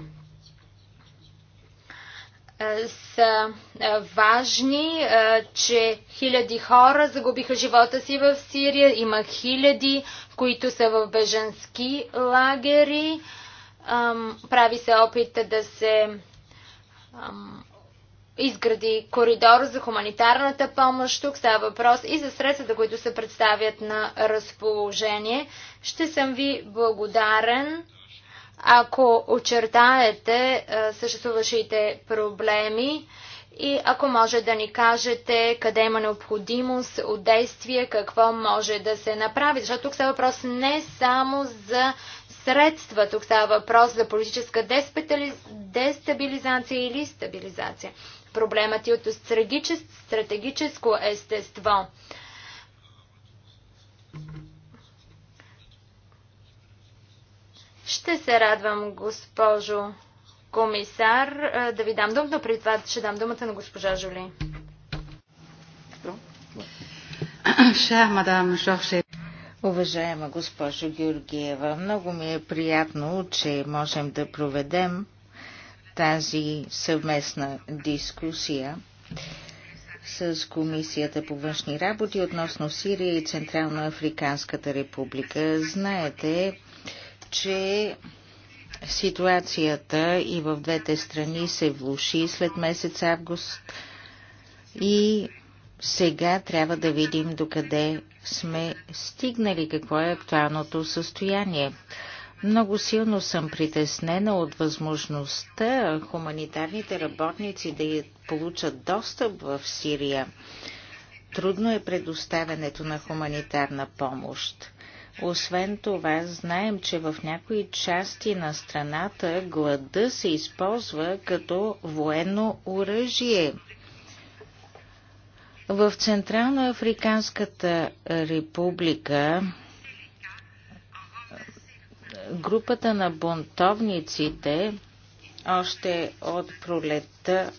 са важни, че хиляди хора загубиха живота си в Сирия, има хиляди, които са в беженски лагери. Прави се опит да се изгради коридор за хуманитарната помощ. Тук става въпрос и за средствата, които се представят на разположение. Ще съм ви благодарен, ако очертаете съществуващите проблеми и ако може да ни кажете къде има необходимост от действие, какво може да се направи. Защото тук става въпрос не само за средства, тук става въпрос за политическа дестабилизация или стабилизация. Проблемът и от стратегическо естество. Ще се радвам, госпожо комисар, да ви дам думата, но преди това ще дам думата на госпожа Жоли. Уважаема госпожо Георгиева, много ми е приятно, че можем да проведем тази съвместна дискусия с Комисията по външни работи относно Сирия и Централно Африканската република. Знаете, че ситуацията и в двете страни се влуши след месец август и сега трябва да видим докъде сме стигнали, какво е актуалното състояние. Много силно съм притеснена от възможността хуманитарните работници да получат достъп в Сирия. Трудно е предоставянето на хуманитарна помощ. Освен това, знаем, че в някои части на страната глада се използва като военно оръжие. В Централно Африканската република Групата на бунтовниците още от пролетта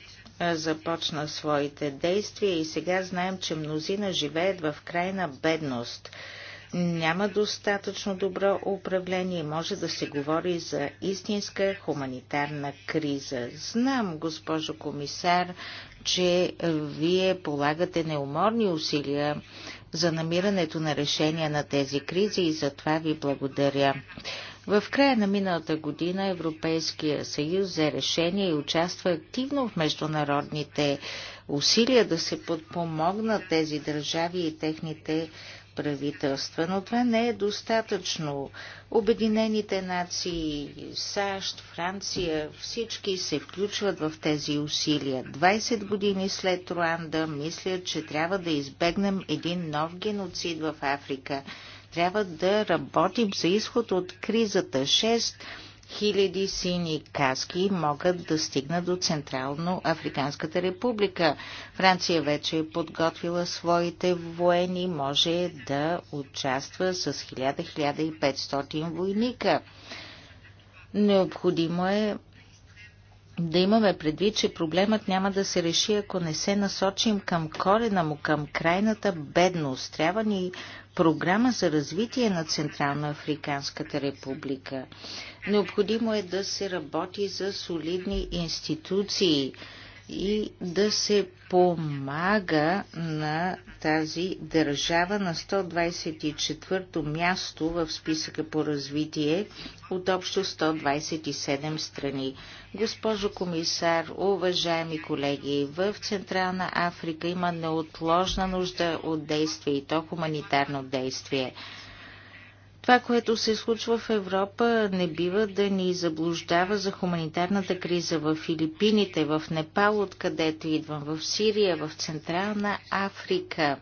започна своите действия и сега знаем, че мнозина живеят в крайна бедност. Няма достатъчно добро управление и може да се говори за истинска хуманитарна криза. Знам, госпожо комисар, че вие полагате неуморни усилия за намирането на решения на тези кризи и за това ви благодаря. В края на миналата година Европейския съюз взе решение и участва активно в международните усилия да се подпомогнат тези държави и техните правителства, но това не е достатъчно. Обединените нации, САЩ, Франция, всички се включват в тези усилия. 20 години след Руанда мислят, че трябва да избегнем един нов геноцид в Африка. Трябва да работим за изход от кризата. 6 сини каски могат да стигнат до Централно Африканската република. Франция вече е подготвила своите воени, може да участва с 1000-1500 войника. Необходимо е да имаме предвид, че проблемът няма да се реши, ако не се насочим към корена му, към крайната бедност. Трябва ни програма за развитие на Централно Африканската република. Необходимо е да се работи за солидни институции, и да се помага на тази държава на 124-то място в списъка по развитие от общо 127 страни. Госпожо комисар, уважаеми колеги, в Централна Африка има неотложна нужда от действие и то хуманитарно действие. Това, което се случва в Европа, не бива да ни заблуждава за хуманитарната криза в Филипините, в Непал, откъдето идвам, в Сирия, в Централна Африка.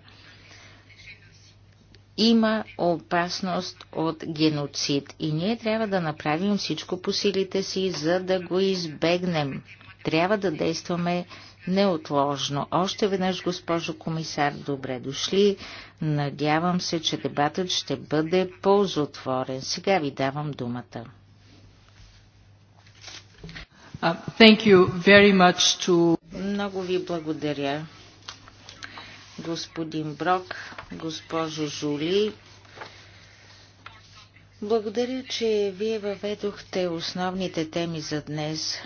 Има опасност от геноцид и ние трябва да направим всичко по силите си, за да го избегнем. Трябва да действаме неотложно. Още веднъж, госпожо комисар, добре дошли. Надявам се, че дебатът ще бъде ползотворен. Сега ви давам думата. Uh, thank you very much to... Много ви благодаря, господин Брок, госпожо Жули, благодаря, че вие въведохте основните теми за днес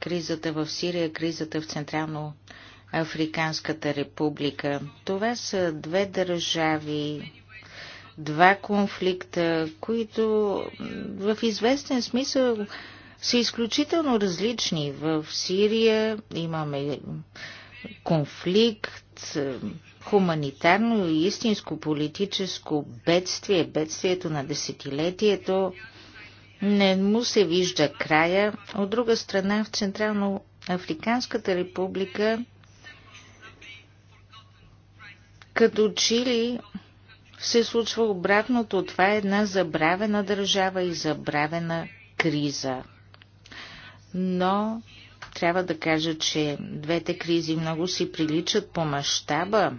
кризата в Сирия, кризата в Централно Африканската република. Това са две държави, два конфликта, които в известен смисъл са изключително различни. В Сирия имаме конфликт, хуманитарно и истинско политическо бедствие, бедствието на десетилетието не му се вижда края. От друга страна, в Централно Африканската република като Чили се случва обратното. Това е една забравена държава и забравена криза. Но трябва да кажа, че двете кризи много си приличат по мащаба.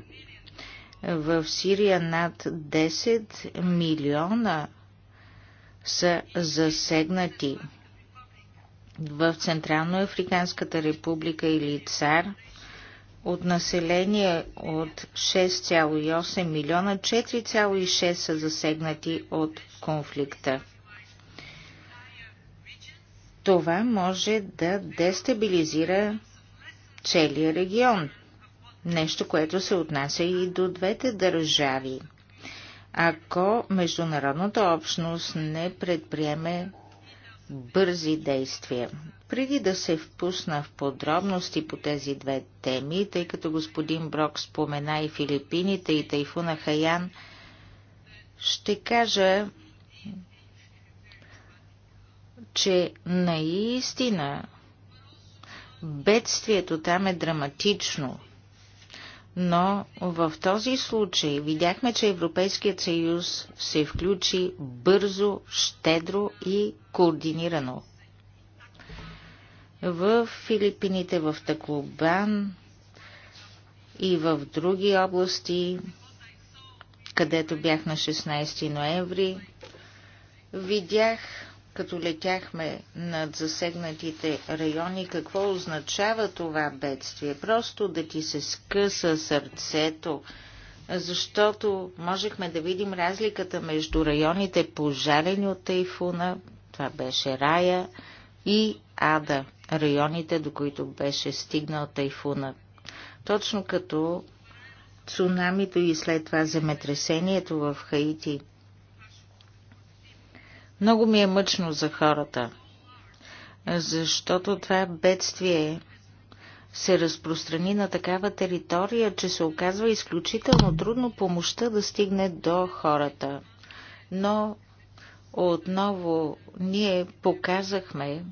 В Сирия над 10 милиона са засегнати. В Централноафриканската република или ЦАР от население от 6,8 милиона, 4,6 са засегнати от конфликта. Това може да дестабилизира целият регион. Нещо, което се отнася и до двете държави ако международната общност не предприеме бързи действия. Преди да се впусна в подробности по тези две теми, тъй като господин Брок спомена и Филипините и тайфуна Хаян, ще кажа, че наистина бедствието там е драматично – но в този случай видяхме, че Европейският съюз се включи бързо, щедро и координирано. В Филипините, в Таклобан и в други области, където бях на 16 ноември, видях като летяхме над засегнатите райони, какво означава това бедствие? Просто да ти се скъса сърцето, защото можехме да видим разликата между районите пожарени от тайфуна, това беше рая, и ада, районите, до които беше стигнал тайфуна. Точно като цунамито и след това земетресението в Хаити – много ми е мъчно за хората, защото това бедствие се разпространи на такава територия, че се оказва изключително трудно помощта да стигне до хората. Но отново ние показахме,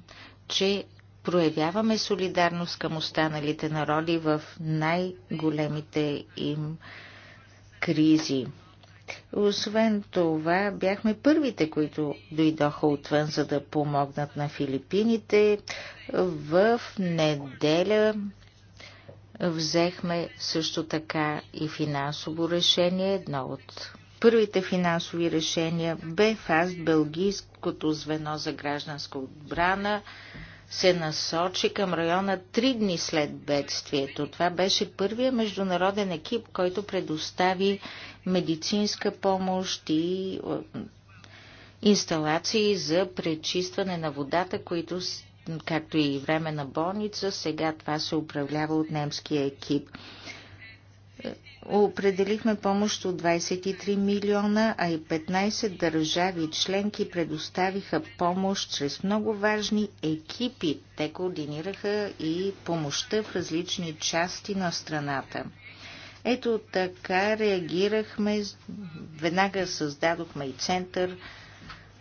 че проявяваме солидарност към останалите народи в най-големите им кризи. Освен това, бяхме първите, които дойдоха отвън, за да помогнат на Филипините. В неделя взехме също така и финансово решение. Едно от първите финансови решения бе ФАСТ, Белгийското звено за гражданска отбрана, се насочи към района три дни след бедствието. Това беше първия международен екип, който предостави медицинска помощ и инсталации за пречистване на водата, които, както и време на болница, сега това се управлява от немския екип. Е, определихме помощ от 23 милиона, а и 15 държави членки предоставиха помощ чрез много важни екипи. Те координираха и помощта в различни части на страната. Ето така реагирахме, веднага създадохме и център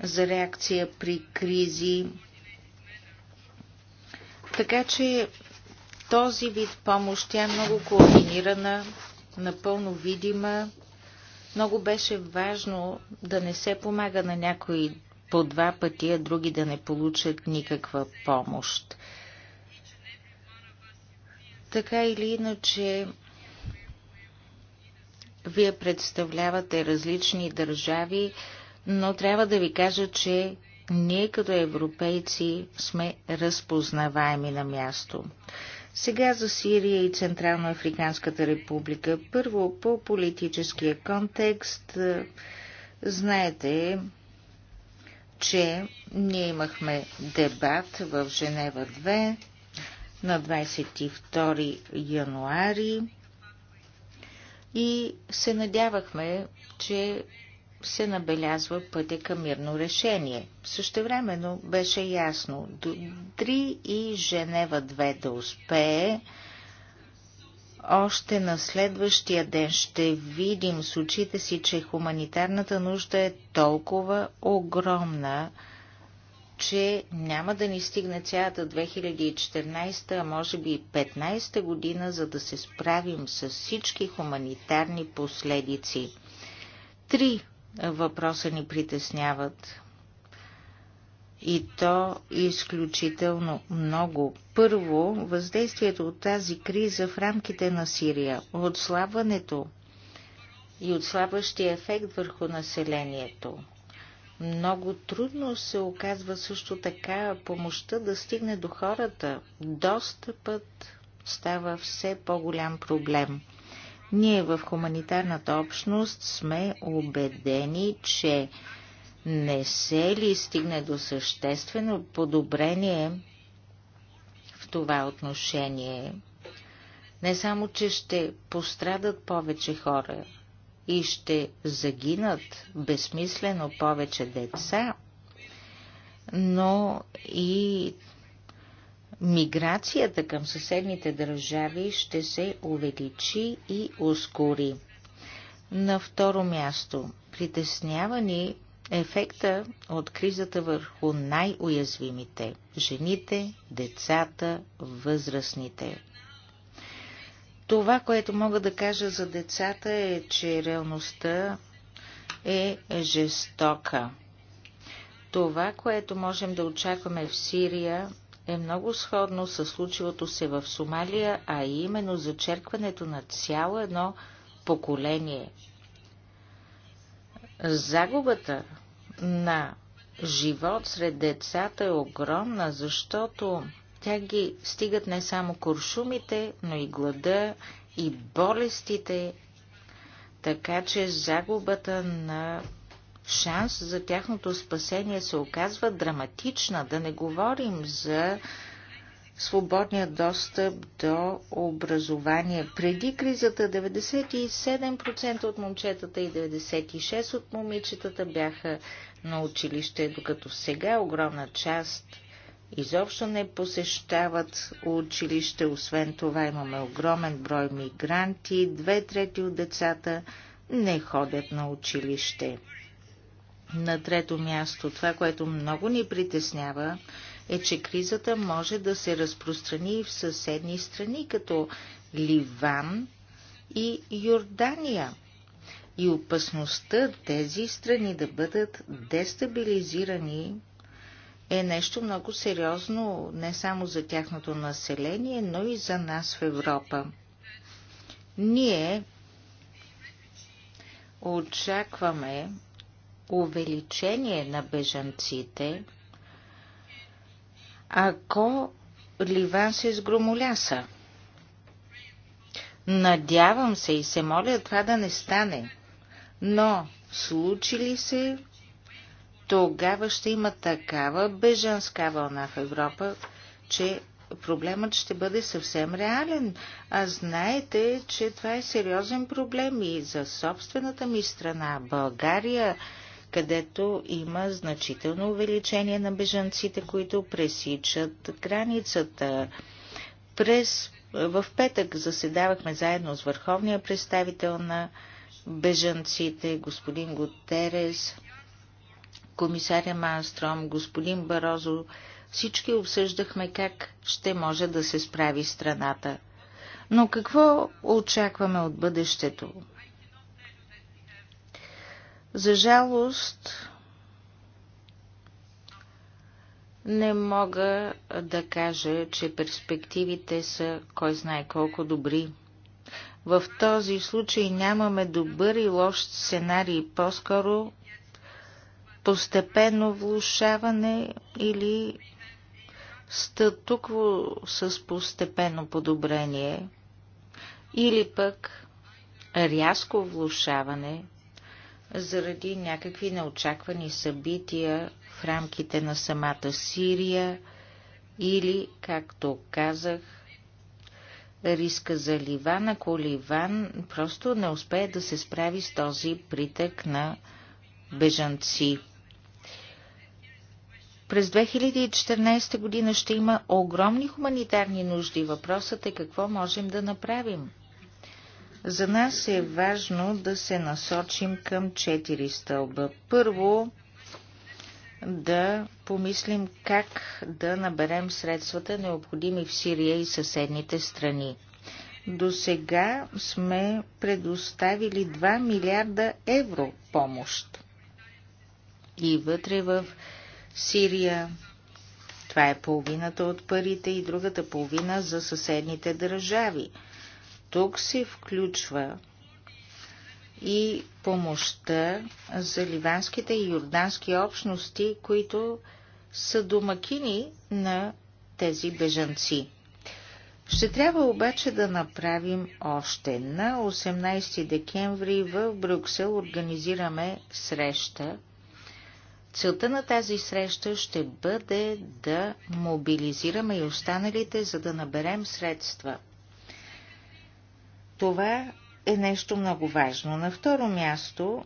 за реакция при кризи. Така че този вид помощ, тя е много координирана, напълно видима. Много беше важно да не се помага на някои по два пъти, а други да не получат никаква помощ. Така или иначе, вие представлявате различни държави, но трябва да ви кажа, че ние като европейци сме разпознаваеми на място. Сега за Сирия и Централно Африканската република. Първо по политическия контекст. Е, знаете, че ние имахме дебат в Женева 2 на 22 януари и се надявахме, че се набелязва пътя към мирно решение. времено беше ясно, дори и Женева 2 да успее, още на следващия ден ще видим с очите си, че хуманитарната нужда е толкова огромна, че няма да ни стигне цялата 2014, а може би и 2015 година, за да се справим с всички хуманитарни последици. Три въпроса ни притесняват. И то изключително много. Първо, въздействието от тази криза в рамките на Сирия, отслабването и отслабващия ефект върху населението. Много трудно се оказва също така помощта да стигне до хората. Достъпът става все по-голям проблем. Ние в хуманитарната общност сме убедени, че не се ли стигне до съществено подобрение в това отношение, не само, че ще пострадат повече хора, и ще загинат безсмислено повече деца, но и миграцията към съседните държави ще се увеличи и ускори. На второ място, притеснява ни ефекта от кризата върху най-уязвимите – жените, децата, възрастните. Това, което мога да кажа за децата е, че реалността е жестока. Това, което можем да очакваме в Сирия, е много сходно с случилото се в Сомалия, а именно зачеркването на цяло едно поколение. Загубата на живот сред децата е огромна, защото тя ги стигат не само куршумите, но и глада, и болестите, така че загубата на шанс за тяхното спасение се оказва драматична. Да не говорим за свободния достъп до образование. Преди кризата 97% от момчетата и 96% от момичетата бяха на училище, докато сега огромна част изобщо не посещават училище. Освен това имаме огромен брой мигранти, две трети от децата не ходят на училище. На трето място, това, което много ни притеснява, е, че кризата може да се разпространи и в съседни страни, като Ливан и Йордания. И опасността тези страни да бъдат дестабилизирани е нещо много сериозно не само за тяхното население, но и за нас в Европа. Ние очакваме увеличение на бежанците, ако Ливан се сгромоляса. Надявам се и се моля това да не стане, но случили се тогава ще има такава беженска вълна в Европа, че проблемът ще бъде съвсем реален. А знаете, че това е сериозен проблем и за собствената ми страна, България, където има значително увеличение на бежанците, които пресичат границата. През, в петък заседавахме заедно с върховния представител на бежанците, господин Готерес комисаря Манстром, господин Барозо, всички обсъждахме как ще може да се справи страната. Но какво очакваме от бъдещето? За жалост, не мога да кажа, че перспективите са кой знае колко добри. В този случай нямаме добър и лош сценарий, по-скоро постепенно влушаване или статукво с постепенно подобрение или пък рязко влушаване заради някакви неочаквани събития в рамките на самата Сирия или, както казах, риска за Ливан, ако Ливан просто не успее да се справи с този притък на бежанци. През 2014 година ще има огромни хуманитарни нужди. Въпросът е какво можем да направим. За нас е важно да се насочим към четири стълба. Първо, да помислим как да наберем средствата необходими в Сирия и съседните страни. До сега сме предоставили 2 милиарда евро помощ. И вътре в Сирия. Това е половината от парите и другата половина за съседните държави. Тук се включва и помощта за ливанските и юрдански общности, които са домакини на тези бежанци. Ще трябва обаче да направим още. На 18 декември в Брюксел организираме среща Целта на тази среща ще бъде да мобилизираме и останалите, за да наберем средства. Това е нещо много важно. На второ място,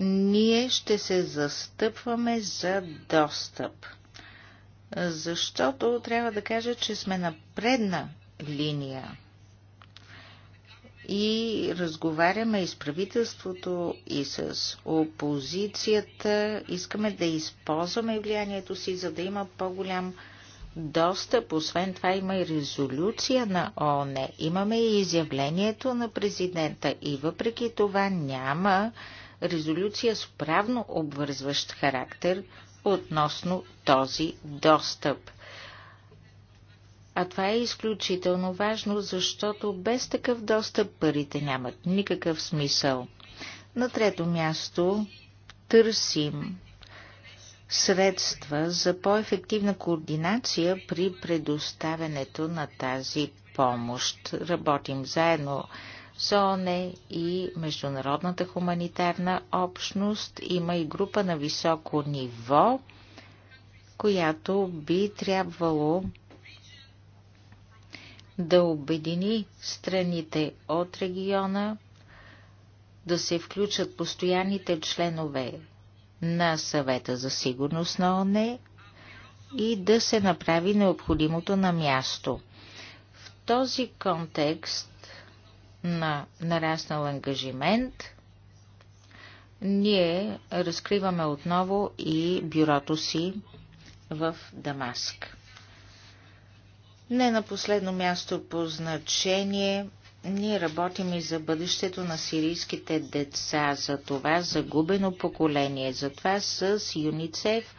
ние ще се застъпваме за достъп. Защото трябва да кажа, че сме на предна линия и разговаряме и с правителството, и с опозицията. Искаме да използваме влиянието си, за да има по-голям достъп. Освен това има и резолюция на ООН. Имаме и изявлението на президента и въпреки това няма резолюция с правно обвързващ характер относно този достъп. А това е изключително важно, защото без такъв достъп парите нямат никакъв смисъл. На трето място търсим средства за по-ефективна координация при предоставянето на тази помощ. Работим заедно с ОНЕ и Международната хуманитарна общност. Има и група на високо ниво, която би трябвало да обедини страните от региона, да се включат постоянните членове на съвета за сигурност на ОНЕ и да се направи необходимото на място. В този контекст на нараснал ангажимент, ние разкриваме отново и бюрото си в Дамаск. Не на последно място по значение, ние работим и за бъдещето на сирийските деца, за това загубено поколение. Затова с ЮНИЦЕФ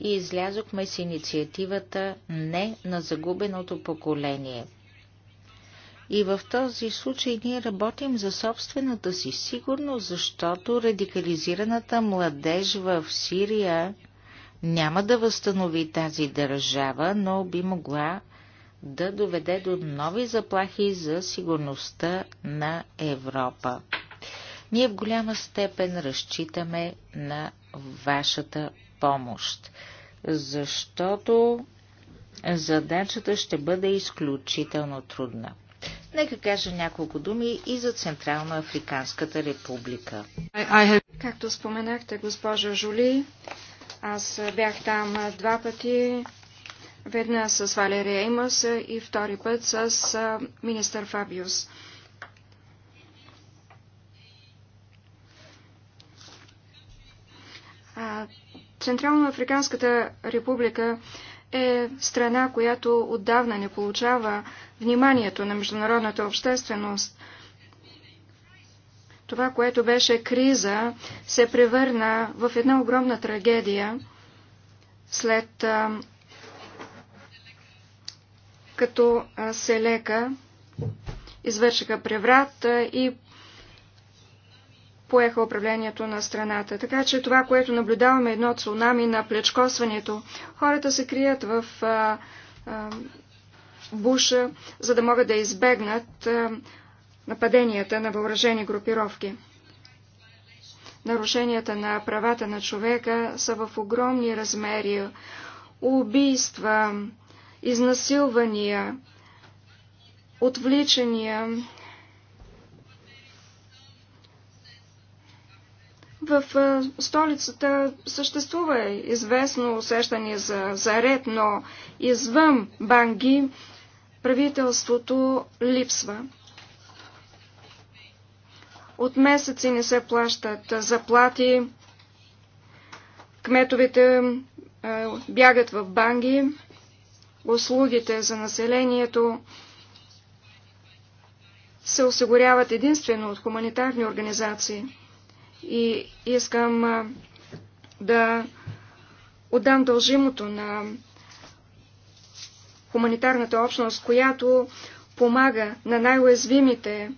и излязохме с инициативата Не на загубеното поколение. И в този случай ние работим за собствената си сигурност, защото радикализираната младеж в Сирия няма да възстанови тази държава, но би могла да доведе до нови заплахи за сигурността на Европа. Ние в голяма степен разчитаме на вашата помощ, защото задачата ще бъде изключително трудна. Нека кажа няколко думи и за Централно Африканската република. Както споменахте, госпожа Жули, аз бях там два пъти веднъж с Валерия Еймас и втори път с министър Фабиус. Централно-Африканската република е страна, която отдавна не получава вниманието на международната общественост. Това, което беше криза, се превърна в една огромна трагедия след като Селека извършиха преврат и поеха управлението на страната. Така че това, което наблюдаваме, е едно цунами на плечкосването. Хората се крият в а, а, буша, за да могат да избегнат а, нападенията на въоръжени групировки. Нарушенията на правата на човека са в огромни размери. Убийства, изнасилвания, отвличания. В столицата съществува известно усещане за, за ред, но извън Банги правителството липсва. От месеци не се плащат заплати, кметовете бягат в Банги услугите за населението се осигуряват единствено от хуманитарни организации. И искам да отдам дължимото на хуманитарната общност, която помага на най-уязвимите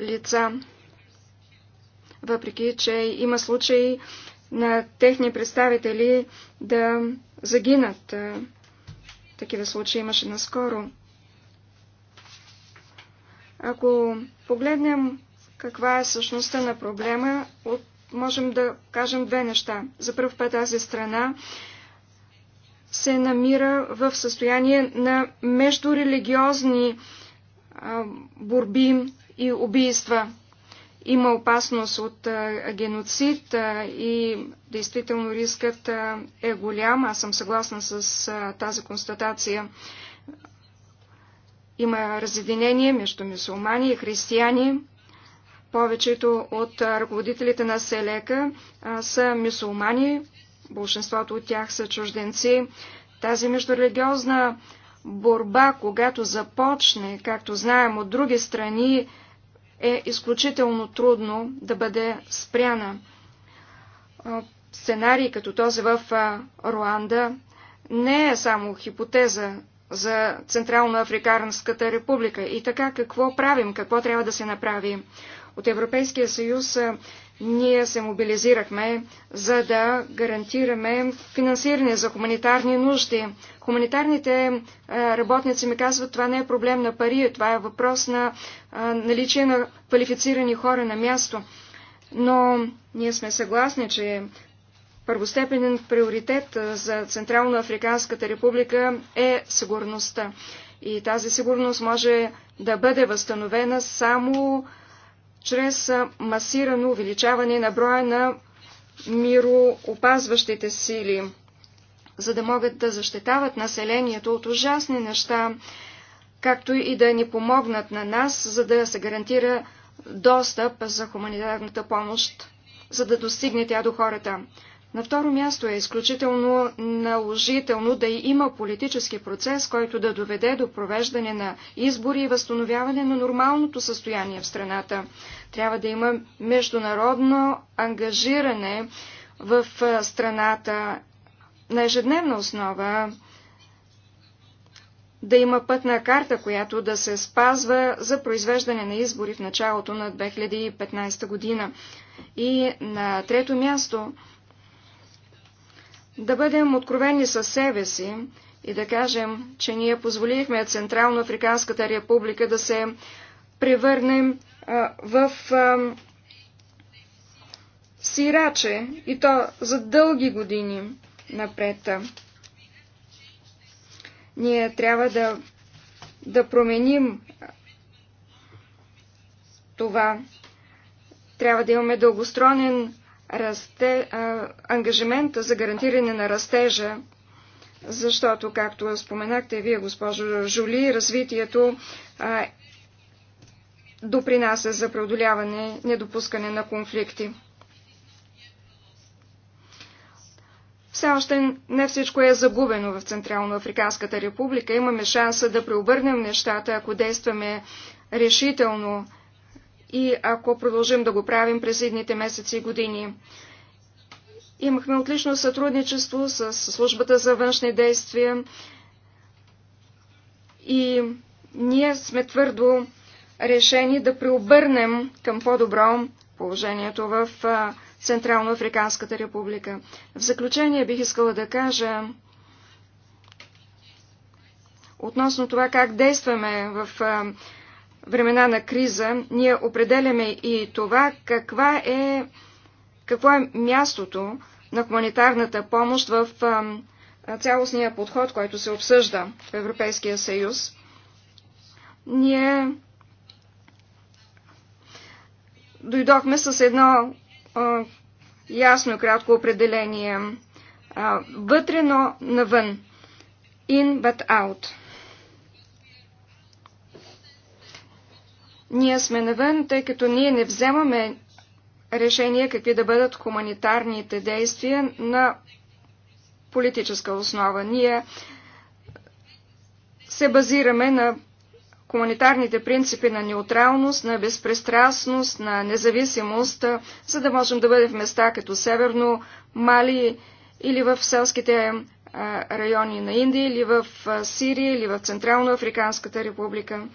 лица, въпреки че има случаи на техни представители да загинат такива случаи имаше наскоро. Ако погледнем каква е същността на проблема, можем да кажем две неща. За първ път тази страна се намира в състояние на междурелигиозни борби и убийства има опасност от геноцид и действително рискът е голям. Аз съм съгласна с тази констатация. Има разединение между мусулмани и християни. Повечето от ръководителите на Селека са мусулмани. Большинството от тях са чужденци. Тази междурелигиозна борба, когато започне, както знаем от други страни, е изключително трудно да бъде спряна. Сценарий като този в Руанда не е само хипотеза за Централно-Африканската република. И така какво правим, какво трябва да се направи? От Европейския съюз ние се мобилизирахме, за да гарантираме финансиране за хуманитарни нужди. Хуманитарните е, работници ми казват, това не е проблем на пари, това е въпрос на е, наличие на квалифицирани хора на място. Но ние сме съгласни, че първостепенен приоритет е, за Централно-Африканската република е сигурността. И тази сигурност може да бъде възстановена само чрез масирано увеличаване на броя на мироопазващите сили, за да могат да защитават населението от ужасни неща, както и да ни помогнат на нас, за да се гарантира достъп за хуманитарната помощ, за да достигне тя до хората. На второ място е изключително наложително да има политически процес, който да доведе до провеждане на избори и възстановяване на нормалното състояние в страната. Трябва да има международно ангажиране в страната на ежедневна основа, да има пътна карта, която да се спазва за произвеждане на избори в началото на 2015 година. И на трето място да бъдем откровени със себе си и да кажем, че ние позволихме Централно Африканската република да се превърнем а, в а, сираче и то за дълги години напред. Ние трябва да, да променим това. Трябва да имаме дългостронен расте, а, ангажимента за гарантиране на растежа, защото, както споменахте вие, госпожо Жули, развитието а, допринася за преодоляване, недопускане на конфликти. Все още не всичко е загубено в Централно-Африканската република. Имаме шанса да преобърнем нещата, ако действаме решително и ако продължим да го правим през едните месеци и години. Имахме отлично сътрудничество с службата за външни действия и ние сме твърдо решени да преобърнем към по-добро положението в Централно Африканската република. В заключение бих искала да кажа относно това как действаме в времена на криза, ние определяме и това каква е, какво е мястото на хуманитарната помощ в цялостния подход, който се обсъжда в Европейския съюз. Ние дойдохме с едно а, ясно и кратко определение. А, вътре, но навън. In, but out. Ние сме навън, тъй като ние не вземаме решение какви да бъдат хуманитарните действия на политическа основа. Ние се базираме на хуманитарните принципи на неутралност, на безпристрастност, на независимост, за да можем да бъдем в места като Северно Мали или в селските райони на Индия, или в Сирия, или в Централно Африканската република.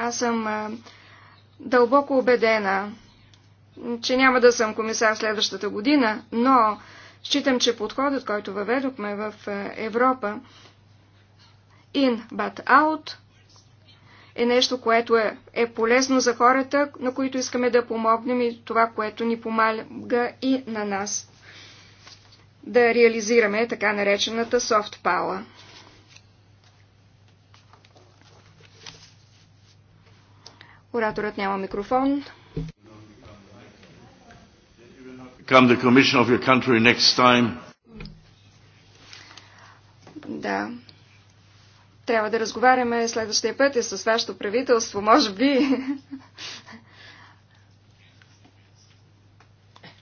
Аз съм а, дълбоко убедена, че няма да съм комисар следващата година, но считам, че подходът, който въведохме в Европа, in but out, е нещо, което е, е полезно за хората, на които искаме да помогнем и това, което ни помага и на нас да реализираме така наречената soft power. Ораторът няма микрофон. Да. Трябва да разговаряме следващия път и с вашето правителство, може би.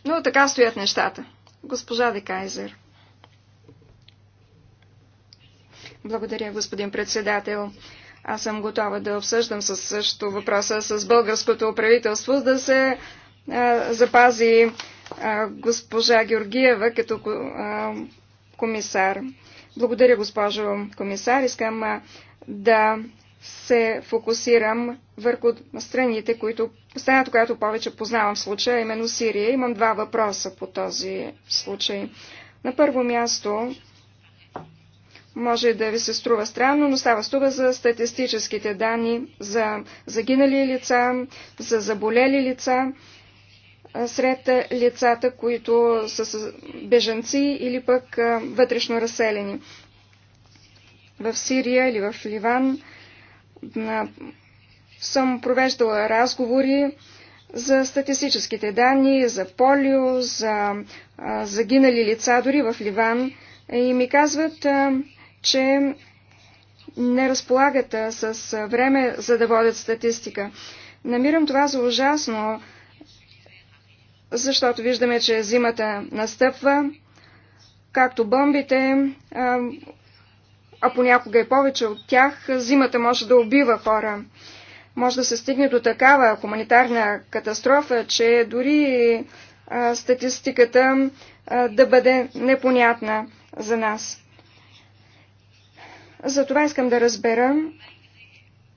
Но така стоят нещата. Госпожа Декайзер. Благодаря, господин председател. Аз съм готова да обсъждам със също въпроса с българското правителство, да се а, запази а, госпожа Георгиева като а, комисар. Благодаря, госпожо комисар. Искам а, да се фокусирам върху страните, които, страната, която повече познавам в случая, именно Сирия. Имам два въпроса по този случай. На първо място, може да ви се струва странно, но става стуга за статистическите данни за загинали лица, за заболели лица сред лицата, които са беженци или пък вътрешно разселени. В Сирия или в Ливан съм провеждала разговори за статистическите данни, за полио, за загинали лица, дори в Ливан. И ми казват, че не разполагат с време за да водят статистика. Намирам това за ужасно, защото виждаме, че зимата настъпва, както бомбите, а понякога и повече от тях, зимата може да убива хора. Може да се стигне до такава хуманитарна катастрофа, че дори статистиката да бъде непонятна за нас. Затова искам да разбера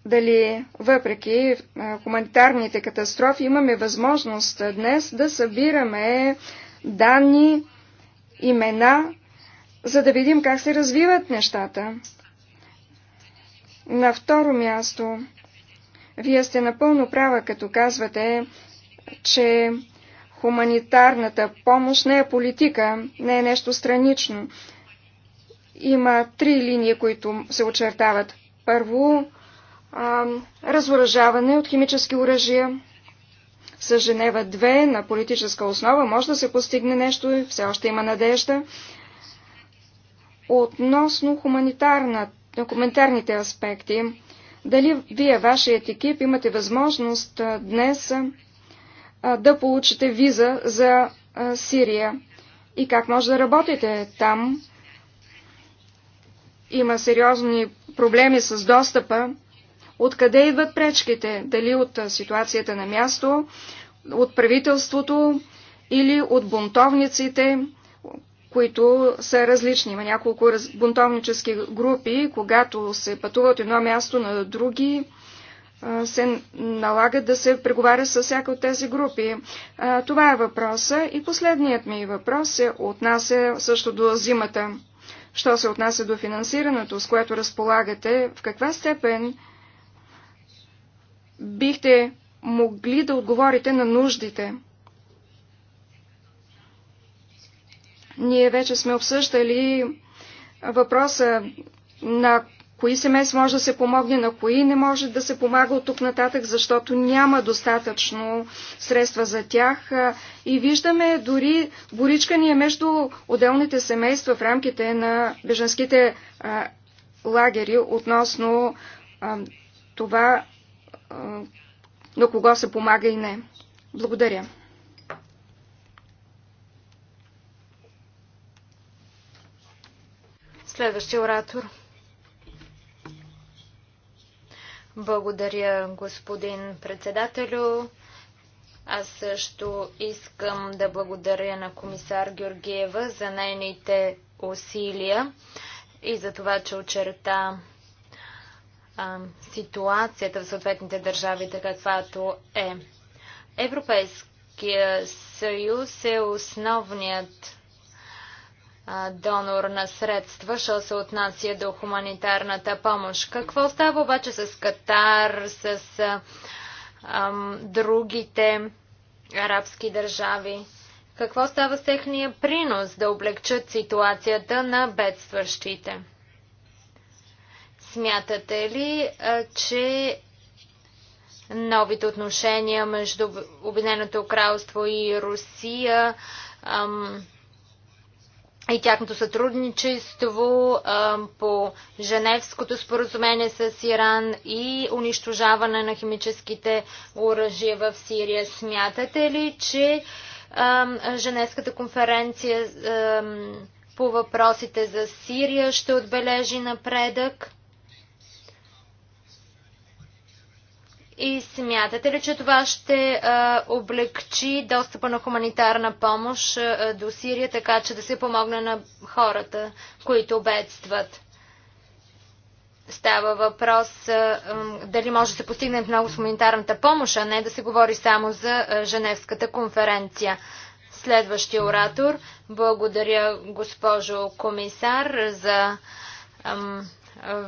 дали въпреки е, хуманитарните катастрофи имаме възможност днес да събираме данни, имена, за да видим как се развиват нещата. На второ място, вие сте напълно права, като казвате, че хуманитарната помощ не е политика, не е нещо странично. Има три линии, които се очертават. Първо, а, разоръжаване от химически оръжия. С Женева 2 на политическа основа може да се постигне нещо и все още има надежда. Относно хуманитарните аспекти, дали вие, вашият екип, имате възможност днес да получите виза за Сирия и как може да работите там, има сериозни проблеми с достъпа. Откъде идват пречките? Дали от ситуацията на място, от правителството или от бунтовниците, които са различни. Има няколко бунтовнически групи, когато се пътува от едно място на други, се налага да се преговаря с всяка от тези групи. Това е въпроса. И последният ми въпрос се отнася също до зимата. Що се отнася до финансирането, с което разполагате, в каква степен бихте могли да отговорите на нуждите? Ние вече сме обсъждали въпроса на кои семейства може да се помогне, на кои не може да се помага от тук нататък, защото няма достатъчно средства за тях. И виждаме дори боричкания между отделните семейства в рамките на беженските лагери относно това на кого се помага и не. Благодаря. Следващия оратор. Благодаря, господин председателю. Аз също искам да благодаря на комисар Георгиева за нейните усилия и за това, че очерта а, ситуацията в съответните държави, каквато е. Европейския съюз е основният донор на средства, що се отнася до хуманитарната помощ. Какво става обаче с Катар, с ам, другите арабски държави? Какво става с техния принос да облегчат ситуацията на бедстващите? Смятате ли, че новите отношения между Обединеното кралство и Русия ам, и тяхното сътрудничество а, по Женевското споразумение с Иран и унищожаване на химическите оръжия в Сирия. Смятате ли, че а, Женевската конференция а, по въпросите за Сирия ще отбележи напредък? И смятате ли, че това ще а, облегчи достъпа на хуманитарна помощ а, до Сирия, така че да се помогне на хората, които бедстват? Става въпрос а, дали може да се постигне много с хуманитарната помощ, а не да се говори само за а, Женевската конференция. Следващия оратор. Благодаря, госпожо комисар, за. А,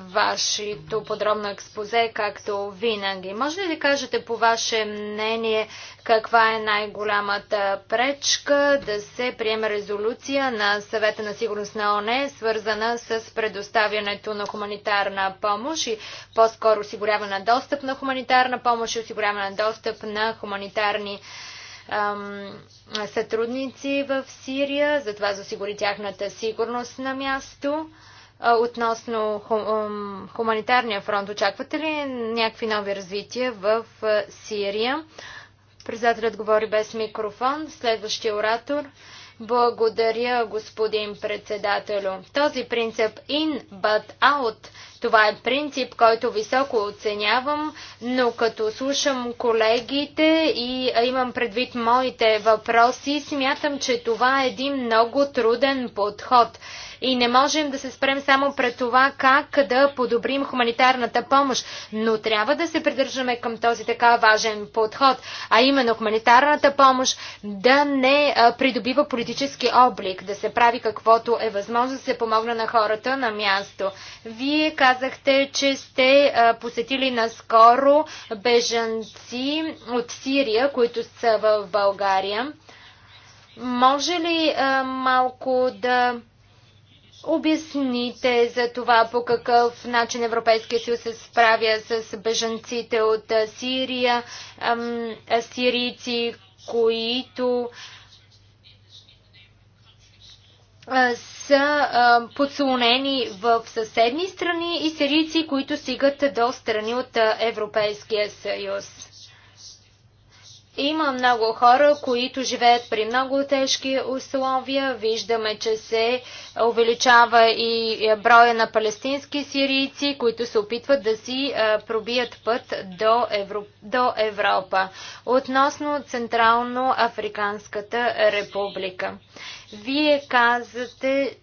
вашето подробно експозе, както винаги. Може ли да кажете по ваше мнение каква е най-голямата пречка да се приеме резолюция на съвета на сигурност на ОНЕ, свързана с предоставянето на хуманитарна помощ и по-скоро осигуряване на достъп на хуманитарна помощ и осигуряване на достъп на хуманитарни ам, сътрудници в Сирия, затова за осигури тяхната сигурност на място относно хуманитарния фронт. Очаквате ли някакви нови развития в Сирия? Председателят говори без микрофон. Следващия оратор. Благодаря, господин председателю. Този принцип in but out, това е принцип, който високо оценявам, но като слушам колегите и имам предвид моите въпроси, смятам, че това е един много труден подход и не можем да се спрем само пред това как да подобрим хуманитарната помощ, но трябва да се придържаме към този така важен подход, а именно хуманитарната помощ да не придобива политически облик, да се прави каквото е възможно да се помогне на хората на място. Вие казахте, че сте посетили наскоро бежанци от Сирия, които са в България. Може ли а, малко да обясните за това по какъв начин Европейския съюз се справя с бежанците от Сирия, сирийци, които са подслонени в съседни страни и сирийци, които стигат до страни от Европейския съюз. Има много хора, които живеят при много тежки условия. Виждаме, че се увеличава и броя на палестински сирийци, които се опитват да си пробият път до, до Европа. Относно Централно Африканската република. Вие казвате,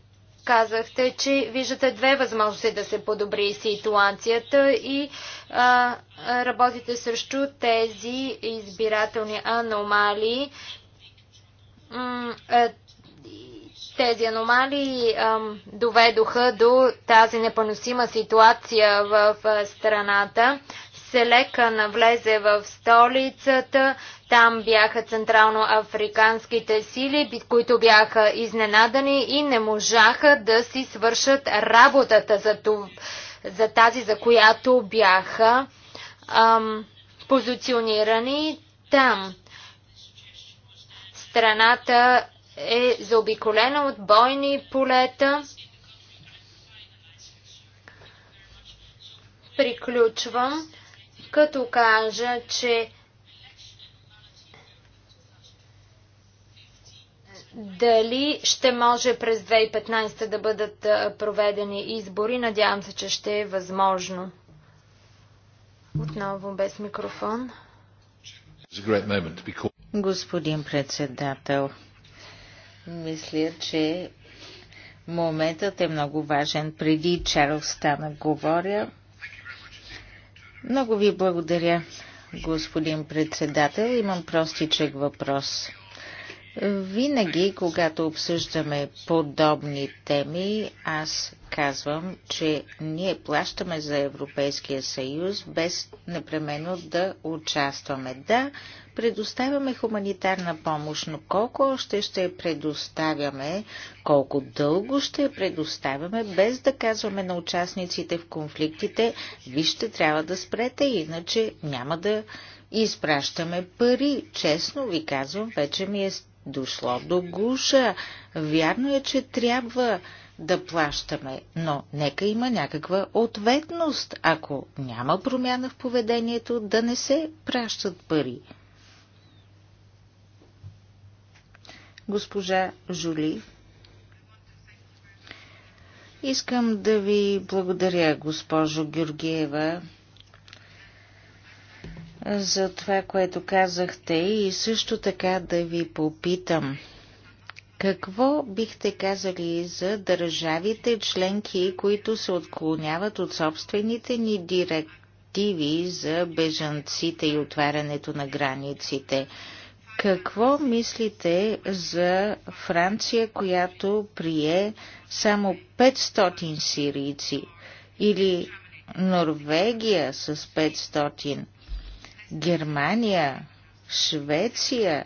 казахте, че виждате две възможности да се подобри ситуацията и а, работите срещу тези избирателни аномалии. Е, тези аномалии доведоха до тази непоносима ситуация в страната. Селека навлезе в столицата, там бяха централноафриканските сили, които бяха изненадани и не можаха да си свършат работата за, това, за тази, за която бяха ам, позиционирани там. Страната е заобиколена от бойни полета. Приключвам, като кажа, че Дали ще може през 2015 да бъдат проведени избори? Надявам се, че ще е възможно. Отново без микрофон. Господин председател, мисля, че моментът е много важен. Преди Чарлз стана говоря. Много ви благодаря, господин председател. Имам простичък въпрос. Винаги, когато обсъждаме подобни теми, аз казвам, че ние плащаме за Европейския съюз без непременно да участваме. Да, предоставяме хуманитарна помощ, но колко още ще я предоставяме, колко дълго ще я предоставяме, без да казваме на участниците в конфликтите, вижте, трябва да спрете, иначе няма да изпращаме пари. Честно ви казвам, вече ми е дошло до гуша. Вярно е, че трябва да плащаме, но нека има някаква ответност. Ако няма промяна в поведението, да не се пращат пари. Госпожа Жули. Искам да ви благодаря, госпожо Георгиева, за това, което казахте и също така да ви попитам. Какво бихте казали за държавите членки, които се отклоняват от собствените ни директиви за бежанците и отварянето на границите? Какво мислите за Франция, която прие само 500 сирийци или Норвегия с 500? Германия, Швеция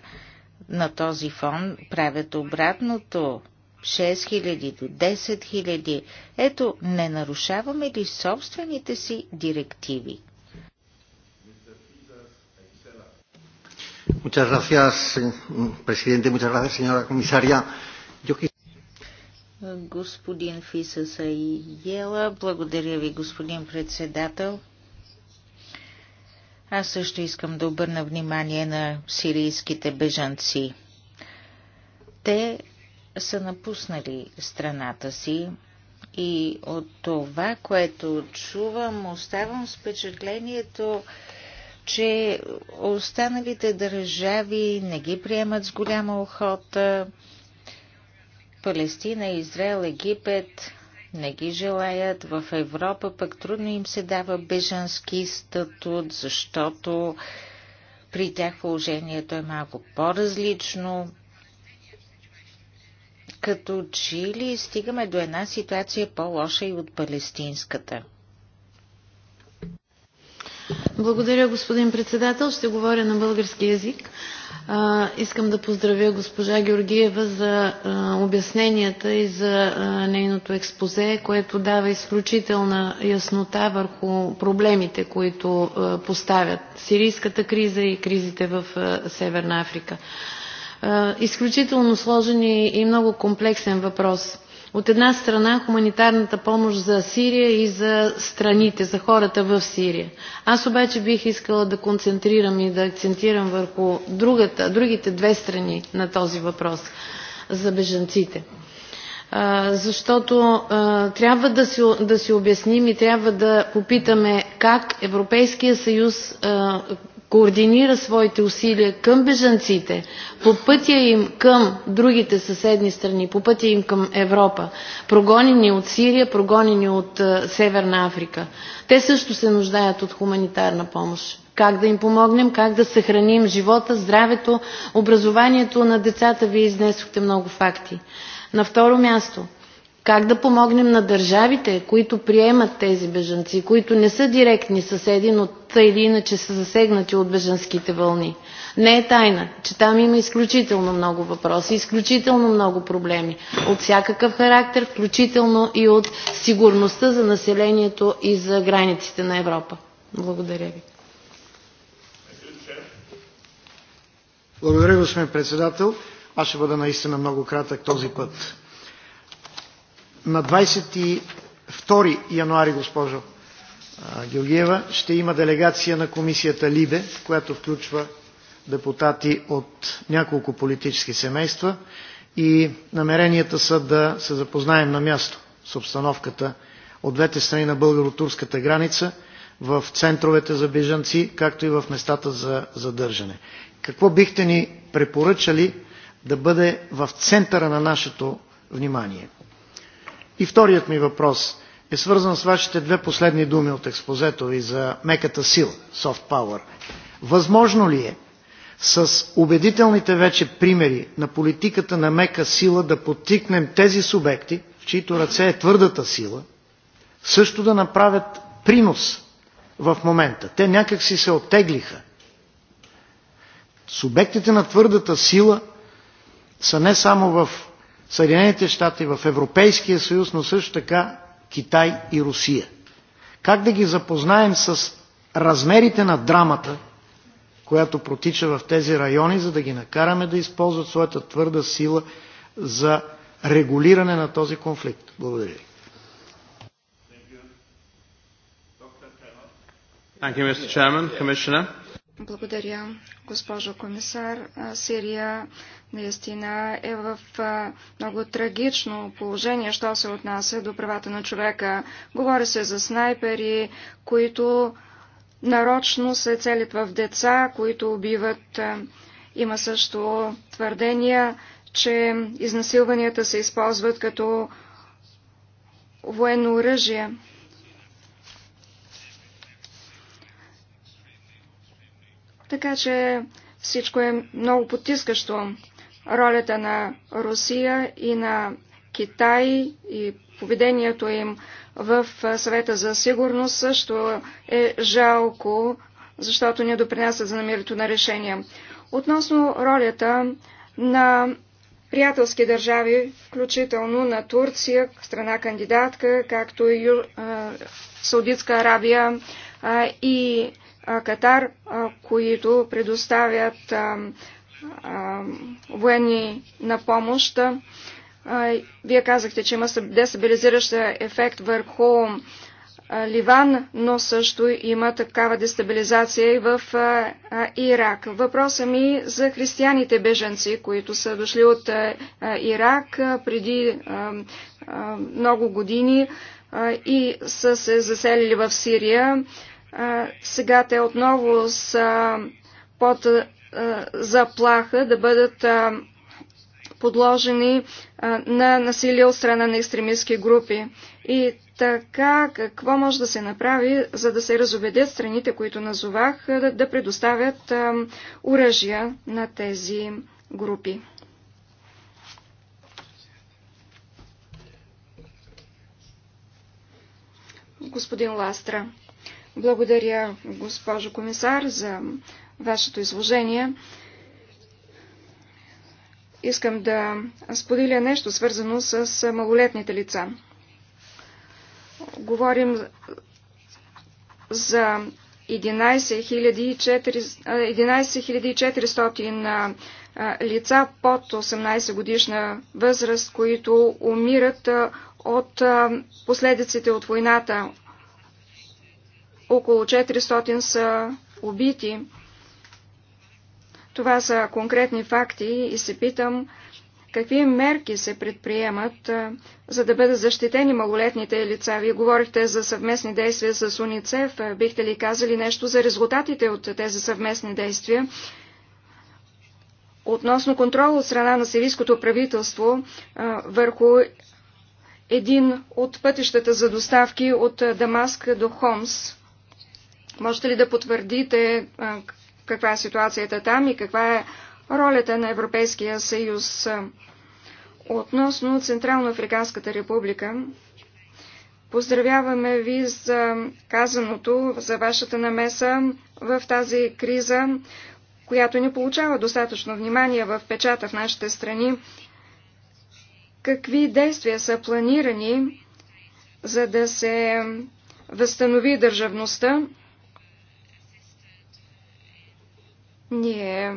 на този фон правят обратното. 6000 до 10 000. Ето, не нарушаваме ли собствените си директиви? Muchas gracias, presidente. Muchas gracias, señora comisaria. Yo Господин Фиса ела, благодаря ви, господин председател. Аз също искам да обърна внимание на сирийските бежанци. Те са напуснали страната си и от това, което чувам, оставам с впечатлението, че останалите държави не ги приемат с голяма охота. Палестина, Израел, Египет не ги желаят. В Европа пък трудно им се дава бежански статут, защото при тях положението е малко по-различно. Като че ли стигаме до една ситуация по-лоша и от палестинската – благодаря, господин председател. Ще говоря на български язик. А, искам да поздравя госпожа Георгиева за а, обясненията и за а, нейното експозе, което дава изключителна яснота върху проблемите, които а, поставят сирийската криза и кризите в а, Северна Африка. А, изключително сложен и, и много комплексен въпрос. От една страна хуманитарната помощ за Сирия и за страните, за хората в Сирия. Аз обаче бих искала да концентрирам и да акцентирам върху другата, другите две страни на този въпрос за бежанците защото а, трябва да си, да си обясним и трябва да попитаме как Европейския съюз а, координира своите усилия към бежанците, по пътя им към другите съседни страни, по пътя им към Европа, прогонени от Сирия, прогонени от Северна Африка. Те също се нуждаят от хуманитарна помощ. Как да им помогнем, как да съхраним живота, здравето, образованието на децата, вие изнесохте много факти. На второ място, как да помогнем на държавите, които приемат тези бежанци, които не са директни съседи, но тъй или иначе са засегнати от бежанските вълни? Не е тайна, че там има изключително много въпроси, изключително много проблеми от всякакъв характер, включително и от сигурността за населението и за границите на Европа. Благодаря ви. Благодаря, господин председател. Аз ще бъда наистина много кратък този път. На 22 януари, госпожо Георгиева, ще има делегация на комисията Либе, която включва депутати от няколко политически семейства и намеренията са да се запознаем на място с обстановката от двете страни на българо-турската граница, в центровете за бежанци, както и в местата за задържане. Какво бихте ни препоръчали да бъде в центъра на нашето внимание? И вторият ми въпрос е свързан с вашите две последни думи от експозето ви за меката сила, soft power. Възможно ли е с убедителните вече примери на политиката на мека сила да подтикнем тези субекти, в чието ръце е твърдата сила, също да направят принос в момента. Те някак си се оттеглиха. Субектите на твърдата сила са не само в Съединените щати, в Европейския съюз, но също така Китай и Русия. Как да ги запознаем с размерите на драмата, която протича в тези райони, за да ги накараме да използват своята твърда сила за регулиране на този конфликт. Благодаря ви. Благодаря, госпожо комисар. Сирия наистина е в много трагично положение, що се отнася до правата на човека. Говори се за снайпери, които нарочно се целят в деца, които убиват. Има също твърдения, че изнасилванията се използват като военно оръжие. Така че всичко е много потискащо ролята на Русия и на Китай и поведението им в съвета за сигурност също е жалко, защото не допринася за намирането на решения. Относно ролята на приятелски държави, включително на Турция, страна кандидатка, както и Саудитска Арабия и Катар, които предоставят военни на помощ. Вие казахте, че има дестабилизиращ ефект върху Ливан, но също има такава дестабилизация и в Ирак. Въпросът ми за християните беженци, които са дошли от Ирак преди много години и са се заселили в Сирия. Сега те отново са под заплаха да бъдат подложени на насилие от страна на екстремистски групи. И така, какво може да се направи, за да се разобедят страните, които назовах, да, предоставят оръжия на тези групи? Господин Ластра, благодаря, госпожо комисар, за вашето изложение. Искам да споделя нещо свързано с малолетните лица. Говорим за 11400 лица под 18 годишна възраст, които умират от последиците от войната. Около 400 са убити. Това са конкретни факти и се питам какви мерки се предприемат, за да бъдат защитени малолетните лица. Вие говорихте за съвместни действия с УНИЦЕФ. Бихте ли казали нещо за резултатите от тези съвместни действия? Относно контрол от страна на сирийското правителство върху един от пътищата за доставки от Дамаск до Хомс. Можете ли да потвърдите каква е ситуацията там и каква е ролята на Европейския съюз. Относно Централно-Африканската република, поздравяваме ви за казаното, за вашата намеса в тази криза, която не получава достатъчно внимание в печата в нашите страни. Какви действия са планирани, за да се възстанови държавността? Ние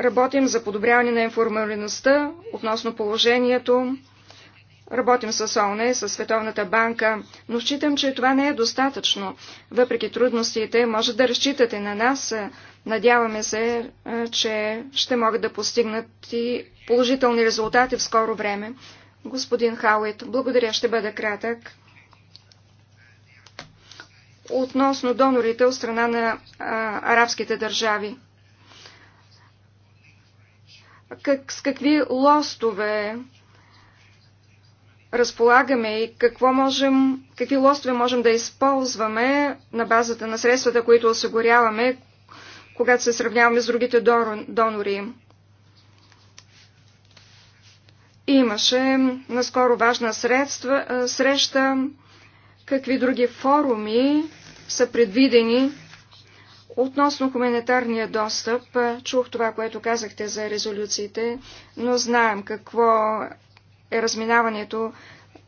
работим за подобряване на информалността относно положението. Работим с ОНЕ, с Световната банка, но считам, че това не е достатъчно. Въпреки трудностите, може да разчитате на нас. Надяваме се, че ще могат да постигнат и положителни резултати в скоро време. Господин Хауит, благодаря, ще бъда кратък относно донорите от страна на а, арабските държави. Как, с какви лостове разполагаме и какво можем, какви лостове можем да използваме на базата на средствата, които осигуряваме, когато се сравняваме с другите донори. Имаше наскоро важна средства, среща, какви други форуми са предвидени Относно хуманитарния достъп, чух това, което казахте за резолюциите, но знаем какво е разминаването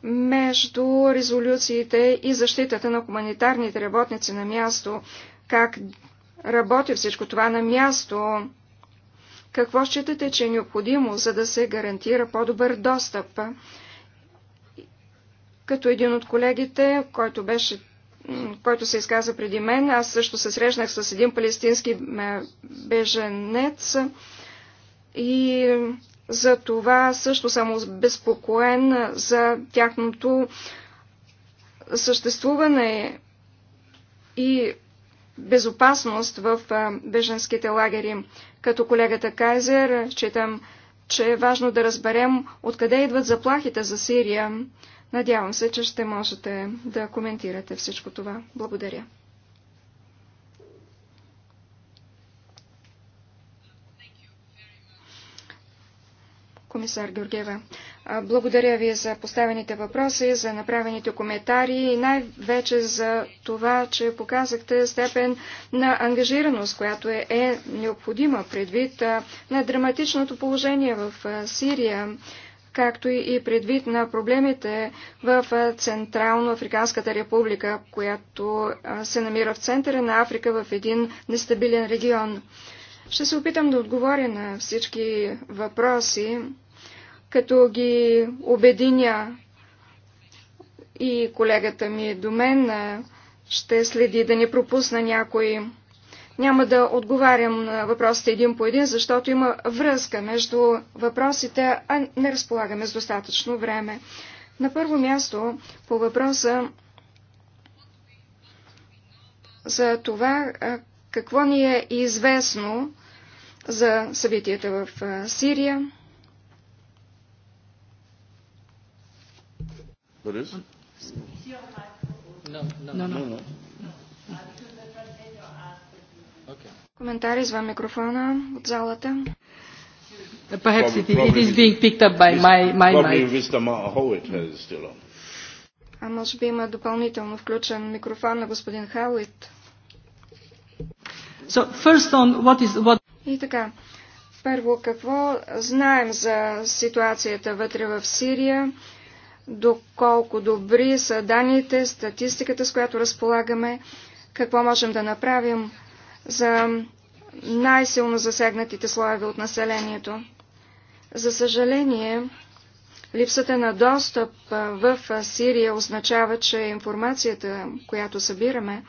между резолюциите и защитата на хуманитарните работници на място, как работи всичко това на място, какво считате, че е необходимо, за да се гарантира по-добър достъп. Като един от колегите, който беше който се изказа преди мен. Аз също се срещнах с един палестински беженец и за това също съм безпокоен за тяхното съществуване и безопасност в беженските лагери. Като колегата Кайзер, читам, че е важно да разберем откъде идват заплахите за Сирия. Надявам се, че ще можете да коментирате всичко това. Благодаря. Комисар Георгиева, благодаря ви за поставените въпроси, за направените коментари и най-вече за това, че показахте степен на ангажираност, която е, е необходима предвид на драматичното положение в Сирия както и предвид на проблемите в Централно-Африканската република, която се намира в центъра на Африка в един нестабилен регион. Ще се опитам да отговоря на всички въпроси, като ги обединя и колегата ми до мен ще следи да не пропусна някой. Няма да отговарям на въпросите един по един, защото има връзка между въпросите, а не разполагаме с достатъчно време. На първо място по въпроса за това какво ни е известно за събитията в Сирия. No, no, no, no. no. Коментар извън микрофона от залата. Perhaps it, it is being picked up by my, my mic. А може би има допълнително включен микрофон на господин Хауит. So, first on what is, what... И така, първо какво знаем за ситуацията вътре в Сирия, доколко добри са данните, статистиката, с която разполагаме, какво можем да направим за най-силно засегнатите слоеве от населението. За съжаление, липсата на достъп в Сирия означава, че информацията, която събираме,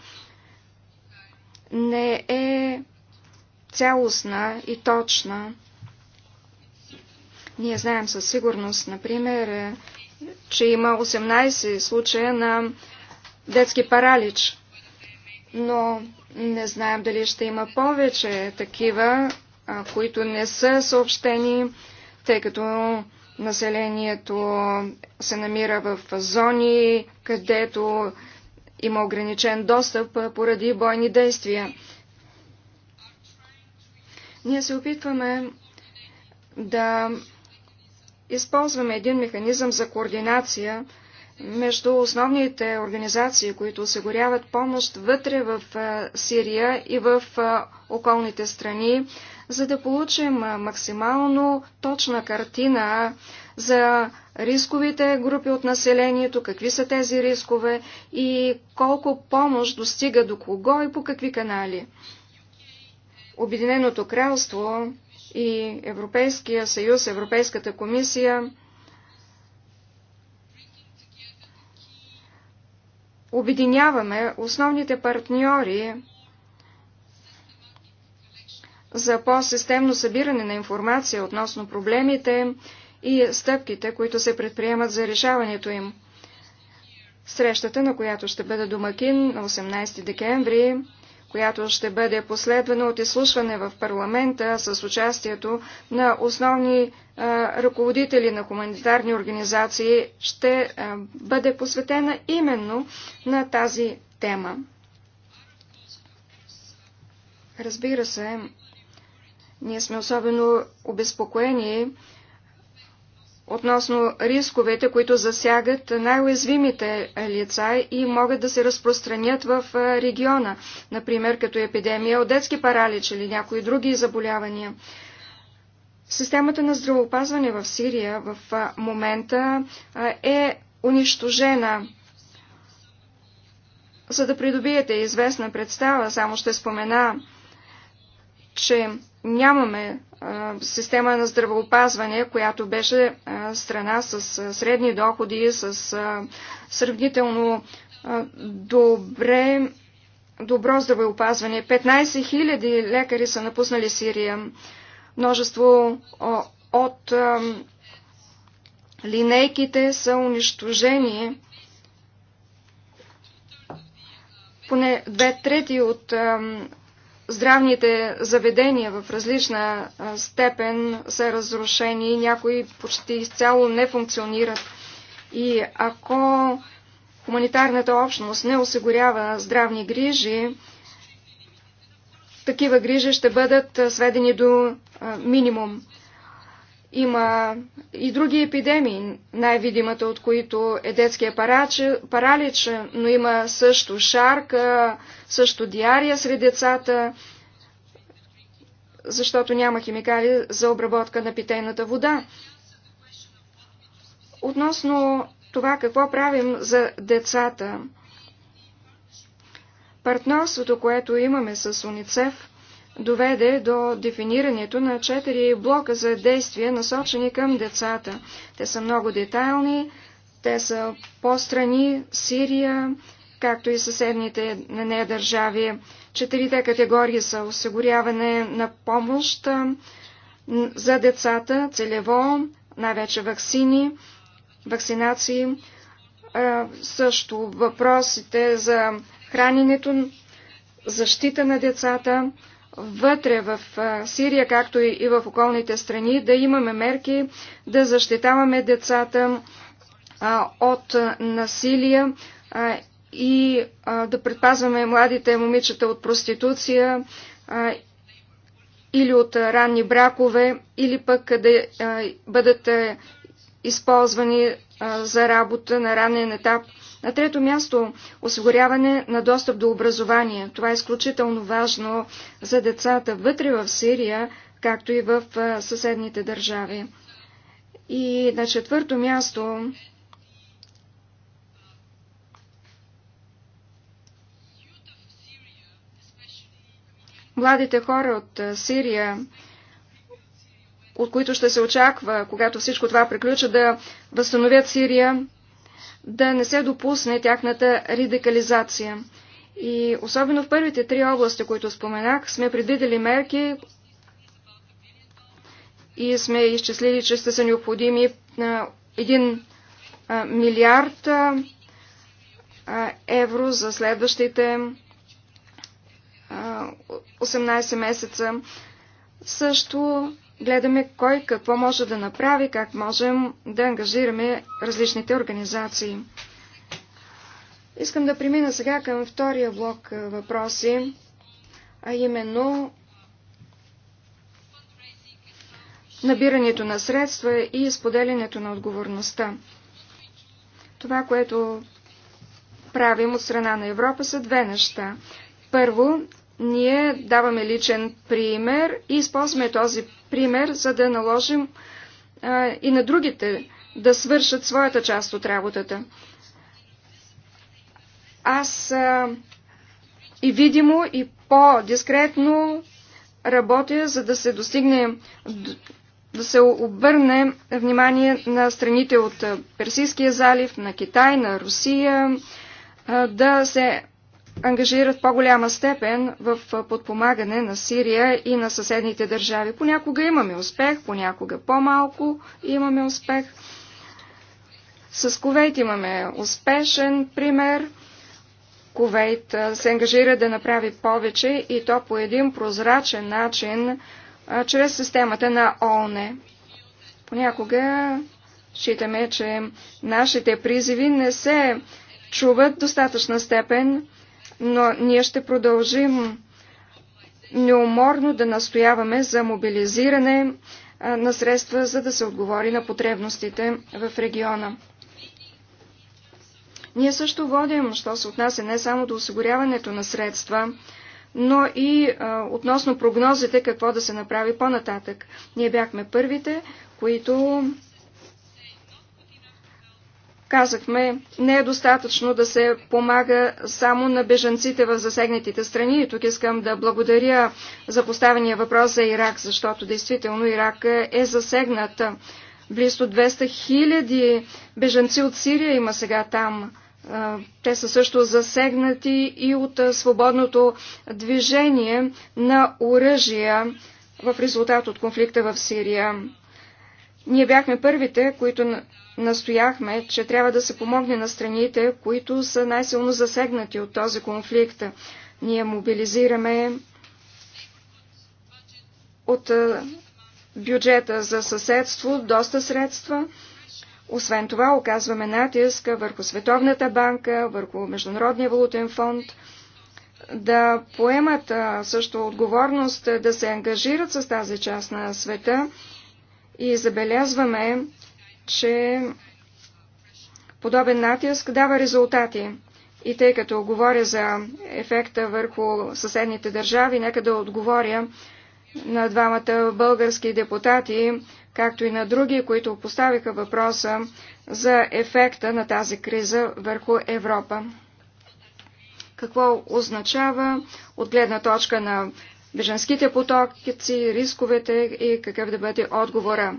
не е цялостна и точна. Ние знаем със сигурност, например, е, че има 18 случая на детски паралич, но не знаем дали ще има повече такива, които не са съобщени, тъй като населението се намира в зони, където има ограничен достъп поради бойни действия. Ние се опитваме да използваме един механизъм за координация, между основните организации, които осигуряват помощ вътре в Сирия и в околните страни, за да получим максимално точна картина за рисковите групи от населението, какви са тези рискове и колко помощ достига до кого и по какви канали. Обединеното кралство и Европейския съюз, Европейската комисия обединяваме основните партньори за по-системно събиране на информация относно проблемите и стъпките, които се предприемат за решаването им. Срещата, на която ще бъда домакин на 18 декември, която ще бъде последвана от изслушване в парламента с участието на основни ръководители на хуманитарни организации, ще бъде посветена именно на тази тема. Разбира се, ние сме особено обезпокоени относно рисковете, които засягат най-уязвимите лица и могат да се разпространят в региона, например като епидемия от детски паралич или някои други заболявания. Системата на здравеопазване в Сирия в момента е унищожена. За да придобиете известна представа, само ще спомена, че нямаме система на здравеопазване, която беше страна с средни доходи, с сравнително добре, добро здравеопазване. 15 000 лекари са напуснали Сирия. Множество от линейките са унищожени. Поне две трети от здравните заведения в различна степен са разрушени, някои почти изцяло не функционират. И ако хуманитарната общност не осигурява здравни грижи, такива грижи ще бъдат сведени до минимум. Има и други епидемии, най-видимата от които е детския паралич, но има също шарка, също диария сред децата, защото няма химикали за обработка на питейната вода. Относно това какво правим за децата, партньорството, което имаме с УНИЦЕФ, доведе до дефинирането на четири блока за действия, насочени към децата. Те са много детайлни, те са по-страни, Сирия, както и съседните на нея държави. Четирите категории са осигуряване на помощ за децата, целево, най-вече вакцини, вакцинации, също въпросите за храненето, защита на децата, вътре в Сирия, както и в околните страни, да имаме мерки да защитаваме децата от насилие и да предпазваме младите момичета от проституция или от ранни бракове, или пък да бъдат използвани за работа на ранен етап на трето място, осигуряване на достъп до образование. Това е изключително важно за децата вътре в Сирия, както и в съседните държави. И на четвърто място, младите хора от Сирия, от които ще се очаква, когато всичко това приключи, да възстановят Сирия да не се допусне тяхната радикализация. И особено в първите три области, които споменах, сме предвидели мерки и сме изчислили, че ще са необходими 1 милиард евро за следващите 18 месеца. Също гледаме кой какво може да направи, как можем да ангажираме различните организации. Искам да премина сега към втория блок въпроси, а именно набирането на средства и споделянето на отговорността. Това, което правим от страна на Европа са две неща. Първо, ние даваме личен пример и използваме този пример, за да наложим а, и на другите да свършат своята част от работата. Аз а, и видимо, и по-дискретно работя, за да се достигне, да се обърне внимание на страните от Персийския залив, на Китай, на Русия, да се ангажират по-голяма степен в подпомагане на Сирия и на съседните държави. Понякога имаме успех, понякога по-малко имаме успех. С Ковейт имаме успешен пример. Ковейт се ангажира да направи повече и то по един прозрачен начин, чрез системата на ООН. Понякога считаме, че нашите призиви не се чуват достатъчна степен но ние ще продължим неуморно да настояваме за мобилизиране на средства, за да се отговори на потребностите в региона. Ние също водим, що се отнася не само до осигуряването на средства, но и а, относно прогнозите какво да се направи по-нататък. Ние бяхме първите, които казахме, не е достатъчно да се помага само на беженците в засегнатите страни. И тук искам да благодаря за поставения въпрос за Ирак, защото действително Ирак е засегнат. Близо 200 хиляди беженци от Сирия има сега там. Те са също засегнати и от свободното движение на оръжия в резултат от конфликта в Сирия. Ние бяхме първите, които настояхме, че трябва да се помогне на страните, които са най-силно засегнати от този конфликт. Ние мобилизираме от бюджета за съседство доста средства. Освен това, оказваме натиск върху Световната банка, върху Международния валутен фонд да поемат също отговорност, да се ангажират с тази част на света и забелязваме, че подобен натиск дава резултати. И тъй като говоря за ефекта върху съседните държави, нека да отговоря на двамата български депутати, както и на други, които поставиха въпроса за ефекта на тази криза върху Европа. Какво означава от гледна точка на беженските потоки, рисковете и какъв да бъде отговора.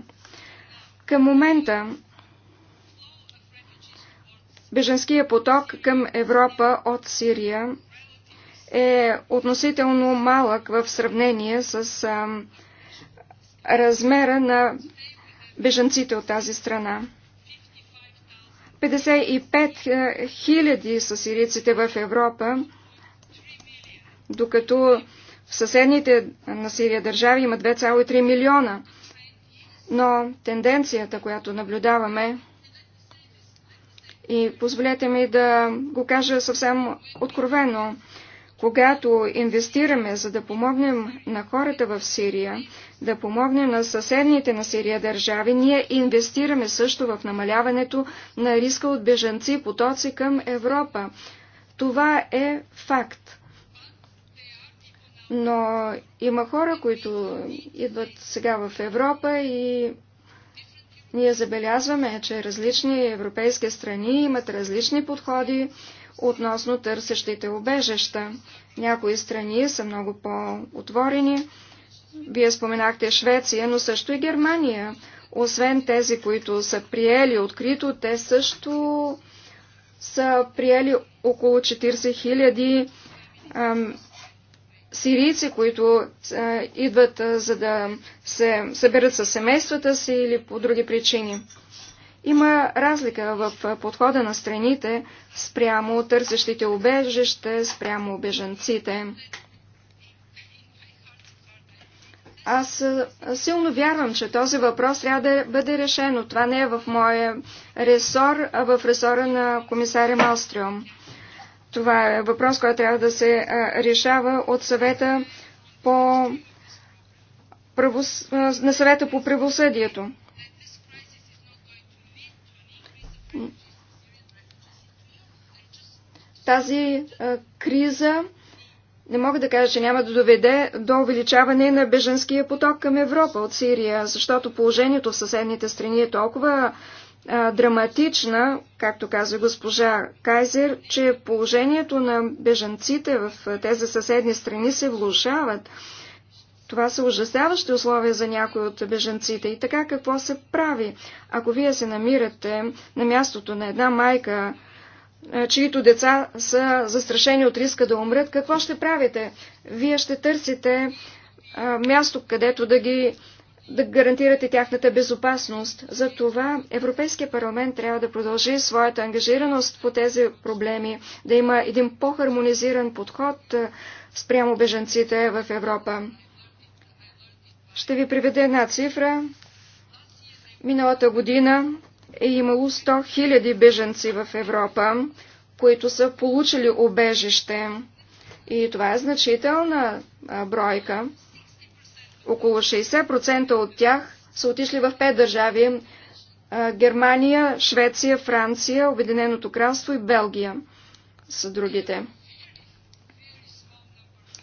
Към момента беженския поток към Европа от Сирия е относително малък в сравнение с а, размера на беженците от тази страна. 55 хиляди са сирийците в Европа, докато съседните на Сирия държави има 2,3 милиона. Но тенденцията, която наблюдаваме, и позволете ми да го кажа съвсем откровено, когато инвестираме, за да помогнем на хората в Сирия, да помогнем на съседните на Сирия държави, ние инвестираме също в намаляването на риска от бежанци потоци към Европа. Това е факт но има хора, които идват сега в Европа и ние забелязваме, че различни европейски страни имат различни подходи относно търсещите обежища. Някои страни са много по-отворени. Вие споменахте Швеция, но също и Германия. Освен тези, които са приели открито, те също са приели около 40 000 сирийци, които а, идват а, за да се съберат с семействата си или по други причини. Има разлика в подхода на страните спрямо търсещите убежище, спрямо беженците. Аз силно вярвам, че този въпрос трябва да бъде решен, но това не е в моя ресор, а в ресора на комисаря Малстрюм. Това е въпрос, който трябва да се решава от съвета по на съвета по правосъдието. Тази а, криза не мога да кажа, че няма да доведе до увеличаване на беженския поток към Европа от Сирия, защото положението в съседните страни е толкова а, драматична, както каза госпожа Кайзер, че положението на бежанците в тези съседни страни се влушават. Това са ужасяващи условия за някои от беженците. И така какво се прави? Ако вие се намирате на мястото на една майка, чието деца са застрашени от риска да умрат, какво ще правите? Вие ще търсите а, място, където да ги да гарантирате тяхната безопасност. За това Европейския парламент трябва да продължи своята ангажираност по тези проблеми, да има един по-хармонизиран подход спрямо беженците в Европа. Ще ви приведа една цифра. Миналата година е имало 100 000 беженци в Европа, които са получили обежище. И това е значителна бройка. Около 60% от тях са отишли в пет държави Германия, Швеция, Франция, Обединеното кралство и Белгия са другите.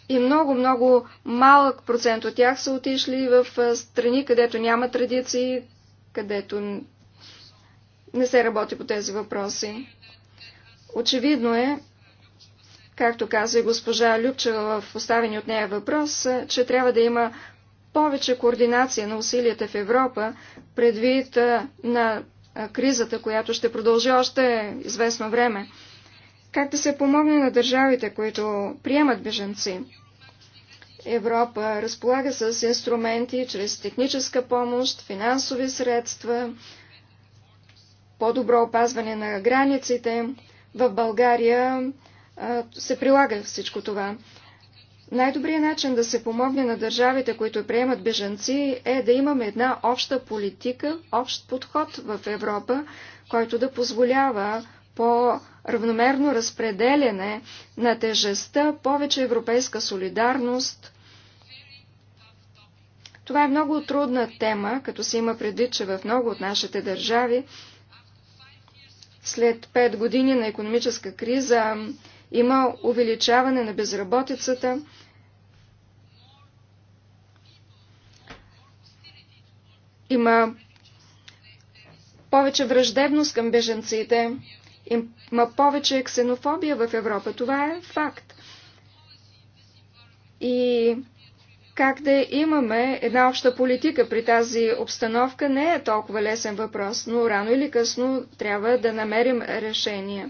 И много-много малък процент от тях са отишли в страни, където няма традиции, където не се работи по тези въпроси. Очевидно е, както каза и госпожа Любчева в поставени от нея въпрос, че трябва да има повече координация на усилията в Европа предвид на кризата, която ще продължи още известно време. Как да се помогне на държавите, които приемат беженци? Европа разполага с инструменти чрез техническа помощ, финансови средства, по-добро опазване на границите. В България се прилага всичко това. Най-добрият начин да се помогне на държавите, които приемат бежанци, е да имаме една обща политика, общ подход в Европа, който да позволява по-равномерно разпределяне на тежестта, повече европейска солидарност. Това е много трудна тема, като се има предвид, че в много от нашите държави след 5 години на економическа криза има увеличаване на безработицата. Има повече враждебност към беженците. Има повече ксенофобия в Европа. Това е факт. И как да имаме една обща политика при тази обстановка не е толкова лесен въпрос, но рано или късно трябва да намерим решение.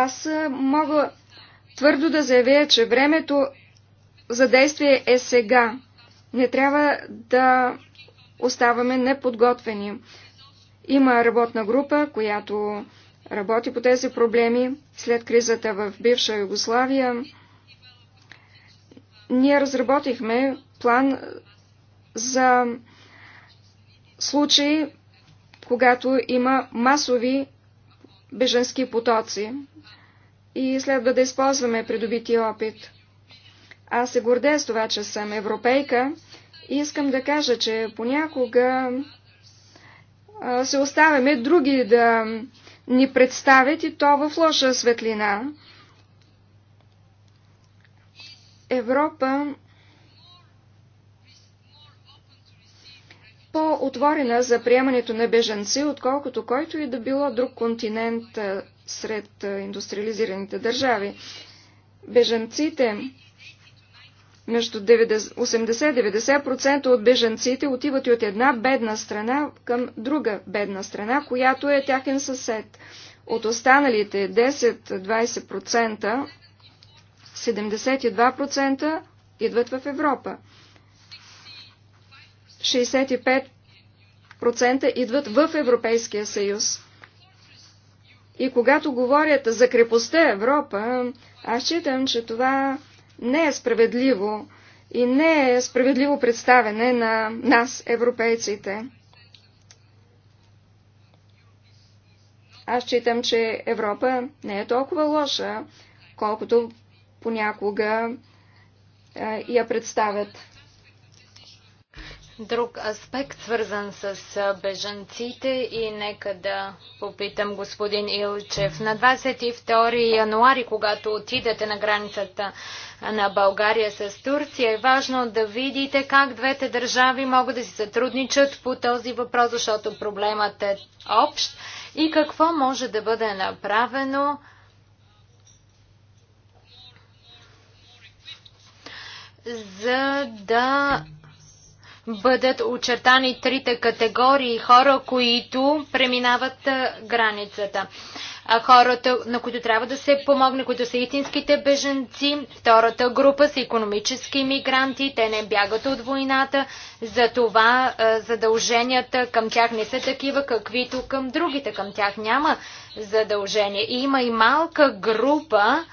Аз мога твърдо да заявя, че времето за действие е сега. Не трябва да оставаме неподготвени. Има работна група, която работи по тези проблеми след кризата в бивша Югославия. Ние разработихме план за случаи, когато има масови беженски потоци и следва да използваме придобития опит. Аз се гордея с това, че съм европейка и искам да кажа, че понякога се оставяме други да ни представят и то в лоша светлина. Европа по-отворена за приемането на беженци, отколкото който и да било друг континент сред индустриализираните държави. Беженците, между 80-90% от беженците отиват и от една бедна страна към друга бедна страна, която е тяхен съсед. От останалите 10-20%, 72% идват в Европа. 65% идват в Европейския съюз. И когато говорят за крепостта Европа, аз считам, че това не е справедливо и не е справедливо представене на нас, европейците. Аз считам, че Европа не е толкова лоша, колкото понякога е, я представят друг аспект, свързан с бежанците и нека да попитам господин Илчев. На 22 януари, когато отидете на границата на България с Турция, е важно да видите как двете държави могат да си сътрудничат по този въпрос, защото проблемът е общ и какво може да бъде направено за да бъдат очертани трите категории хора, които преминават границата. хората, на които трябва да се помогне, които са истинските беженци. Втората група са економически мигранти. Те не бягат от войната. Затова задълженията към тях не са такива, каквито към другите. Към тях няма задължения. И има и малка група,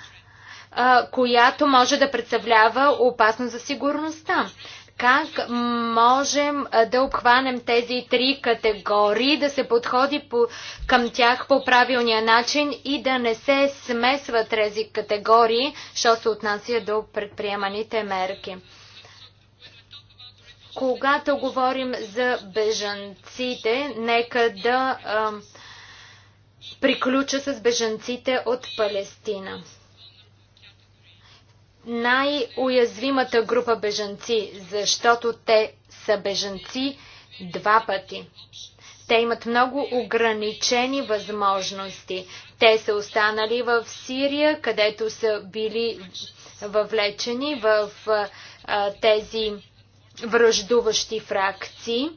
която може да представлява опасност за сигурността как можем да обхванем тези три категории, да се подходи по, към тях по правилния начин и да не се смесват тези категории, що се отнася до предприеманите мерки. Когато говорим за бежанците, нека да а, приключа с бежанците от Палестина най-уязвимата група бежанци, защото те са бежанци два пъти. Те имат много ограничени възможности. Те са останали в Сирия, където са били въвлечени в а, тези връждуващи фракции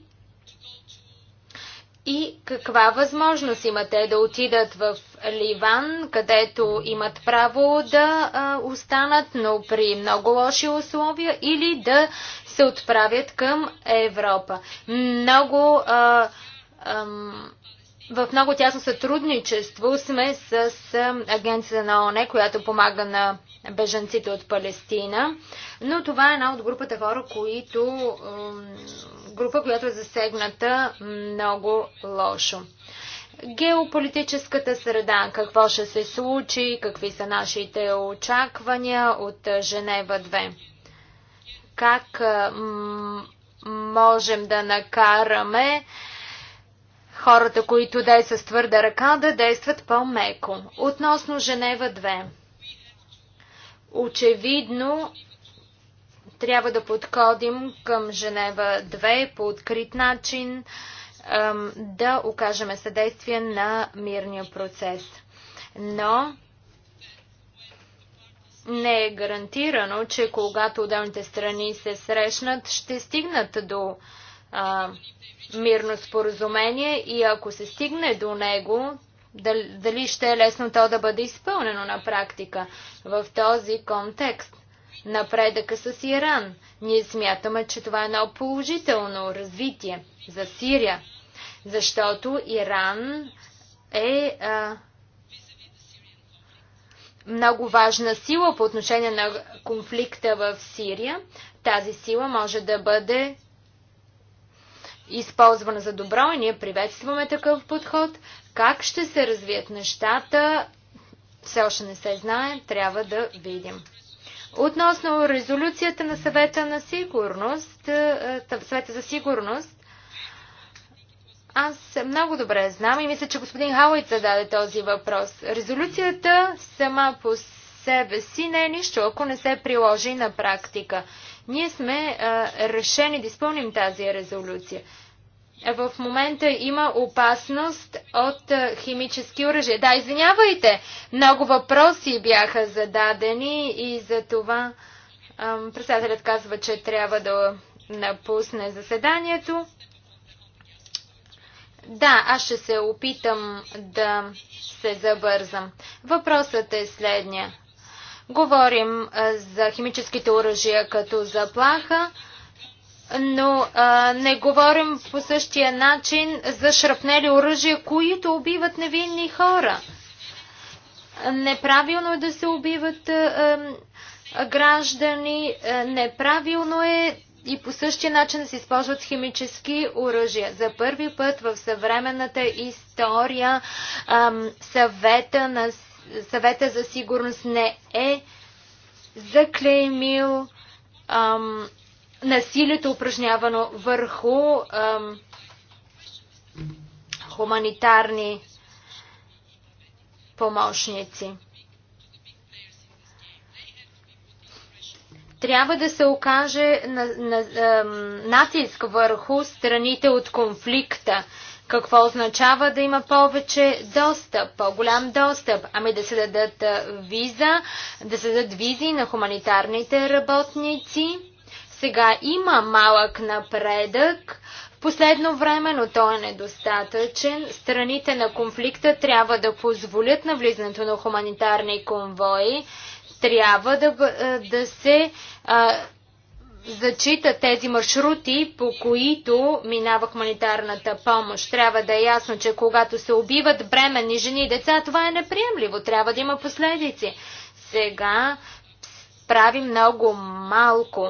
и каква възможност имате да отидат в Ливан, където имат право да а, останат, но при много лоши условия, или да се отправят към Европа. Много, а, а, в много тясно сътрудничество сме с агенцията на ОНЕ, която помага на бежанците от Палестина, но това е една от групата хора, които А, група, която е засегната много лошо. Геополитическата среда, какво ще се случи, какви са нашите очаквания от Женева 2. Как можем да накараме хората, които действат с твърда ръка, да действат по-меко. Относно Женева 2. Очевидно трябва да подходим към Женева 2 по открит начин, да окажеме съдействие на мирния процес. Но не е гарантирано, че когато отделните страни се срещнат, ще стигнат до а, мирно споразумение и ако се стигне до него, дали ще е лесно то да бъде изпълнено на практика в този контекст напредъка с Иран. Ние смятаме, че това е едно положително развитие за Сирия, защото Иран е а, много важна сила по отношение на конфликта в Сирия. Тази сила може да бъде използвана за добро и ние приветстваме такъв подход. Как ще се развият нещата, все още не се знае, трябва да видим. Относно резолюцията на съвета на сигурност, е, е, съвета за сигурност, аз много добре знам и мисля, че господин Хауит зададе този въпрос. Резолюцията сама по себе си не е нищо, ако не се приложи на практика. Ние сме а, е, решени да изпълним тази резолюция в момента има опасност от е, химически оръжия. Да, извинявайте, много въпроси бяха зададени и за това председателят казва, че трябва да напусне заседанието. Да, аз ще се опитам да се забързам. Въпросът е следния. Говорим е, за химическите оръжия като заплаха но а, не говорим по същия начин за шрапнели оръжия, които убиват невинни хора. Неправилно е да се убиват а, а, граждани, а, неправилно е и по същия начин да се използват химически оръжия. За първи път в съвременната история а, съвета, на, съвета за сигурност не е заклеймил насилието упражнявано върху ам, хуманитарни помощници. Трябва да се окаже на, на, ам, натиск върху страните от конфликта. Какво означава да има повече достъп, по-голям достъп? Ами да се дадат виза, да се дадат визи на хуманитарните работници сега има малък напредък в последно време, но той е недостатъчен. Страните на конфликта трябва да позволят навлизането на хуманитарни конвои, трябва да, да се а, зачитат тези маршрути, по които минава хуманитарната помощ. Трябва да е ясно, че когато се убиват бременни жени и деца, това е неприемливо. Трябва да има последици. Сега прави много малко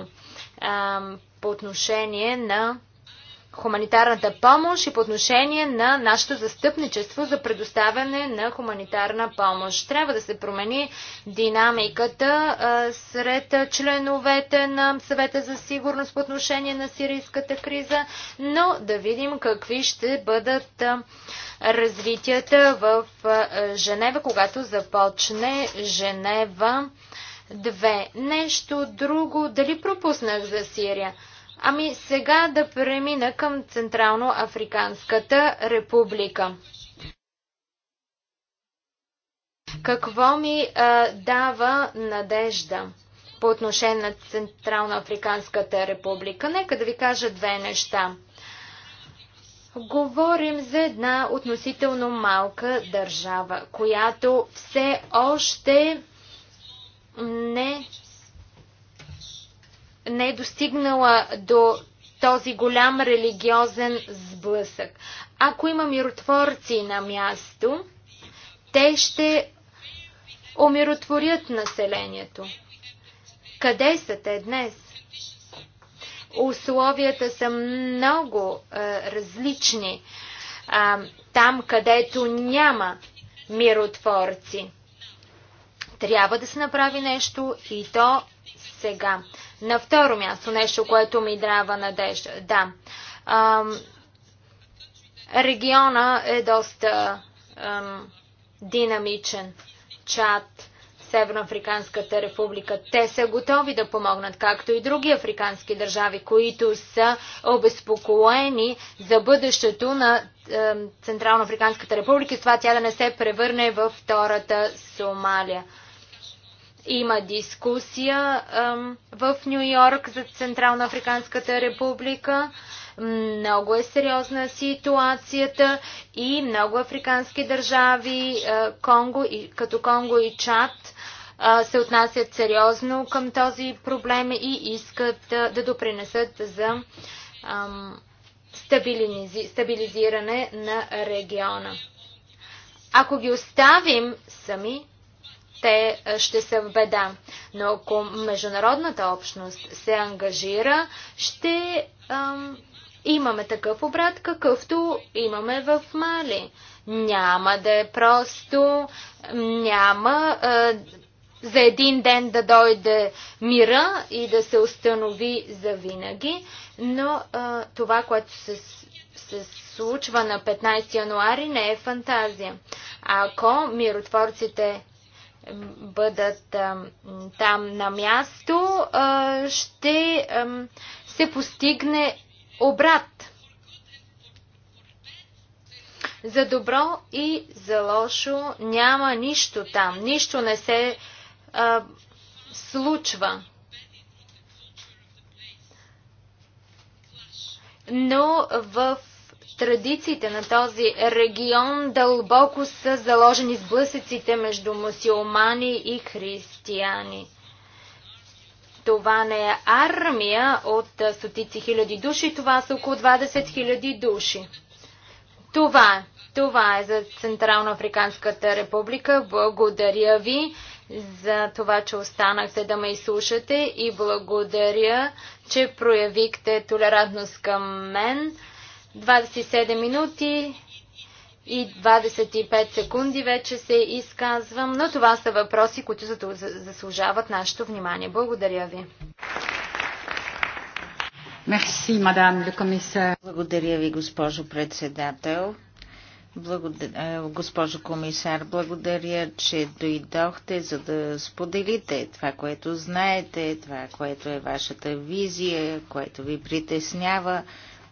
по отношение на хуманитарната помощ и по отношение на нашето застъпничество за предоставяне на хуманитарна помощ. Трябва да се промени динамиката сред членовете на съвета за сигурност по отношение на сирийската криза, но да видим какви ще бъдат развитията в Женева, когато започне Женева Две. Нещо друго, дали пропуснах за Сирия? Ами сега да премина към Централно-Африканската република. Какво ми а, дава надежда по отношение на Централно-Африканската република? Нека да ви кажа две неща. Говорим за една относително малка държава, която все още не, не е достигнала до този голям религиозен сблъсък. Ако има миротворци на място, те ще умиротворят населението. Къде са те днес? Условията са много е, различни. А, там, където няма миротворци. Трябва да се направи нещо и то сега. На второ място нещо, което ми дава надежда. Да. Ам, региона е доста ам, динамичен. Чат, Северноафриканската република. Те са готови да помогнат, както и други африкански държави, които са обезпокоени за бъдещето на Централноафриканската република и с това тя да не се превърне във втората Сомалия. Има дискусия в Нью Йорк за Централно Африканската република. Много е сериозна ситуацията и много африкански държави, Конго, като Конго и Чад, се отнасят сериозно към този проблем и искат да допринесат за стабилизиране на региона. Ако ги оставим сами, те ще са в беда. Но ако международната общност се ангажира, ще ам, имаме такъв обрат, какъвто имаме в Мали. Няма да е просто, няма а, за един ден да дойде мира и да се установи завинаги, но а, това, което се, се случва на 15 януари, не е фантазия. ако миротворците бъдат там на място, ще се постигне обрат. За добро и за лошо няма нищо там. Нищо не се а, случва. Но в традициите на този регион дълбоко са заложени сблъсъците между мусулмани и християни. Това не е армия от стотици хиляди души, това са около 20 хиляди души. Това Това е за Централно Африканската република. Благодаря ви за това, че останахте да ме изслушате и благодаря, че проявихте толерантност към мен. 27 минути и 25 секунди вече се изказвам, но това са въпроси, които заслужават нашето внимание. Благодаря ви. Мерси, мадам Благодаря ви, госпожо председател. Благодаря, е, госпожо комисар, благодаря, че дойдохте, за да споделите това, което знаете, това, което е вашата визия, което ви притеснява.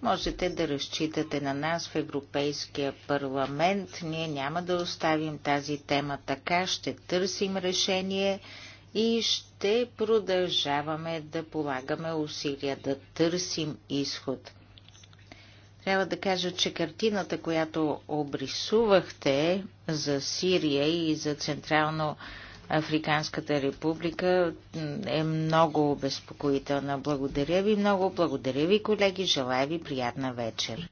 Можете да разчитате на нас в Европейския парламент. Ние няма да оставим тази тема така. Ще търсим решение и ще продължаваме да полагаме усилия, да търсим изход. Трябва да кажа, че картината, която обрисувахте за Сирия и за Централно Африканската република е много обезпокоителна. Благодаря ви много, благодаря ви колеги, желая ви приятна вечер.